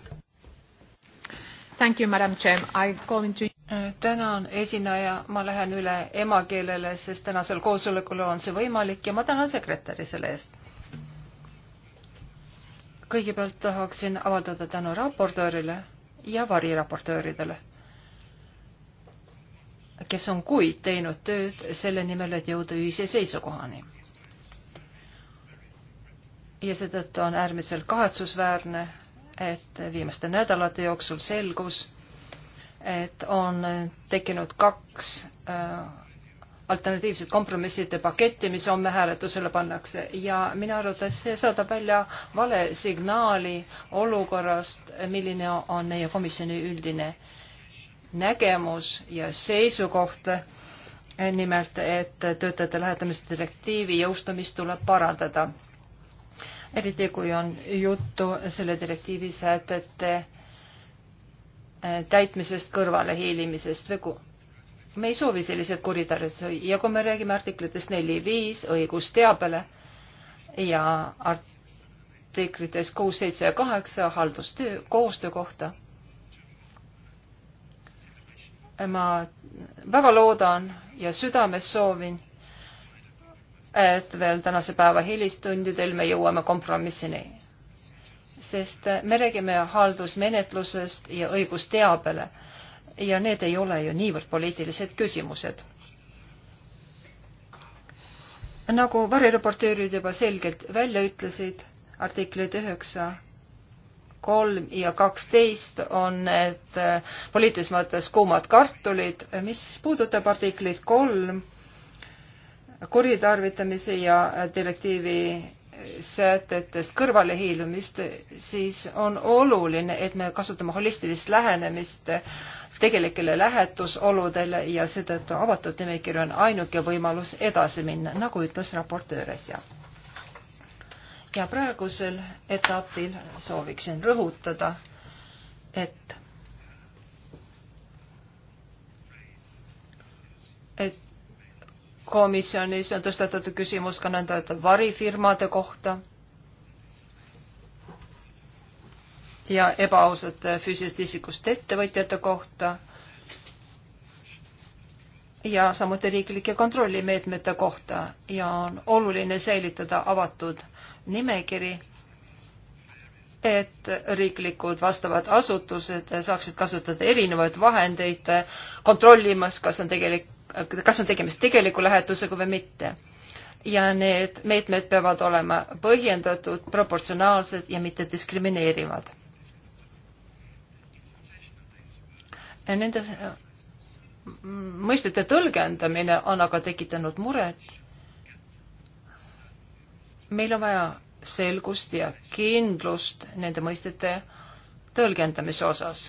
Thank you, madam chair, I go into äh, tänan, esineja, ma lähen üle emakeelele, sest tänasel koosolekul on see võimalik ja ma tänan sekretäri selle eest kõigepealt tahaksin avaldada tänu raportöörile ja variraportööridele, kes on kuid teinud tööd selle nimel, et jõuda ühise seisukohani. ja seetõttu on äärmiselt kahetsusväärne, et viimaste nädalate jooksul selgus, et on tekkinud kaks äh, alternatiivsed kompromisside paketti, mis homme hääletusele pannakse ja minu arvates see saadab välja vale signaali olukorrast, milline on meie komisjoni üldine nägemus ja seisukoht. nimelt, et töötajate lähetamise direktiivi jõustamist tuleb parandada. eriti kui on juttu selle direktiivi sätete täitmisest kõrvalehiilimisest või me ei soovi selliseid kuritarvitusi ja kui me räägime artiklitest neli, viis õigus teabele ja artiklites kuus, seitse ja kaheksa haldustöö, koostöö kohta. ma väga loodan ja südames soovin, et veel tänase päeva hilistundidel me jõuame kompromissini, sest me räägime haldusmenetlusest ja õigusteabele ja need ei ole ju niivõrd poliitilised küsimused. nagu varireporteerid juba selgelt välja ütlesid, artiklid üheksa, kolm ja kaksteist on need äh, poliitilises mõttes kuumad kartulid, mis puudutab artiklit kolm, kuritarvitamise ja direktiivi sätetest kõrvalehiilumist, siis on oluline, et me kasutame holistilist lähenemist tegelikele lähetusoludele ja seetõttu avatud nimekiri on ainuke võimalus edasi minna, nagu ütles raportöör äsja. ja praegusel etapil sooviksin rõhutada, et et komisjonis on tõstatatud küsimus ka nõnda varifirmade kohta ja ebaausate füüsilisest isikust ettevõtjate kohta ja samuti riiklike kontrollimeetmete kohta ja on oluline säilitada avatud nimekiri, et riiklikud vastavad asutused saaksid kasutada erinevaid vahendeid kontrollimas, kas on tegelik, kas on tegemist tegeliku lähetusega või mitte ja need meetmed peavad olema põhjendatud, proportsionaalsed ja mitte diskrimineerivad. nende mõistete tõlgendamine on aga tekitanud muret. meil on vaja selgust ja kindlust nende mõistete tõlgendamise osas.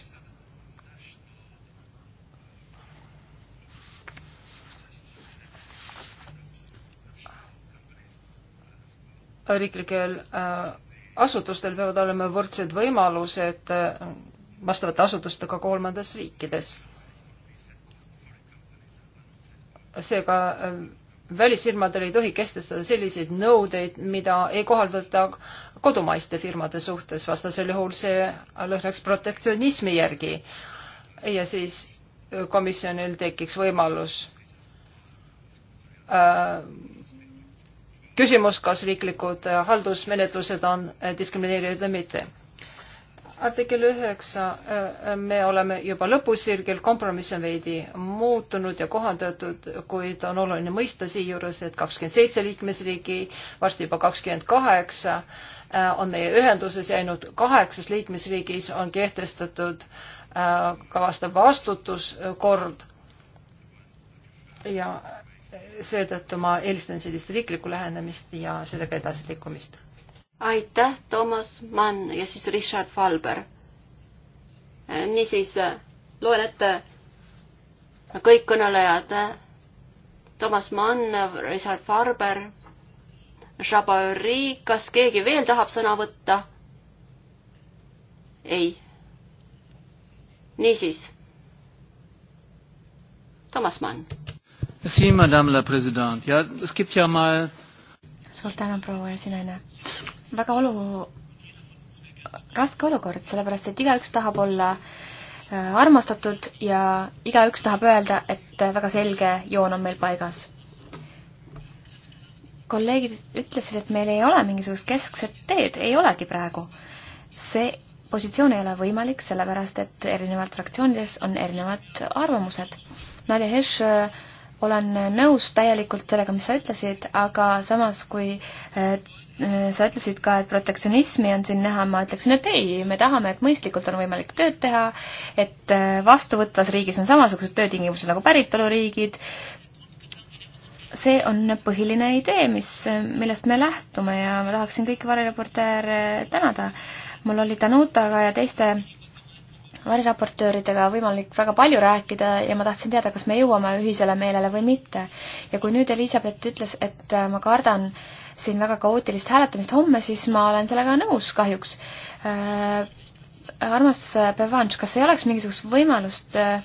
riiklikel äh, asutustel peavad olema võrdsed võimalused äh, vastavate asutustega kolmandas riikides. seega äh, välisfirmadel ei tohi kehtestada selliseid nõudeid, mida ei kohaldata kodumaiste firmade suhtes, vastasel juhul see lõhnaks protektsionismi järgi ja siis äh, komisjonil tekiks võimalus äh, küsimus, kas riiklikud äh, haldusmenetlused on diskrimineerivad või mitte artikkel üheksa, äh, me oleme juba lõpusirgel, kompromiss on veidi muutunud ja kohandatud, kuid on oluline mõista siinjuures, et kakskümmend seitse liikmesriigi, varsti juba kakskümmend kaheksa, äh, on meie ühenduses ja ainult kaheksas liikmesriigis on kehtestatud äh, ka vastav vastutuskord. ja seetõttu ma eelistan sellist riiklikku lähenemist ja sellega edasiliikumist aitäh, Toomas Mann ja siis Richard Falber. Äh, niisiis, äh, loen ette kõik kõnelejad. Toomas Mann, Richard Farber, Jabari, kas keegi veel tahab sõna võtta? ei. niisiis. Toomas Mann. Merci, madame la president. Ja, es gibt ja mal... Suur tänu, proua esinaine väga olu-, raske olukord, sellepärast et igaüks tahab olla äh, armastatud ja igaüks tahab öelda, et äh, väga selge joon on meil paigas. kolleegid ütlesid, et meil ei ole mingisugust keskset teed, ei olegi praegu. see positsioon ei ole võimalik, sellepärast et erinevad fraktsioonides on erinevad arvamused. Nadja Hirš äh, olen nõus täielikult sellega, mis sa ütlesid, aga samas, kui Äh, sa ütlesid ka, et protektsionismi on siin näha, ma ütleksin, et ei, me tahame, et mõistlikult on võimalik tööd teha, et äh, vastuvõtvas riigis on samasugused töötingimused nagu päritoluriigid. see on põhiline idee, mis, millest me lähtume ja ma tahaksin kõiki varireportääre tänada. mul oli Danutaga ja teiste variraportööridega võimalik väga palju rääkida ja ma tahtsin teada, kas me jõuame ühisele meelele või mitte. ja kui nüüd Elizabeth ütles, et äh, ma kardan ka siin väga kaootilist hääletamist homme, siis ma olen sellega nõus kahjuks äh,. armas Bevanš, äh, kas ei oleks mingisugust võimalust äh,,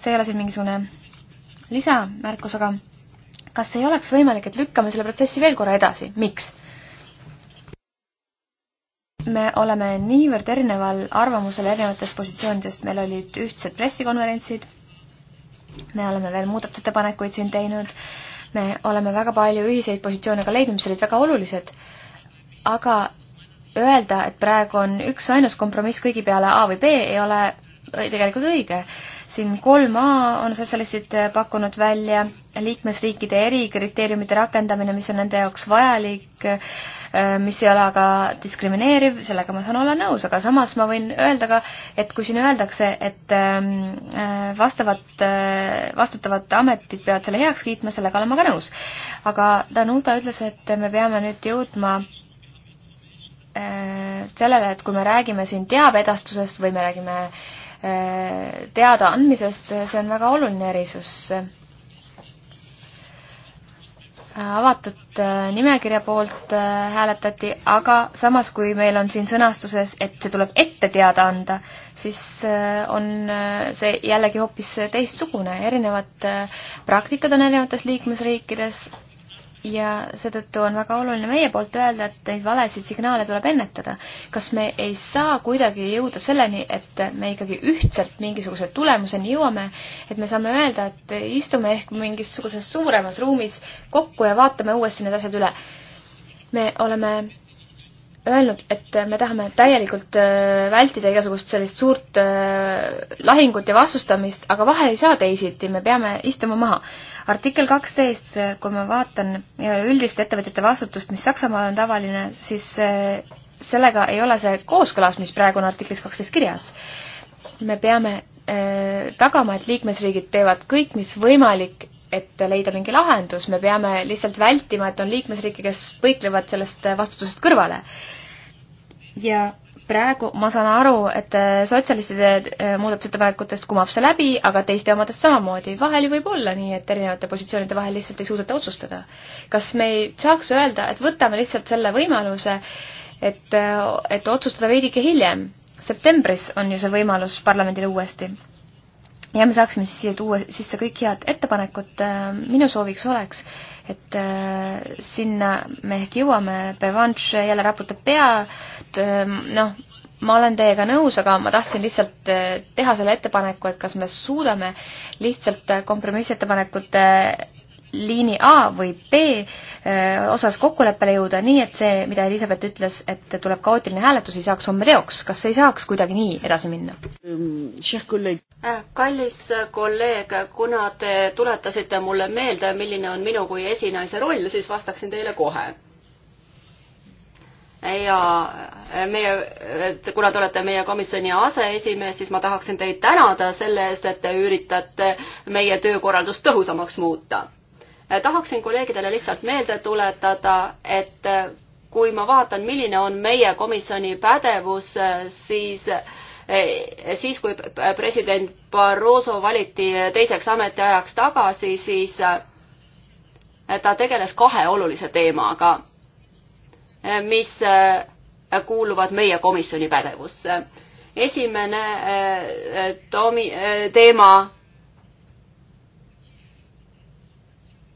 see ei ole siin mingisugune lisamärkus, aga kas ei oleks võimalik, et lükkame selle protsessi veel korra edasi, miks? me oleme niivõrd erineval arvamusel erinevatest positsioonidest, meil olid ühtsed pressikonverentsid, me oleme veel muudatusettepanekuid siin teinud äh,, me oleme väga palju ühiseid positsioone ka leidnud, mis olid väga olulised, aga öelda, et praegu on üksainus kompromiss kõigi peale A või B, ei ole tegelikult õige siin kolm A on sotsialistid pakkunud välja liikmesriikide erikriteeriumite rakendamine, mis on nende jaoks vajalik, äh, mis ei ole aga diskrimineeriv, sellega ma saan olla nõus, aga samas ma võin öelda ka, et kui siin öeldakse, et ähm, äh, vastavad, äh, vastutavad ametid peavad selle heaks kiitma, sellega olen ma ka nõus. aga Danuta ütles, et me peame nüüd jõudma sellele, et kui me räägime siin teabeedastusest või me räägime äh, teada andmisest, see on väga oluline erisus. avatud äh, nimekirja poolt äh, hääletati, aga samas, kui meil on siin sõnastuses, et see tuleb ette teada anda, siis äh, on see jällegi hoopis teistsugune, erinevad praktikad on erinevates liikmesriikides ja seetõttu on väga oluline meie poolt öelda, et neid valesid signaale tuleb ennetada. kas me ei saa kuidagi jõuda selleni, et me ikkagi ühtselt mingisuguse tulemuseni jõuame, et me saame öelda, et istume ehk mingisuguses suuremas ruumis kokku ja vaatame uuesti need asjad üle. me oleme öelnud, et me tahame täielikult äh, vältida igasugust sellist suurt äh, lahingut ja vastustamist, aga vahel ei saa teisiti, me peame istuma maha artikkel kaksteist, kui ma vaatan üldist ettevõtjate vastutust, mis Saksamaal on tavaline, siis eh, sellega ei ole see kooskõlas, mis praegu on artiklis kaksteist kirjas. me peame eh, tagama, et liikmesriigid teevad kõik, mis võimalik, et leida mingi lahendus, me peame lihtsalt vältima, et on liikmesriike, kes põiklevad sellest eh, vastutusest kõrvale. ja praegu ma saan aru, et äh, sotsialistide äh, muudatusettepanekutest kumab see läbi, aga teiste omadest samamoodi. vahel ju võib olla nii, et erinevate positsioonide vahel lihtsalt ei suudeta otsustada. kas me ei saaks öelda, et võtame lihtsalt selle võimaluse, et, äh, et otsustada veidike hiljem? septembris on ju see võimalus parlamendil uuesti. ja me saaksime siis siia tuua sisse kõik head ettepanekud. minu sooviks oleks, et äh, sinna me ehk jõuame, Pervanš jälle raputab pead, ähm, noh, ma olen teiega nõus, aga ma tahtsin lihtsalt äh, teha selle ettepaneku, et kas me suudame lihtsalt äh, kompromissettepanekute liini A või B äh, osas kokkuleppele jõuda, nii et see, mida Elizabeth ütles, et tuleb kaootiline hääletus, ei saaks homme teoks. kas ei saaks kuidagi nii edasi minna? Ähm, äh, kallis kolleeg, kuna te tuletasite mulle meelde, milline on minu kui esinaise roll, siis vastaksin teile kohe ja äh, meie, et kuna te olete meie komisjoni aseesimees, siis ma tahaksin teid tänada selle eest, et te üritate meie töökorraldust tõhusamaks muuta. Eh, tahaksin kolleegidele lihtsalt meelde tuletada, et eh, kui ma vaatan, milline on meie komisjoni pädevus, eh, siis siis, kui president Barroso valiti teiseks ametiajaks tagasi, siis ta tegeles kahe olulise teemaga, mis kuuluvad meie komisjoni pädevusse. esimene tomi-, teema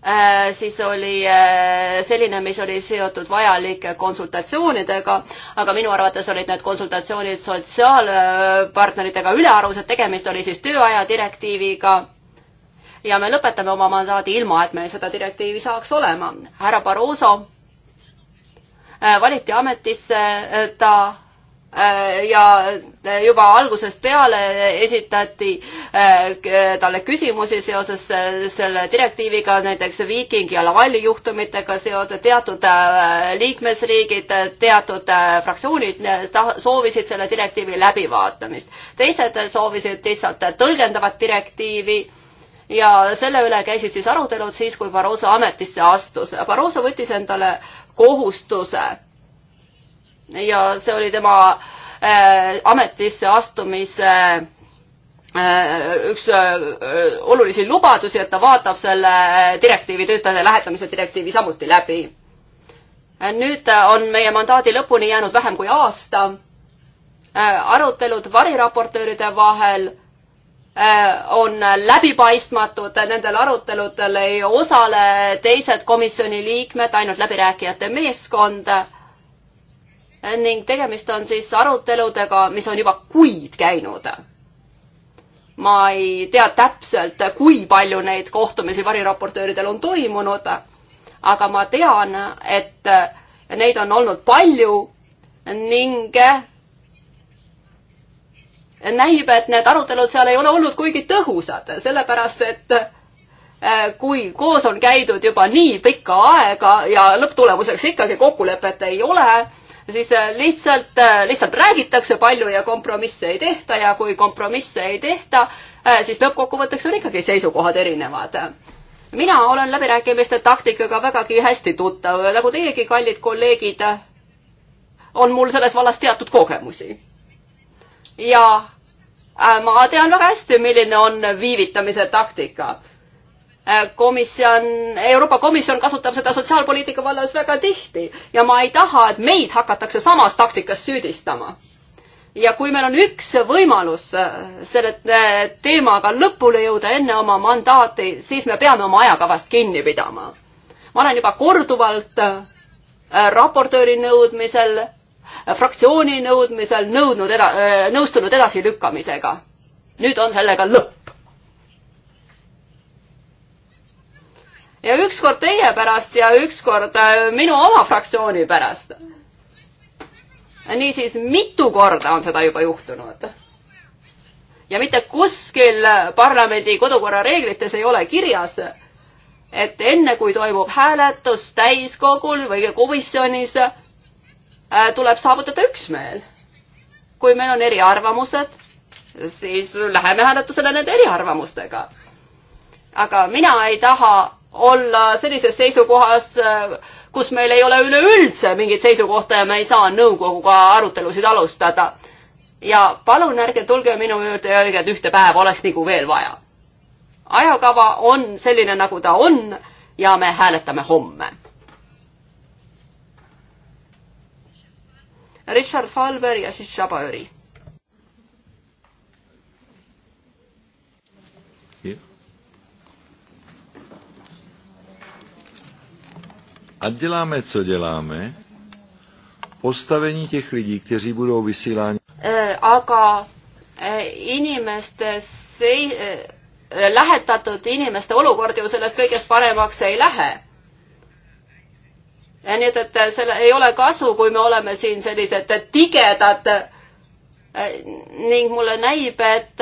Äh, siis oli äh, selline, mis oli seotud vajalike konsultatsioonidega, aga minu arvates olid need konsultatsioonid sotsiaalpartneritega ülearused, tegemist oli siis tööaja direktiiviga ja me lõpetame oma mandaadi ilma, et meil seda direktiivi saaks olema. härra Barroso äh, valiti ametisse, ta Äh, ja juba algusest peale esitati äh, talle küsimusi seoses äh, selle direktiiviga, näiteks Viiking ja Lavalli juhtumitega seotud teatud liikmesriigid, teatud fraktsioonid soovisid selle direktiivi läbivaatamist. teised soovisid lihtsalt tõlgendavat direktiivi ja selle üle käisid siis arutelud siis, kui Barroso ametisse astus. Barroso võttis endale kohustuse ja see oli tema äh, ametisse astumise äh, üks äh, olulisi lubadusi, et ta vaatab selle direktiivi, töötajate lähetamise direktiivi samuti läbi. Äh, nüüd on meie mandaadi lõpuni jäänud vähem kui aasta äh, arutelud variraportööride vahel äh, on läbipaistmatud, nendel aruteludel ei osale teised komisjoni liikmed, ainult läbirääkijate meeskond ning tegemist on siis aruteludega, mis on juba kuid käinud. ma ei tea täpselt, kui palju neid kohtumisi variraportööridel on toimunud, aga ma tean, et neid on olnud palju ning näib, et need arutelud seal ei ole olnud kuigi tõhusad, sellepärast et eh, kui koos on käidud juba nii pikka aega ja lõpptulemuseks ikkagi kokkulepet ei ole, siis äh, lihtsalt, äh, lihtsalt räägitakse palju ja kompromisse ei tehta ja kui kompromisse ei tehta, äh, siis lõppkokkuvõtteks on ikkagi seisukohad erinevad. mina olen läbirääkimiste taktikaga vägagi hästi tuttav, nagu teiegi, kallid kolleegid, on mul selles vallas teatud kogemusi. ja ma tean väga hästi, milline on viivitamise taktika Äh, komisjon, Euroopa Komisjon kasutab seda sotsiaalpoliitika vallas väga tihti ja ma ei taha, et meid hakatakse samas taktikas süüdistama. ja kui meil on üks võimalus äh, selle äh, teemaga lõpule jõuda enne oma mandaati, siis me peame oma ajakavast kinni pidama. ma olen juba korduvalt raportööri nõudmisel, fraktsiooni nõudmisel nõudnud eda-, nõustunud edasilükkamisega. nüüd on sellega lõpp ja ükskord teie pärast ja ükskord äh, minu oma fraktsiooni pärast. niisiis, mitu korda on seda juba juhtunud? ja mitte kuskil parlamendi kodukorra reeglites ei ole kirjas, et enne kui toimub hääletus täiskogul või komisjonis, äh, tuleb saavutada üksmeel. kui meil on eriarvamused, siis läheme hääletusele nende eriarvamustega. aga mina ei taha olla sellises seisukohas, kus meil ei ole üleüldse mingit seisukohta ja me ei saa nõukoguga arutelusid alustada. ja palun ärge tulge minu juurde ja öelge, et ühte päeva oleks nagu veel vaja. ajakava on selline, nagu ta on ja me hääletame homme. Richard Falber ja siis Shabaöri a děláme, co děláme, postavení těch lidí, kteří budou vysíláni. Aga inimeste see, lähetatud inimeste olukord ju sellest kõigest paremaks ei lähe. nii et, et selle ei ole kasu, kui me oleme siin sellised tigedad ning mulle näib, et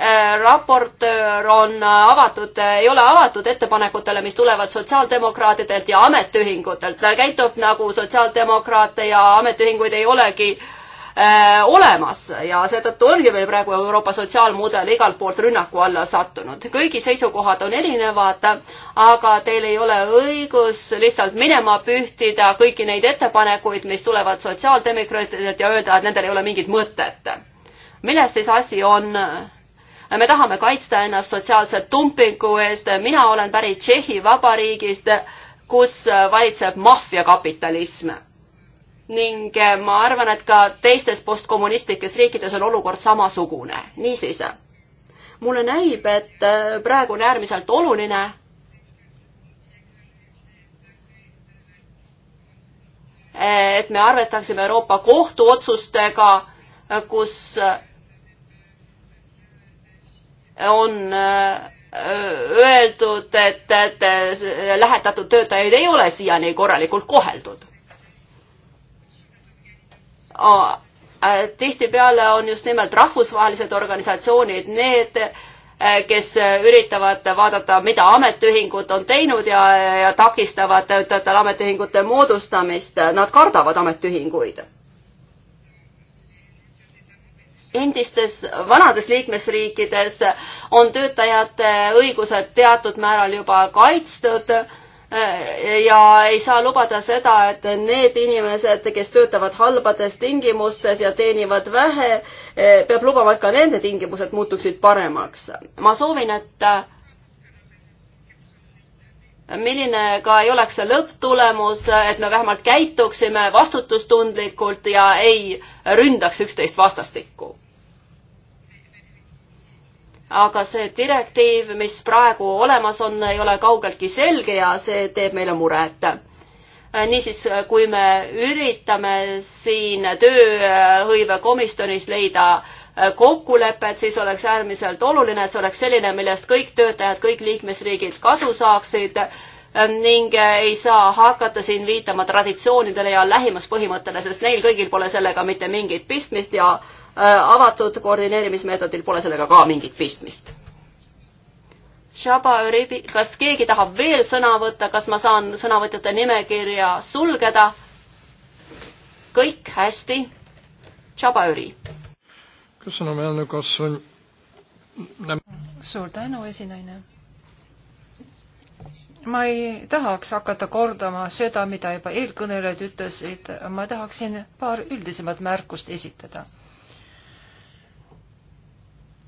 Äh, raportöör on äh, avatud, äh, ei ole avatud ettepanekutele, mis tulevad sotsiaaldemokraatidelt ja ametiühingutelt. ta käitub nagu sotsiaaldemokraate ja ametiühinguid ei olegi äh, olemas ja seetõttu ongi meil praegu Euroopa sotsiaalmudel igalt poolt rünnaku alla sattunud. kõigi seisukohad on erinevad, aga teil ei ole õigus lihtsalt minema pühtida kõiki neid ettepanekuid, mis tulevad sotsiaaldemokraatidelt ja öelda, et nendel ei ole mingit mõtet. milles siis asi on? me tahame kaitsta ennast sotsiaalse dumpingu eest, mina olen pärit Tšehhi Vabariigist, kus valitseb maffiakapitalism. ning ma arvan, et ka teistes postkommunistlikes riikides on olukord samasugune. niisiis, mulle näib, et praegu on äärmiselt oluline et me arvestaksime Euroopa kohtuotsustega, kus on äh, öeldud, et, et lähetatud töötajaid ei ole siiani korralikult koheldud. Äh, tihtipeale on just nimelt rahvusvahelised organisatsioonid need, äh, kes üritavad vaadata, mida ametiühingud on teinud ja, ja takistavad töötajate ametiühingute moodustamist, nad kardavad ametiühinguid endistes vanades liikmesriikides on töötajate õigused teatud määral juba kaitstud eh, ja ei saa lubada seda, et need inimesed, kes töötavad halbades tingimustes ja teenivad vähe, eh, peab lubama, et ka nende tingimused muutuksid paremaks. ma soovin, et milline ka ei oleks see lõpptulemus, et me vähemalt käituksime vastutustundlikult ja ei ründaks üksteist vastastikku. aga see direktiiv, mis praegu olemas on, ei ole kaugeltki selge ja see teeb meile muret niisiis, kui me üritame siin tööhõivekomisjonis leida äh, Äh, kokkulepet, siis oleks äärmiselt oluline, et see oleks selline, millest kõik töötajad, kõik liikmesriigid kasu saaksid äh, ning äh, ei saa hakata siin viitama traditsioonidele ja lähimuspõhimõttele, sest neil kõigil pole sellega mitte mingit pistmist ja avatud koordineerimismeetodil pole sellega ka mingit pistmist. Shaba Öribi, kas keegi tahab veel sõna võtta, kas ma saan sõnavõtjate nimekirja sulgeda? kõik hästi. Shaba Öri Köszönöm, elnök asszony. Nem... Suur tänu, esinaine. Ma ei tahaks hakata kordama seda, mida juba eelkõnelejad ütlesid. Ma tahaksin paar üldisemat märkust esitada.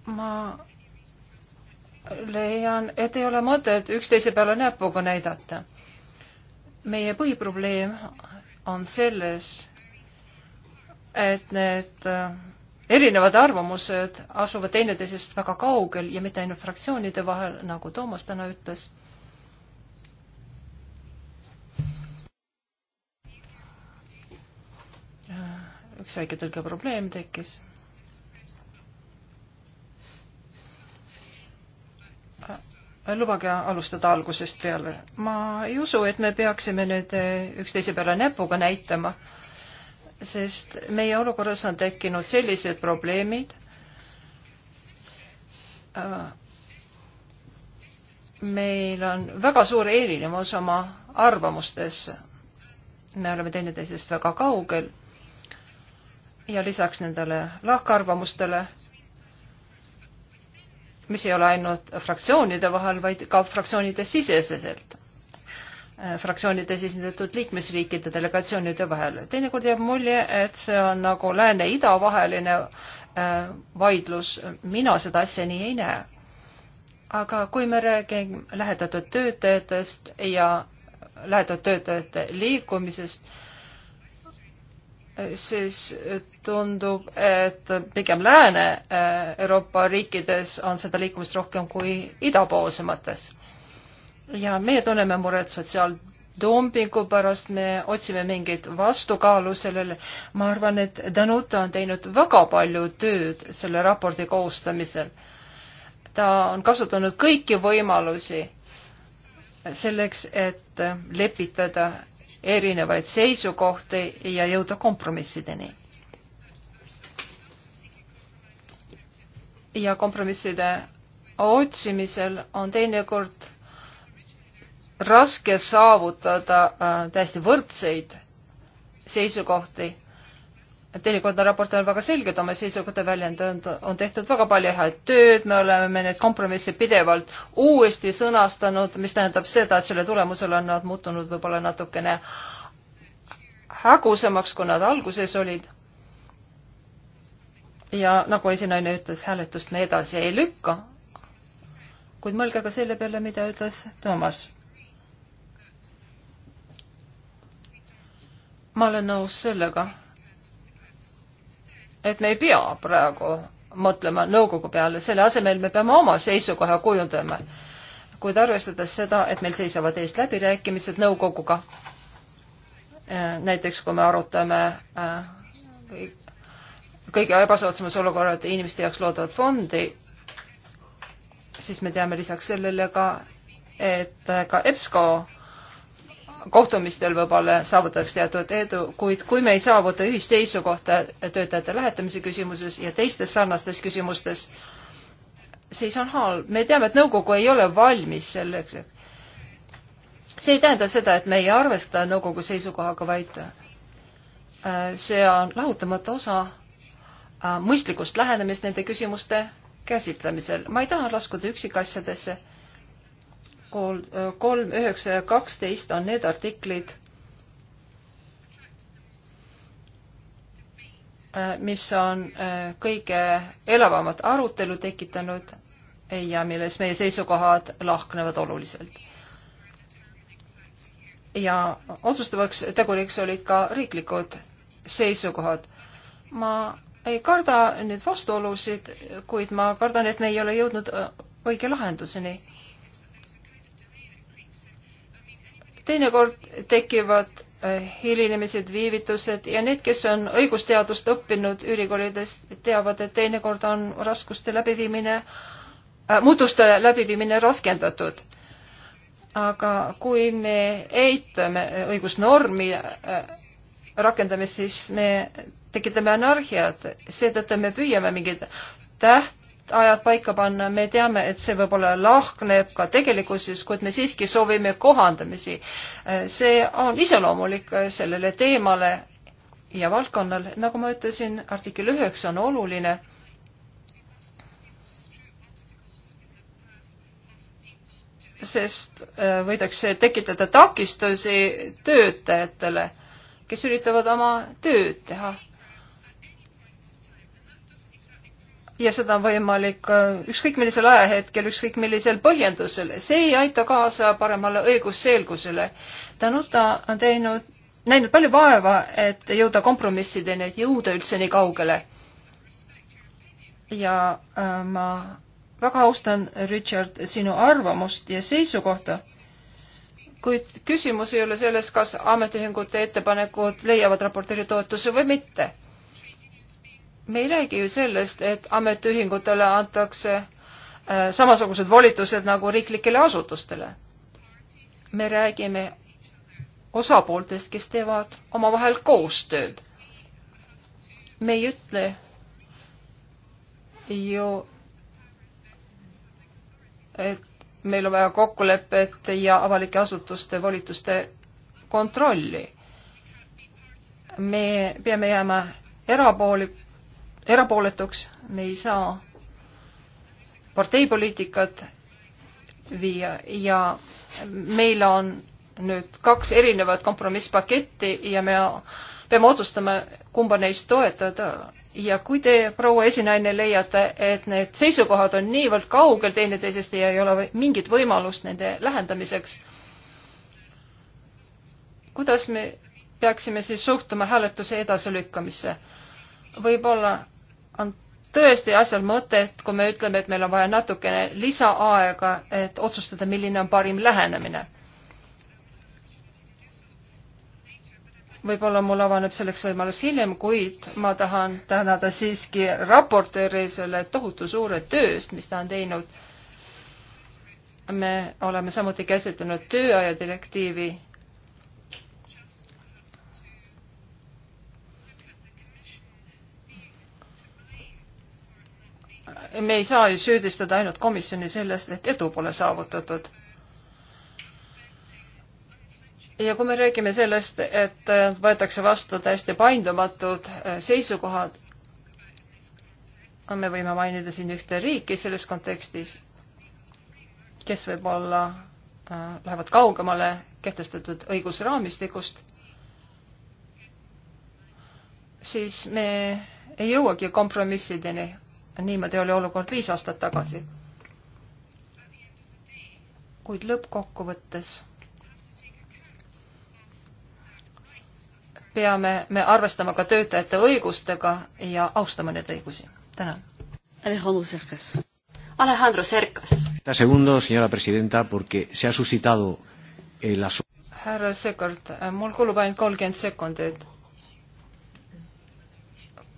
Ma leian, et ei ole mõtet üksteise peale näpuga näidata. Meie põhiprobleem on selles, et need erinevad arvamused asuvad teineteisest väga kaugel ja mitte ainult fraktsioonide vahel, nagu Toomas täna ütles. üks väike tõlkeprobleem tekkis. lubage alustada algusest peale. ma ei usu, et me peaksime nüüd üksteise peale näpuga näitama sest meie olukorras on tekkinud sellised probleemid, meil on väga suur erinevus oma arvamustes. me oleme teineteisest väga kaugel ja lisaks nendele lahkarvamustele, mis ei ole ainult fraktsioonide vahel, vaid ka fraktsioonide siseseselt. Äh, fraktsioonide esindatud liikmesriikide delegatsioonide vahel. teinekord jääb mulje, et see on nagu lääne-ida vaheline äh, vaidlus, mina seda asja nii ei näe. aga kui me räägime lähedatud töötajatest ja lähedatud töötajate liikumisest, äh, siis tundub, et pigem Lääne-Euroopa riikides on seda liikumist rohkem kui idapoolsemates ja meie tunneme muret sotsiaaldumpingu pärast, me otsime mingeid vastukaalu sellele. ma arvan, et Danuta on teinud väga palju tööd selle raporti koostamisel. ta on kasutanud kõiki võimalusi selleks, et lepitada erinevaid seisukohti ja jõuda kompromissideni. ja kompromisside otsimisel on teinekord raske saavutada äh, täiesti võrdseid seisukohti. teinekord on raportöör väga selgelt oma seisukohta väljendanud, on tehtud väga palju head tööd, me oleme neid kompromisse pidevalt uuesti sõnastanud, mis tähendab seda, et selle tulemusel on nad muutunud võib-olla natukene hägusamaks, kui nad alguses olid. ja nagu esinaine ütles, hääletust me edasi ei lükka. kuid mõelge ka selle peale, mida ütles Toomas ma olen nõus sellega, et me ei pea praegu mõtlema nõukogu peale, selle asemel me peame oma seisukoha kujundama. kuid arvestades seda, et meil seisavad ees läbirääkimised nõukoguga, äh, näiteks kui me arutame äh, kõige ebasoodsamas olukorras inimeste jaoks loodavat fondi, siis me teame lisaks sellele ka, et ka EBSCO kohtumistel võib-olla saavutatakse teatud edu, kuid kui me ei saavuta ühist seisukohta töötajate lähetamise küsimuses ja teistes sarnastes küsimustes, siis on halb. me teame, et nõukogu ei ole valmis selleks. see ei tähenda seda, et me ei arvesta nõukogu seisukohaga, vaid äh, see on lahutamatu osa äh, mõistlikust lähenemist nende küsimuste käsitlemisel. ma ei taha laskuda üksikasjadesse kolm, üheksa ja kaksteist on need artiklid, mis on kõige elavamat arutelu tekitanud ja milles meie seisukohad lahknevad oluliselt. ja otsustavaks teguriks olid ka riiklikud seisukohad. ma ei karda neid vastuolusid, kuid ma kardan, et me ei ole jõudnud äh, õige lahenduseni teinekord tekivad äh, hilinemised, viivitused ja need, kes on õigusteadust õppinud ülikoolidest, teavad, et teinekord on raskuste läbiviimine äh,, muutuste läbiviimine raskendatud. aga kui me eitame äh, õigusnormi äh, rakendamist, siis me tekitame anarhiat, seetõttu me püüame mingeid täht-, ajad paika panna, me teame, et see võib-olla lahkneb ka tegelikkuses, kuid me siiski soovime kohandamisi. see on iseloomulik sellele teemale ja valdkonnal, nagu ma ütlesin, artikkel üheksa on oluline sest äh, võidakse tekitada takistusi töötajatele, kes üritavad oma tööd teha. ja seda on võimalik äh, ükskõik millisel ajahetkel, ükskõik millisel põhjendusel. see ei aita kaasa paremale õigusselgusele. Danuta on teinud, näinud palju vaeva, et jõuda kompromissideni, et jõuda üldse nii kaugele. ja äh, ma väga austan, Richard, sinu arvamust ja seisukohta kuid küsimus ei ole selles, kas ametiühingute ettepanekud leiavad raportööri toetuse või mitte me ei räägi ju sellest, et ametiühingutele antakse äh, samasugused volitused nagu riiklikele asutustele. me räägime osapooltest, kes teevad omavahel koostööd. me ei ütle ju, et meil on vaja kokkulepet ja avalike asutuste volituste kontrolli. me peame jääma erapooli-, erapooletuks, me ei saa parteipoliitikat viia ja meil on nüüd kaks erinevat kompromisspaketti ja me peame otsustama, kumba neist toetada. ja kui te, proua esinaine, leiate, et need seisukohad on niivõrd kaugel teineteisest ja ei ole mingit võimalust nende lähendamiseks, kuidas me peaksime siis suhtuma hääletuse edasilükkamisse? võib-olla on tõesti asjal mõtet, kui me ütleme, et meil on vaja natukene lisaaega, et otsustada, milline on parim lähenemine. võib-olla mul avaneb selleks võimalus hiljem, kuid ma tahan tänada siiski raportööri selle tohutu suure töö eest, mis ta on teinud. me oleme samuti käsitlenud tööaja direktiivi me ei saa ju süüdistada ainult komisjoni sellest, et edu pole saavutatud. ja kui me räägime sellest, et võetakse vastu täiesti paindumatud äh, seisukohad, me võime mainida siin ühte riiki selles kontekstis, kes võib-olla äh, lähevad kaugemale kehtestatud õigusraamistikust, siis me ei jõuagi kompromissideni niimoodi oli olukord viis aastat tagasi. kuid lõppkokkuvõttes peame me arvestama ka töötajate õigustega ja austama neid õigusi. tänan. Alejandro Cercas. Alejandro Cercas. Segundo, señora presidenta, porque se ha suscitado el asunto. härra Sekord, mul kulub ainult kolmkümmend sekundit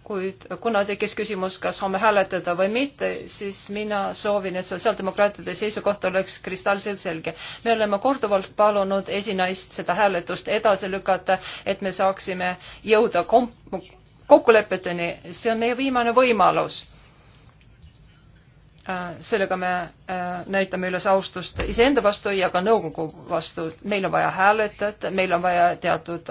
kuid kuna tekkis küsimus, kas homme hääletada või mitte, siis mina soovin, et sotsiaaldemokraatide seisukoht oleks kristalselt selge. me oleme korduvalt palunud esinaist seda hääletust edasi lükata, et me saaksime jõuda komp-, kokkulepeteni, see on meie viimane võimalus Äh, sellega me äh, näitame üles austust iseenda vastu ja ka nõukogu vastu. meil on vaja hääletajat, meil on vaja teatud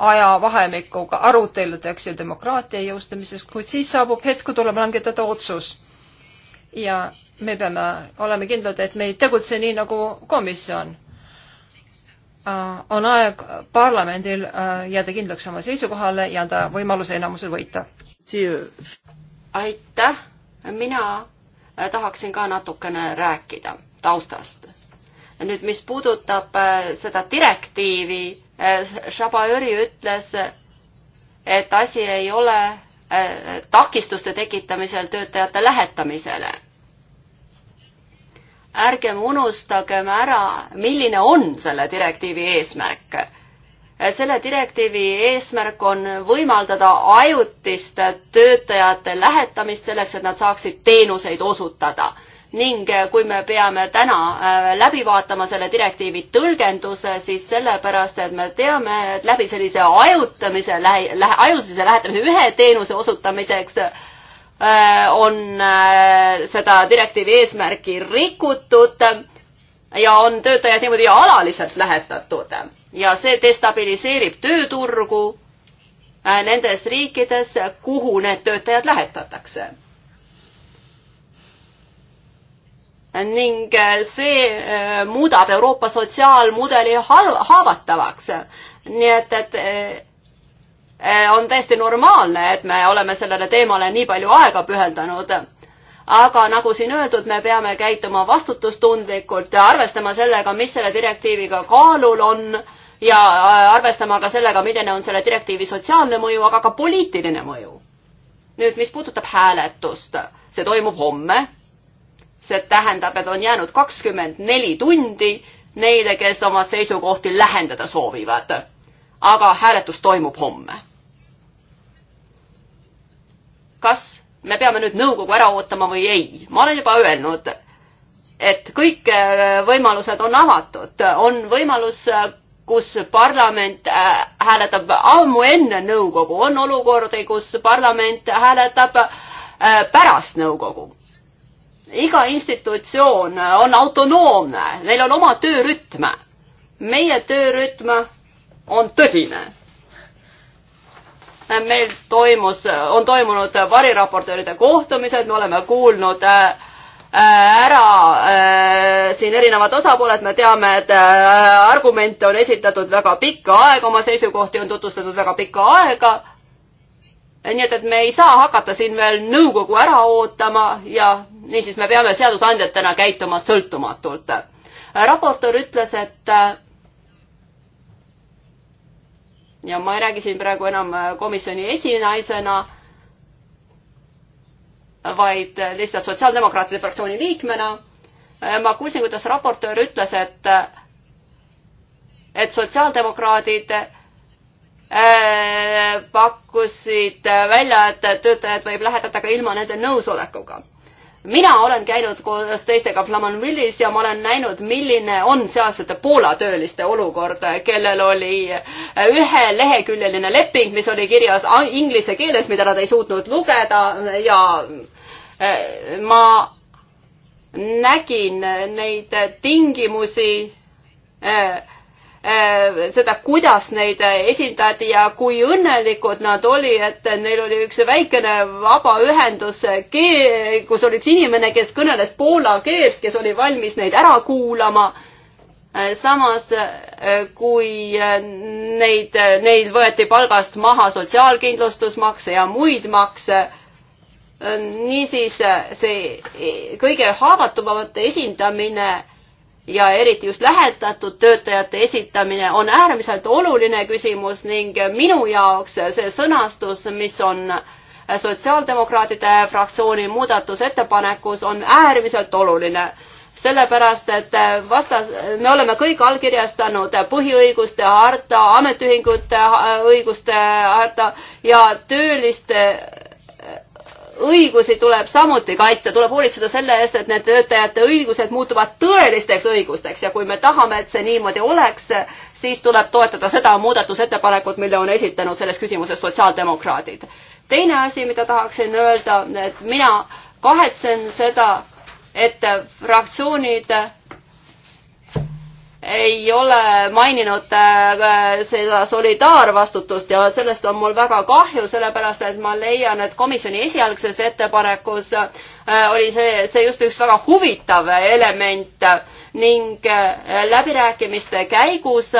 ajavahemikuga aruteludeks ja demokraatia jõustamiseks, kuid siis saabub hetk, kui tuleb langetada otsus. ja me peame olema kindlad, et me ei tegutse nii nagu komisjon. Äh, on aeg parlamendil jääda kindlaks oma seisukohale ja anda võimaluse enamusel võita. aitäh, mina Äh, tahaksin ka natukene rääkida taustast. nüüd, mis puudutab äh, seda direktiivi, äh, Shabaõri ütles, et asi ei ole takistuste tekitamisel töötajate lähetamisele. ärgem unustagem ära, milline on selle direktiivi eesmärk selle direktiivi eesmärk on võimaldada ajutist töötajate lähetamist selleks, et nad saaksid teenuseid osutada. ning kui me peame täna äh, läbi vaatama selle direktiivi tõlgenduse, siis sellepärast, et me teame, et läbi sellise ajutamise, ajutise lähetamise ühe teenuse osutamiseks äh, on äh, seda direktiivi eesmärki rikutud ja on töötajad niimoodi alaliselt lähetatud ja see destabiliseerib tööturgu äh, nendes riikides, kuhu need töötajad lähetatakse. ning äh, see äh, muudab Euroopa sotsiaalmudeli haavatavaks. nii et, et on täiesti normaalne, et me oleme sellele teemale nii palju aega pühendanud aga nagu siin öeldud, me peame käituma vastutustundlikult ja arvestama sellega, mis selle direktiiviga kaalul on ja äh, arvestama ka sellega, milline on selle direktiivi sotsiaalne mõju, aga ka poliitiline mõju. nüüd, mis puudutab hääletust, see toimub homme. see tähendab, et on jäänud kakskümmend neli tundi neile, kes oma seisukohti lähendada soovivad. aga hääletus toimub homme. kas me peame nüüd nõukogu ära ootama või ei? ma olen juba öelnud, et kõik äh, võimalused on avatud, on võimalus äh, kus parlament äh, hääletab ammu enne nõukogu, on olukordi, kus parlament hääletab äh, pärast nõukogu. iga institutsioon on autonoomne, neil on oma töörütm. meie töörütm on tõsine. meil toimus, on toimunud variraportööride kohtumised, me oleme kuulnud äh, Äh, ära äh, siin erinevad osapooled, me teame, et äh, argumente on esitatud väga pikka aega, oma seisukohti on tutvustatud väga pikka aega. nii et, et me ei saa hakata siin veel nõukogu ära ootama ja niisiis me peame seadusandjatena käituma sõltumatult. raportöör ütles, et ja ma ei räägi siin praegu enam komisjoni esinaisena vaid lihtsalt Sotsiaaldemokraatide fraktsiooni liikmena. ma kuulsin, kuidas raportöör ütles, et, et sotsiaaldemokraadid äh, pakkusid välja, et töötajad võib lähetada ka ilma nende nõusolekuga mina olen käinud koos teistega Flamanvillis ja ma olen näinud, milline on sealsete Poola tööliste olukord, kellel oli äh, üheleheküljeline leping, mis oli kirjas inglise keeles, mida nad ei suutnud lugeda ja äh, ma nägin neid tingimusi äh, Äh, seda, kuidas neid esindati ja kui õnnelikud nad oli, et neil oli üks väikene vabaühendus, kus oli üks inimene, kes kõneles poola keelt, kes oli valmis neid ära kuulama. Äh, samas, äh, kui neid, neil võeti palgast maha sotsiaalkindlustusmakse ja muid makse, niisiis see e-, kõige haavatavamate esindamine ja eriti just lähetatud töötajate esitamine on äärmiselt oluline küsimus ning minu jaoks see sõnastus, mis on sotsiaaldemokraatide fraktsiooni muudatusettepanekus, on äärmiselt oluline. sellepärast, et vastas, me oleme kõik allkirjastanud põhiõiguste harta, ametiühingute õiguste harta ja tööliste õigusi tuleb samuti kaitsta, tuleb hoolitseda selle eest, et need töötajate õigused muutuvad tõelisteks õigusteks ja kui me tahame, et see niimoodi oleks, siis tuleb toetada seda muudatusettepanekut, mille on esitanud selles küsimuses sotsiaaldemokraadid. teine asi, mida tahaksin öelda, et mina kahetsen seda, et fraktsioonid ei ole maininud äh, seda solidaarvastutust ja sellest on mul väga kahju, sellepärast et ma leian, et komisjoni esialgses ettepanekus äh, oli see, see just üks väga huvitav element ning äh, läbirääkimiste käigus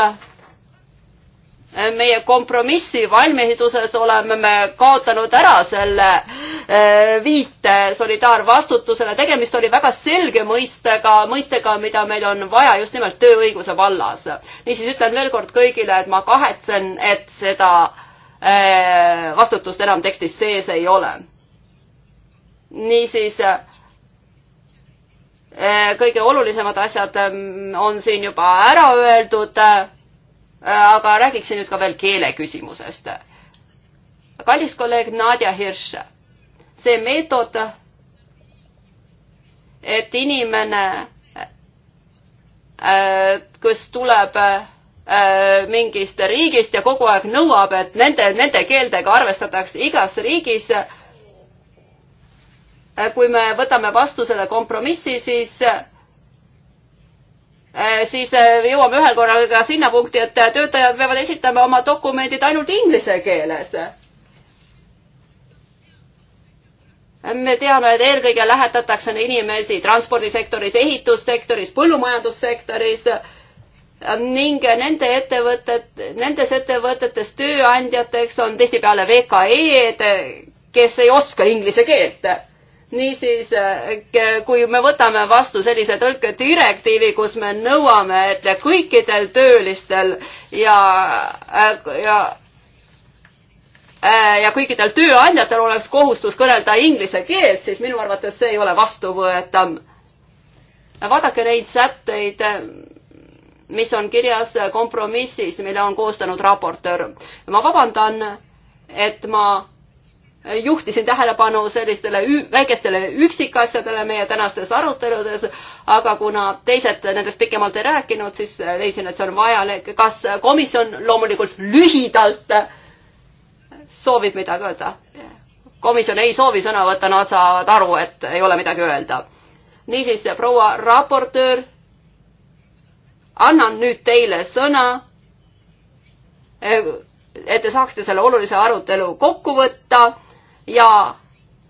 meie kompromissivalmiduses oleme me kaotanud ära selle eh, viite solidaarvastutusele, tegemist oli väga selge mõistega, mõistega, mida meil on vaja just nimelt tööõiguse vallas. niisiis ütlen veel kord kõigile, et ma kahetsen, et seda eh, vastutust enam tekstis sees ei ole. niisiis eh, kõige olulisemad asjad mm, on siin juba ära öeldud aga räägiksin nüüd ka veel keele küsimusest. kallis kolleeg Nadja Hirš, see meetod, et inimene, kes tuleb äh, mingist riigist ja kogu aeg nõuab, et nende, nende keeltega arvestatakse igas riigis. Äh, kui me võtame vastu selle kompromissi, siis Äh, siis äh, jõuame ühel korral ka sinna punkti, et äh, töötajad peavad esitama oma dokumendid ainult inglise keeles. me teame, et eelkõige lähetatakse inimesi transpordisektoris, ehitussektoris, põllumajandussektoris ning nende ettevõtted, nendes ettevõtetes tööandjateks on tihtipeale VKE-d, kes ei oska inglise keelt niisiis, äh, kui me võtame vastu sellise tõlkedirektiivi, kus me nõuame, et kõikidel töölistel ja, äh, ja äh, ja kõikidel tööandjatel oleks kohustus kõnelda inglise keelt, siis minu arvates see ei ole vastuvõetav. vaadake neid sätteid, mis on kirjas kompromissis, mille on koostanud raportöör. ma vabandan, et ma juhtisin tähelepanu sellistele väikestele üksikasjadele meie tänastes aruteludes, aga kuna teised nendest pikemalt ei rääkinud, siis leidsin, et see on vajalik. kas komisjon loomulikult lühidalt soovib midagi öelda? komisjon ei soovi sõna võtta, nad saavad aru, et ei ole midagi öelda. niisiis, proua raportöör, annan nüüd teile sõna et te saaksite selle olulise arutelu kokku võtta ja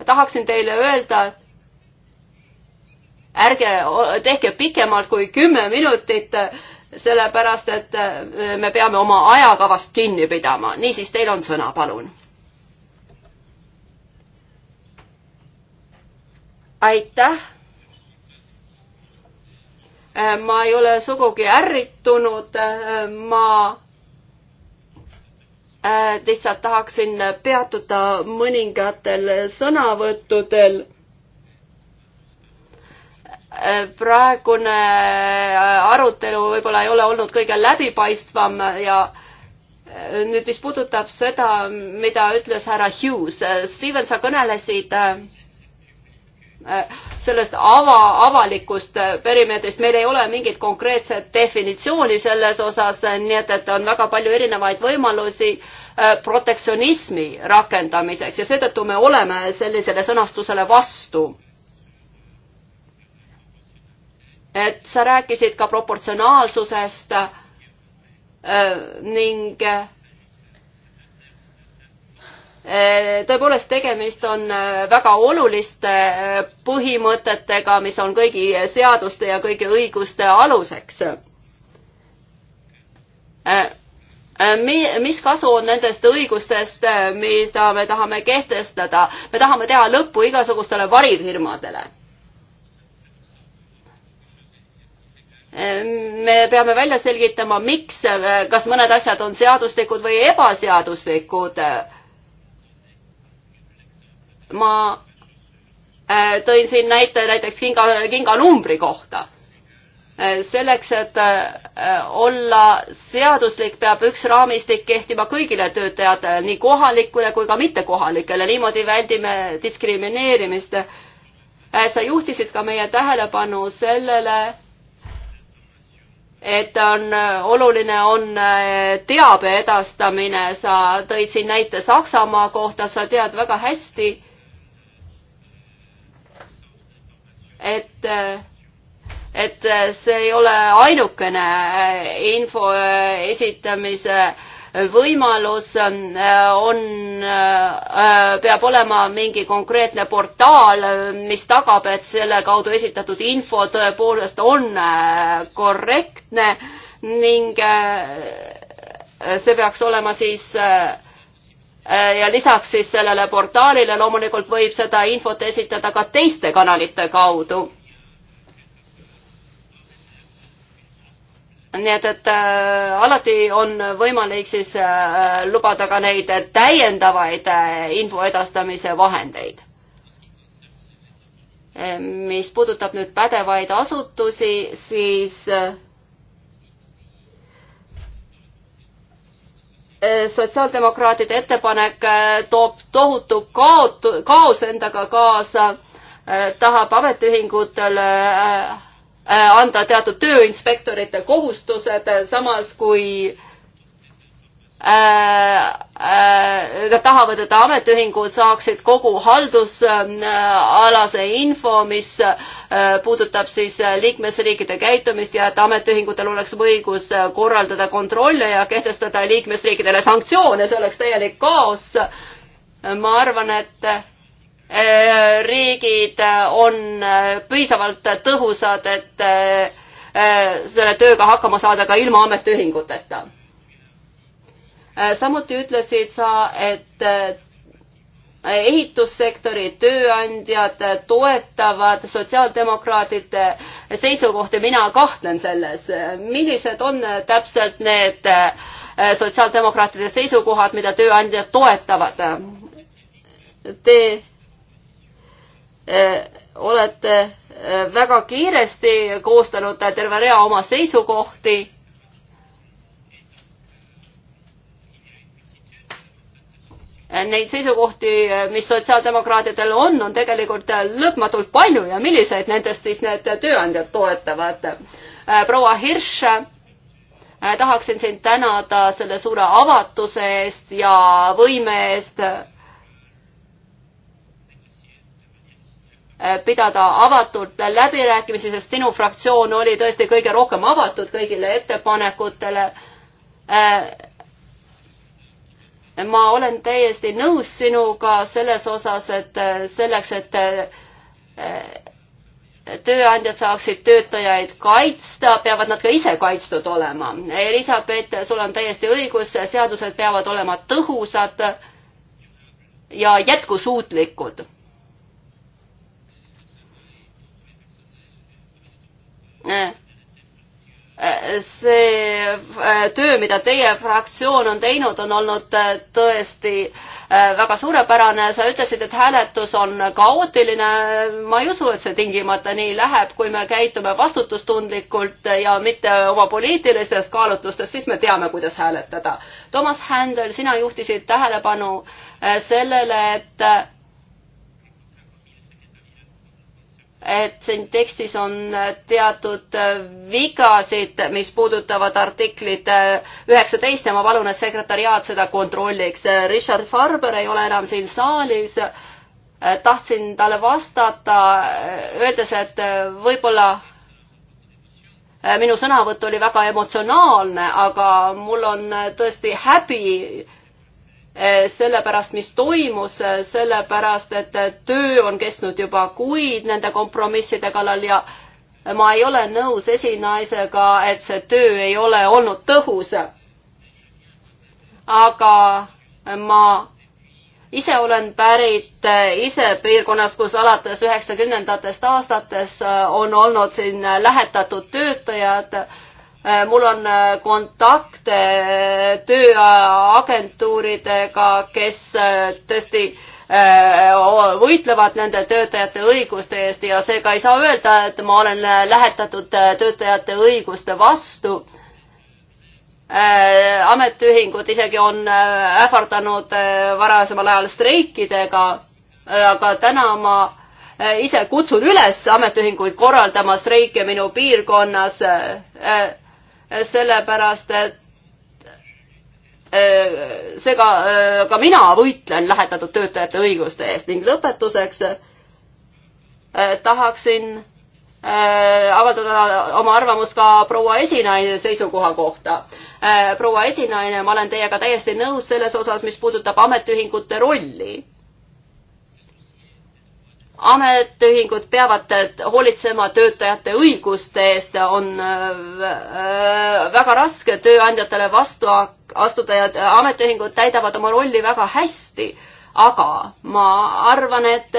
tahaksin teile öelda, et ärge tehke pikemalt kui kümme minutit, sellepärast et äh, me peame oma ajakavast kinni pidama. niisiis, teil on sõna, palun. aitäh. Äh, ma ei ole sugugi ärritunud, äh, ma Äh, lihtsalt tahaksin peatuda mõningatel sõnavõttudel. Äh, praegune äh, arutelu võib-olla ei ole olnud kõige läbipaistvam ja nüüd, mis puudutab seda, mida ütles härra Hughes, Steven, sa kõnelesid äh, sellest ava, avalikust perimeetrist, meil ei ole mingit konkreetset definitsiooni selles osas, nii et, et on väga palju erinevaid võimalusi äh, protektsionismi rakendamiseks ja seetõttu me oleme sellisele sõnastusele vastu. et sa rääkisid ka proportsionaalsusest äh, ning äh, Äh, tõepoolest, tegemist on äh, väga oluliste äh, põhimõtetega, mis on kõigi seaduste ja kõigi õiguste aluseks. Mi-, mis kasu on nendest õigustest, mida me tahame kehtestada? me tahame teha lõppu igasugustele varifirmadele me peame välja selgitama, miks, kas mõned asjad on seaduslikud või ebaseaduslikud ma äh, tõin siin näite näiteks kinga, kinganumbri kohta. Äh, selleks, et äh, olla seaduslik, peab üks raamistik kehtima kõigile töötajatele, nii kohalikule kui ka mittekohalikele, niimoodi väldime diskrimineerimist. sa juhtisid ka meie tähelepanu sellele, et on, oluline on teabe edastamine, sa tõid siin näite Saksamaa kohta, sa tead väga hästi, et et see ei ole ainukene äh, info äh, esitamise äh, võimalus on, peab olema mingi konkreetne portaal, mis tagab, et selle kaudu esitatud info tõepoolest on korrektne ning see peaks olema siis äh, Äh, ja lisaks siis sellele portaalile loomulikult võib seda infot esitada ka teiste kanalite kaudu. nii et, et äh, alati on võimalik siis äh, lubada ka neid täiendavaid äh, info edastamise vahendeid e,. mis puudutab nüüd pädevaid asutusi, siis äh, Äh, sotsiaaldemokraatide ettepanek äh, toob tohutu kaotu, kaos endaga kaasa, äh, tahab ametiühingutele anda teatud tööinspektorite kohustused, samas kui äh, Nad äh, äh, tahavad, et ametiühingud saaksid kogu haldusalase info, mis äh, puudutab siis liikmesriikide käitumist ja et ametiühingutel oleks õigus korraldada kontrolle ja kehtestada liikmesriikidele sanktsioone, see oleks täielik kaos. ma arvan, et riigid on piisavalt tõhusad, et selle tööga hakkama saada ka ilma ametiühinguteta Äh, samuti ütlesid sa, et äh, ehitussektori tööandjad toetavad sotsiaaldemokraatide seisukohti, mina kahtlen selles. millised on täpselt need äh, sotsiaaldemokraatide seisukohad, mida tööandjad toetavad? Te olete väga kiiresti koostanud terve rea oma seisukohti Neid seisukohti, mis sotsiaaldemokraatidel on, on tegelikult lõpmatult palju ja milliseid nendest siis need tööandjad toetavad. proua Hirš, äh, tahaksin sind tänada selle suure avatuse eest ja võime eest äh, pidada avatult läbirääkimisi, sest sinu fraktsioon oli tõesti kõige rohkem avatud kõigile ettepanekutele. Äh, ma olen täiesti nõus sinuga selles osas, et äh, selleks, et äh, tööandjad saaksid töötajaid kaitsta, peavad nad ka ise kaitstud olema. Elisabeth, sul on täiesti õigus, seadused peavad olema tõhusad ja jätkusuutlikud. Äh see äh, töö, mida teie fraktsioon on teinud, on olnud äh, tõesti äh, väga suurepärane. sa ütlesid, et hääletus on kaootiline. ma ei usu, et see tingimata nii läheb, kui me käitume vastutustundlikult ja mitte oma poliitilistest kaalutlustest, siis me teame, kuidas hääletada. Toomas Händel, sina juhtisid tähelepanu sellele, et et siin tekstis on teatud vigasid, mis puudutavad artiklit üheksateist ja ma palun, et sekretäriaat seda kontrolliks. Richard Farber ei ole enam siin saalis. tahtsin talle vastata, öeldes, et võib-olla minu sõnavõtt oli väga emotsionaalne, aga mul on tõesti häbi Eh, selle pärast, mis toimus, eh, sellepärast et eh, töö on kestnud juba kuid nende kompromisside kallal ja ma ei ole nõus esinaisega, et see töö ei ole olnud tõhus. aga ma ise olen pärit ise piirkonnast, kus alates üheksakümnendatest aastatest on olnud siin lähetatud töötajad Äh, mul on äh, kontakte äh, tööagentuuridega, kes tõesti võitlevad nende töötajate õiguste eest ja seega ei saa öelda, et ma olen lähetatud töötajate õiguste vastu ametiühingud isegi on ähvardanud varasemal ajal streikidega, aga täna ma ise kutsun üles ametiühinguid korraldama streike minu piirkonnas sellepärast et äh, seega äh, ka mina võitlen lähetatud töötajate õiguste eest ning lõpetuseks äh, tahaksin avaldada oma arvamust ka proua esinaine seisukoha kohta. proua esinaine, ma olen teiega täiesti nõus selles osas, mis puudutab ametiühingute rolli ametiühingud peavad hoolitsema töötajate õiguste eest, on äh, äh, väga raske tööandjatele vastu astuda ja ametiühingud täidavad oma rolli väga hästi. aga ma arvan, et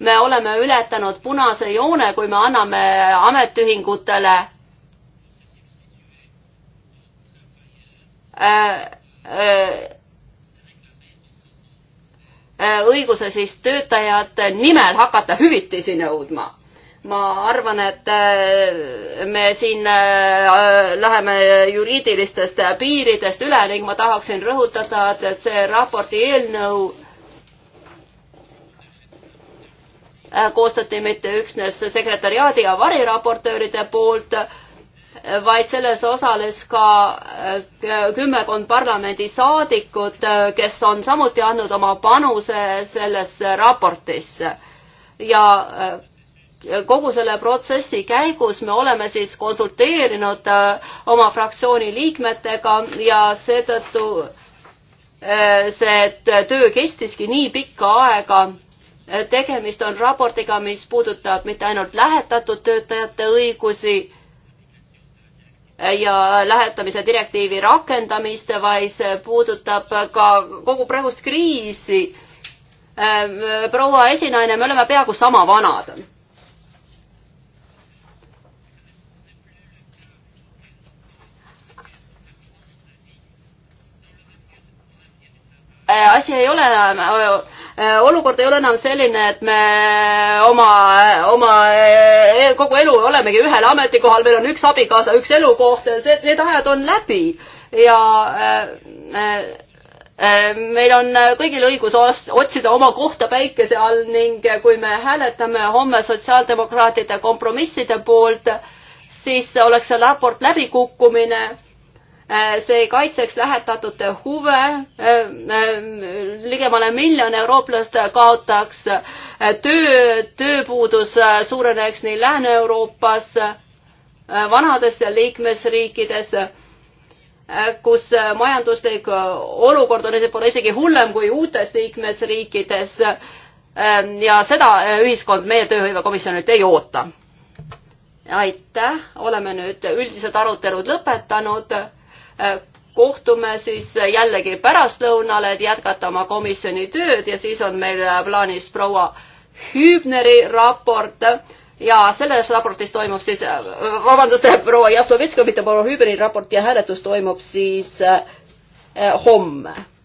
me oleme ületanud punase joone, kui me anname ametiühingutele äh, äh, Äh, õiguse siis töötajate nimel hakata hüvitisi nõudma. ma arvan, et äh, me siin äh, läheme juriidilistest piiridest üle ning ma tahaksin rõhutada, et, et see raporti eelnõu koostati mitte üksnes sekretäriaadi ja variraportööride poolt, vaid selles osales ka äh, kümmekond parlamendisaadikut, äh, kes on samuti andnud oma panuse sellesse raportisse. ja äh, kogu selle protsessi käigus me oleme siis konsulteerinud oma fraktsiooni liikmetega ja seetõttu see töö kestiski nii pikka aega tegemist on raportiga, mis puudutab mitte ainult lähetatud töötajate õigusi, ja lähetamise direktiivi rakendamist, vaid see puudutab ka kogu praegust kriisi. Äh, proua esinaine, me oleme peaaegu sama vanad. Äh, asi ei ole äh, Äh, olukord ei ole enam selline, et me äh, oma, äh, oma e-, kogu elu olemegi ühel ametikohal, meil on üks abikaasa, üks elukoht, see, need ajad on läbi ja meil on kõigil õigus otsida oma kohta päikese all ning kui me hääletame homme sotsiaaldemokraatide kompromisside poolt, siis oleks see raport läbikukkumine Äh, see kaitseks lähetatute huve. Äh, äh, ligemale miljon eurooplast kaotaks töö, tööpuudus suureneks nii Lääne-Euroopas, vanades liikmesriikides, kus majanduslik olukord on võib-olla isegi hullem kui uutes liikmesriikides. ja seda ühiskond meie tööhõivekomisjonilt ei oota. aitäh, oleme nüüd üldised arutelud lõpetanud kohtume siis jällegi pärastlõunal, et jätkata oma komisjoni tööd ja siis on meil plaanis proua Hübneri raport ja selles raportis toimub siis, vabandust, proua Jaslovetska, mitte proua Hübneri raport ja hääletus toimub siis eh, homme